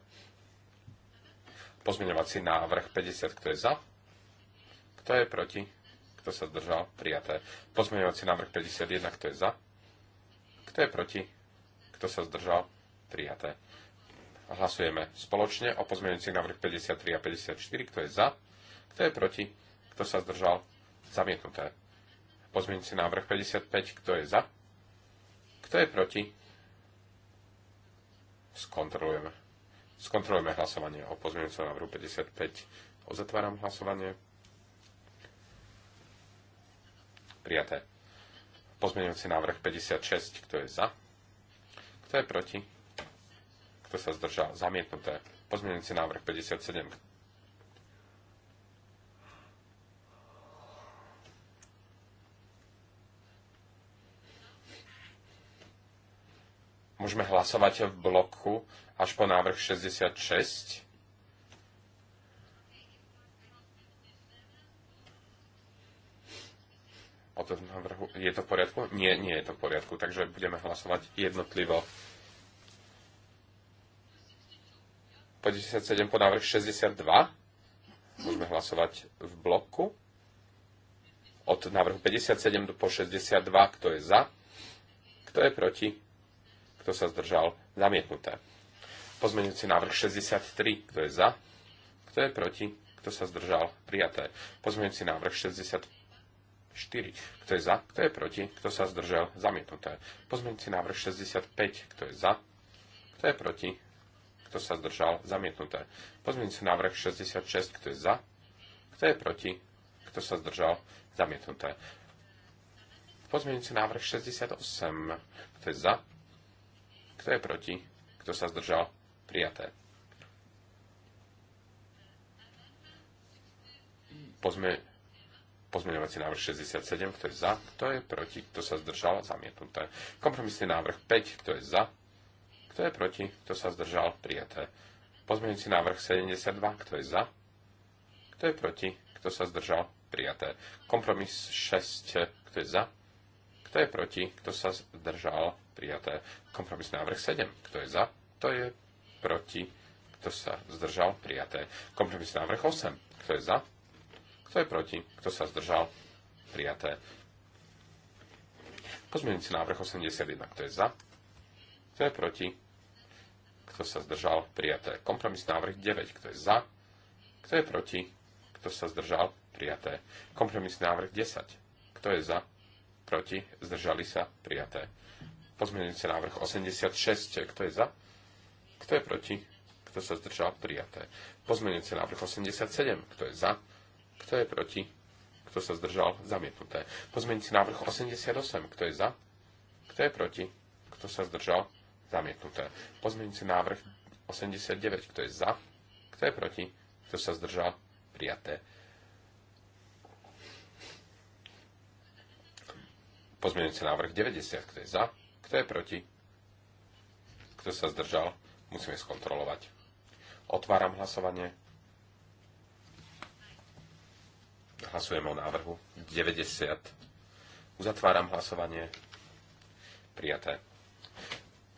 Pozmeňovací návrh 50, kto je za? Kto je proti? Kto sa zdržal? Prijaté. Pozmeňovací návrh 51, kto je za? Kto je proti? Kto sa zdržal? Prijaté. Hlasujeme spoločne o pozmeňujúcich návrh 53 a 54. Kto je za? Kto je proti? Kto sa zdržal? Zamietnuté. Pozmeňujúci návrh 55. Kto je za? Kto je proti? Skontrolujeme. Skontrolujeme hlasovanie o pozmeňujúcom návrhu 55. Ozatváram hlasovanie. Prijaté. Pozmeňujúci návrh 56. Kto je za? Kto je proti? Kto sa zdržal? Zamietnuté. Pozmeňujúci návrh 57. Môžeme hlasovať v bloku až po návrh 66. O tom návrhu je to v poriadku? Nie, nie je to v poriadku, takže budeme hlasovať jednotlivo. Po po návrh 62 môžeme hlasovať v bloku. Od návrhu 57 po 62, kto je za, kto je proti, kto sa zdržal? Zamietnuté. Pozmeňujúci návrh 63. Kto je za? Kto je proti? Kto sa zdržal? Prijaté. Pozmeňujúci návrh 64. Kto je za? Kto je proti? Kto sa zdržal? Zamietnuté. Pozmeňujúci návrh 65. Kto je za? Kto je proti? Kto sa zdržal? Zamietnuté. Pozmeňujúci návrh 66. Kto je za? Kto je proti? Kto sa zdržal? Zamietnuté. Pozmeňujúci návrh 68. Kto je za? Kto je proti? Kto sa zdržal? Prijaté. Pozme, pozmeňovací návrh 67, kto je za, kto je proti, kto sa zdržal, zamietnuté. Kompromisný návrh 5, kto je za, kto je proti, kto sa zdržal, prijaté. Pozmeňujúci návrh 72, kto je za, kto je proti, kto sa zdržal, prijaté. Kompromis 6, kto je za, kto je proti, kto sa zdržal, prijaté. Kompromis návrh 7. Kto je za? Kto je proti? Kto sa zdržal? Prijaté. Kompromis návrh 8. Kto je za? Kto je proti? Kto sa zdržal? Prijaté. Pozmienujúci návrh 81. Kto je za? Kto je proti? Kto sa zdržal? Prijaté. Kompromis návrh 9. Kto je za? Kto je proti? Kto sa zdržal? Prijaté. Kompromis návrh 10. Kto je za? Proti? Zdržali sa? Prijaté. Pozmeňujúci návrh 86. Kto je za? Kto je proti? Kto sa zdržal? Prijaté. Pozmeňujúci návrh 87. Kto je za? Kto je proti? Kto sa zdržal? Zamietnuté. Pozmeňujúci návrh 88. Kto je za? Kto je proti? Kto sa zdržal? Zamietnuté. Pozmeňujúci návrh 89. Kto je za? Kto je proti? Kto sa zdržal? Prijaté. Pozmeňujúci návrh 90. Kto je za? Kto je proti? Kto sa zdržal? Musíme skontrolovať. Otváram hlasovanie. Hlasujeme o návrhu 90. Uzatváram hlasovanie. Prijaté.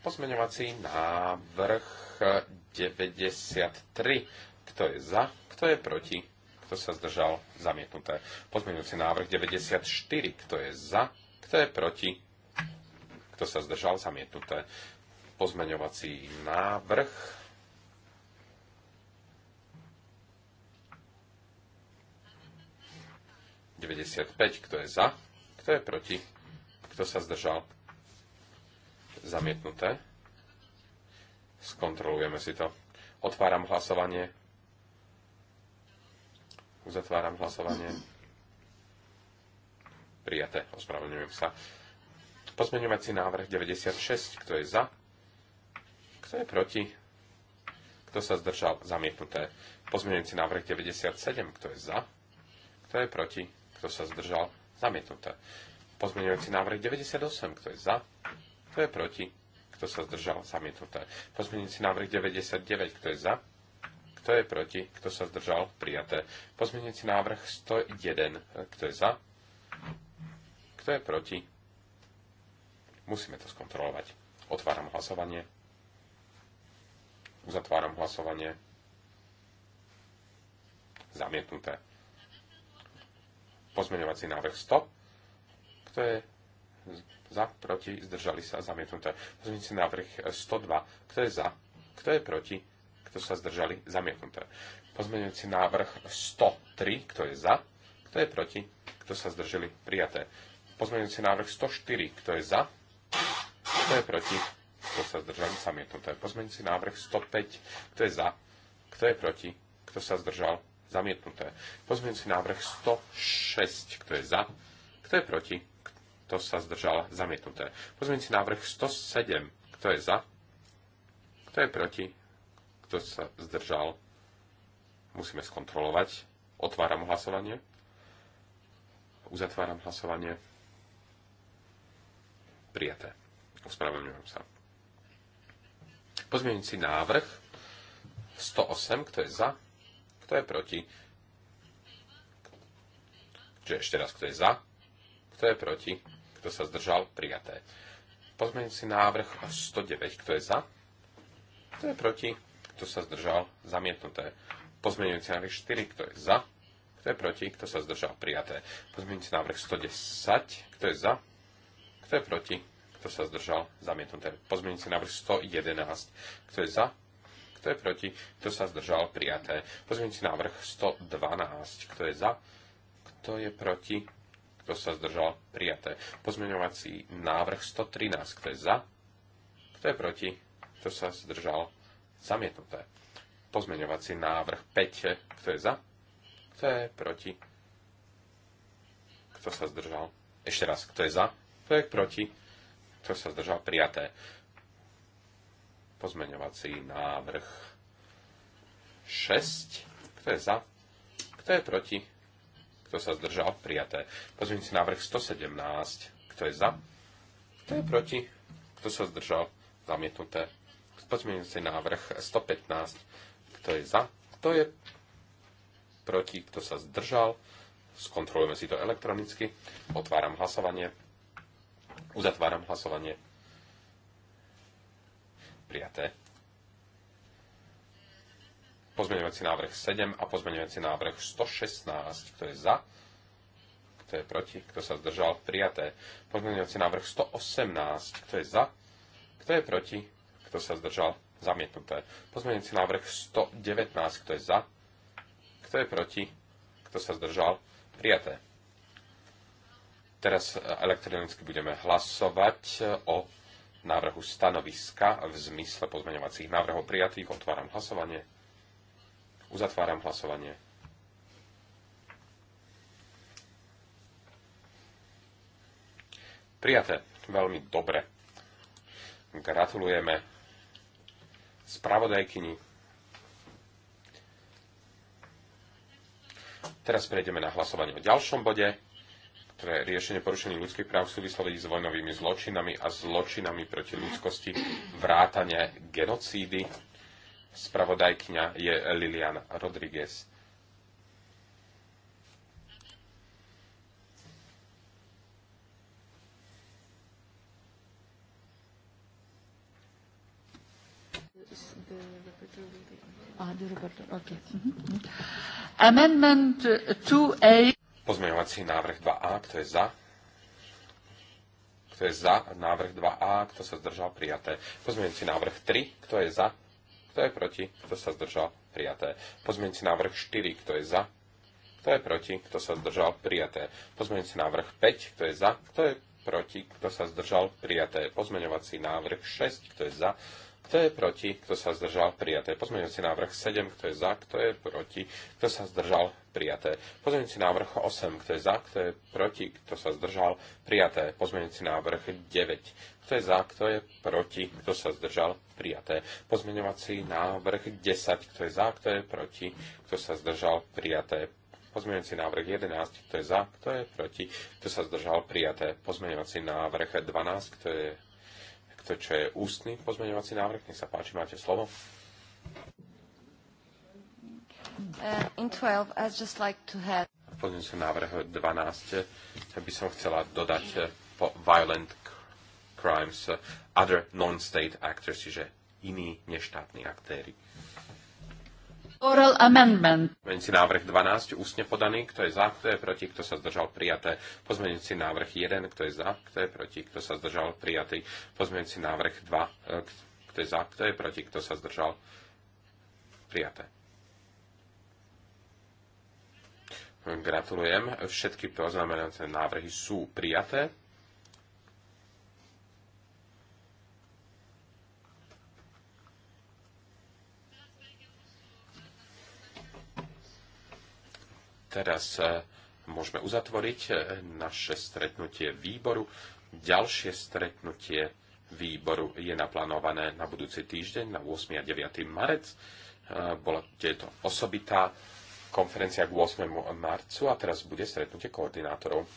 Pozmeňovací návrh 93. Kto je za? Kto je proti? Kto sa zdržal? Zamietnuté. Pozmeňovací návrh 94. Kto je za? Kto je proti? Kto sa zdržal? Zamietnuté. Pozmeňovací návrh. Kto je za? Kto je proti? Kto sa zdržal? Zamietnuté. Skontrolujeme si to. Otváram hlasovanie. Uzatváram hlasovanie. Prijaté, ospravedlňujem sa. Pozmeňovací návrh 96. Kto je za? Kto je proti? Kto sa zdržal? Zamietnuté. Pozmeňujúci návrh 97. Kto je za? Kto je proti? Kto sa zdržal? Zamietnuté. Pozmeňujúci návrh 98. Kto je za? Kto je proti? Kto sa zdržal? Zamietnuté. Pozmeňujúci návrh 99. Kto je za? Kto je proti? Kto sa zdržal? Prijaté. Pozmeňujúci návrh 101. Kto je za? Kto je proti? Musíme to skontrolovať. Otváram hlasovanie. Uzatváram hlasovanie. Zamietnuté. Pozmeňovací návrh 100. Kto je za, proti, zdržali sa, zamietnuté. Pozmeňovací návrh 102. Kto je za, kto je proti, kto sa zdržali, zamietnuté. Pozmeňujúci návrh 103, kto je za, kto je proti, kto sa zdržali, prijaté. Pozmeňujúci návrh 104, kto je za, kto je proti? Kto sa zdržal? Zamietnuté. Pozmeňujúci návrh 105. Kto je za? Kto je proti? Kto sa zdržal? Zamietnuté. Pozmeňujúci návrh 106. Kto je za? Kto je proti? Kto sa zdržal? Zamietnuté. Pozmeňujúci návrh 107. Kto je za? Kto je proti? Kto sa zdržal? Musíme skontrolovať. Otváram hlasovanie. Uzatváram hlasovanie. Prijaté. Ospravedlňujem sa. Pozmienujúci návrh 108, kto je za, kto je proti. Čiže ešte raz, kto je za, kto je proti, kto sa zdržal, prijaté. Pozmeňujúci návrh 109, kto je za, kto je proti, kto sa zdržal, zamietnuté. Pozmeňujúci návrh 4, kto je za, kto je proti, kto sa zdržal, prijaté. Pozmeňujúci návrh 110, kto je za, kto je proti, kto sa zdržal? Zamietnuté. si návrh 111. Kto je za? Kto je proti? Kto sa zdržal? Prijaté. si návrh 112. Kto je za? Kto je proti? Kto sa zdržal? Prijaté. Pozmeňovací návrh 113. Kto je za? Kto je proti? Kto sa zdržal? Zamietnuté. Pozmeňovací návrh 5. Kto je za? Kto je proti? Kto sa zdržal? Ešte raz. Kto je za? Kto je proti? Kto sa zdržal? Prijaté. Pozmeňovací návrh 6. Kto je za? Kto je proti? Kto sa zdržal? Prijaté. si návrh 117. Kto je za? Kto je proti? Kto sa zdržal? Zamietnuté. si návrh 115. Kto je za? Kto je proti? Kto sa zdržal? Skontrolujeme si to elektronicky. Otváram hlasovanie. Uzatváram hlasovanie. Prijaté. Pozmeňovací návrh 7 a pozmeňovací návrh 116. Kto je za? Kto je proti? Kto sa zdržal? Prijaté. Pozmeňovací návrh 118. Kto je za? Kto je proti? Kto sa zdržal? Zamietnuté. Pozmeňujúci návrh 119. Kto je za? Kto je proti? Kto sa zdržal? Prijaté. Teraz elektronicky budeme hlasovať o návrhu stanoviska v zmysle pozmeňovacích návrhov prijatých. Otváram hlasovanie. Uzatváram hlasovanie. Prijaté. Veľmi dobre. Gratulujeme spravodajkyni. Teraz prejdeme na hlasovanie o ďalšom bode pre riešenie porušení ľudských práv v súvislosti s vojnovými zločinami a zločinami proti ľudskosti, vrátane genocídy. Spravodajkňa je Lilian Rodriguez. Ah, mm-hmm. Amendment 2A Pozmeňovací návrh 2A, kto je za? Kto je za návrh 2A, kto sa zdržal prijaté? Pozmeňovací návrh 3, kto je za? Kto je proti? Kto sa zdržal prijaté? Pozmeňovací návrh 4, kto je za? Kto je proti? Kto sa zdržal prijaté? Pozmeňovací návrh 5, kto je za? Kto je proti? Kto sa zdržal prijaté? Pozmeňovací návrh 6, kto je za? Kto je proti? Kto sa zdržal? Prijaté. Pozmeňujúci návrh 7. Kto je za? Kto je proti? Kto sa zdržal? prijaté. Pozmeňujúci návrh 8, kto je za, kto je proti, kto sa zdržal, prijaté. Pozmeňujúci návrh 9, kto je za, kto je proti, kto sa zdržal, prijaté. Pozmeňovací návrh 10, kto je za, kto je proti, kto sa zdržal, prijaté. Pozmeňovací návrh 11, kto je za, kto je proti, kto sa zdržal, prijaté. Pozmeňovací návrh 12, kto je kto čo je ústny pozmeňovací návrh. Nech sa páči, máte slovo. Uh, in 12, návrh 12, by som chcela dodať eh, po violent crimes, eh, other non-state actors, čiže iní neštátni aktéry. Oral amendment. Pozmeňujúci návrh 12, ústne podaný, kto je za, kto je proti, kto sa zdržal prijaté. Pozmeňujúci návrh 1, kto je za, kto je proti, kto sa zdržal prijatý. Pozmeňujúci návrh 2, eh, kto je za, kto je proti, kto sa zdržal prijaté. Gratulujem. Všetky poznamenané návrhy sú prijaté. Teraz e, môžeme uzatvoriť e, naše stretnutie výboru. Ďalšie stretnutie výboru je naplánované na budúci týždeň, na 8. a 9. marec. E, bola tieto osobitá konferencia k 8. marcu a teraz bude stretnutie koordinátorov.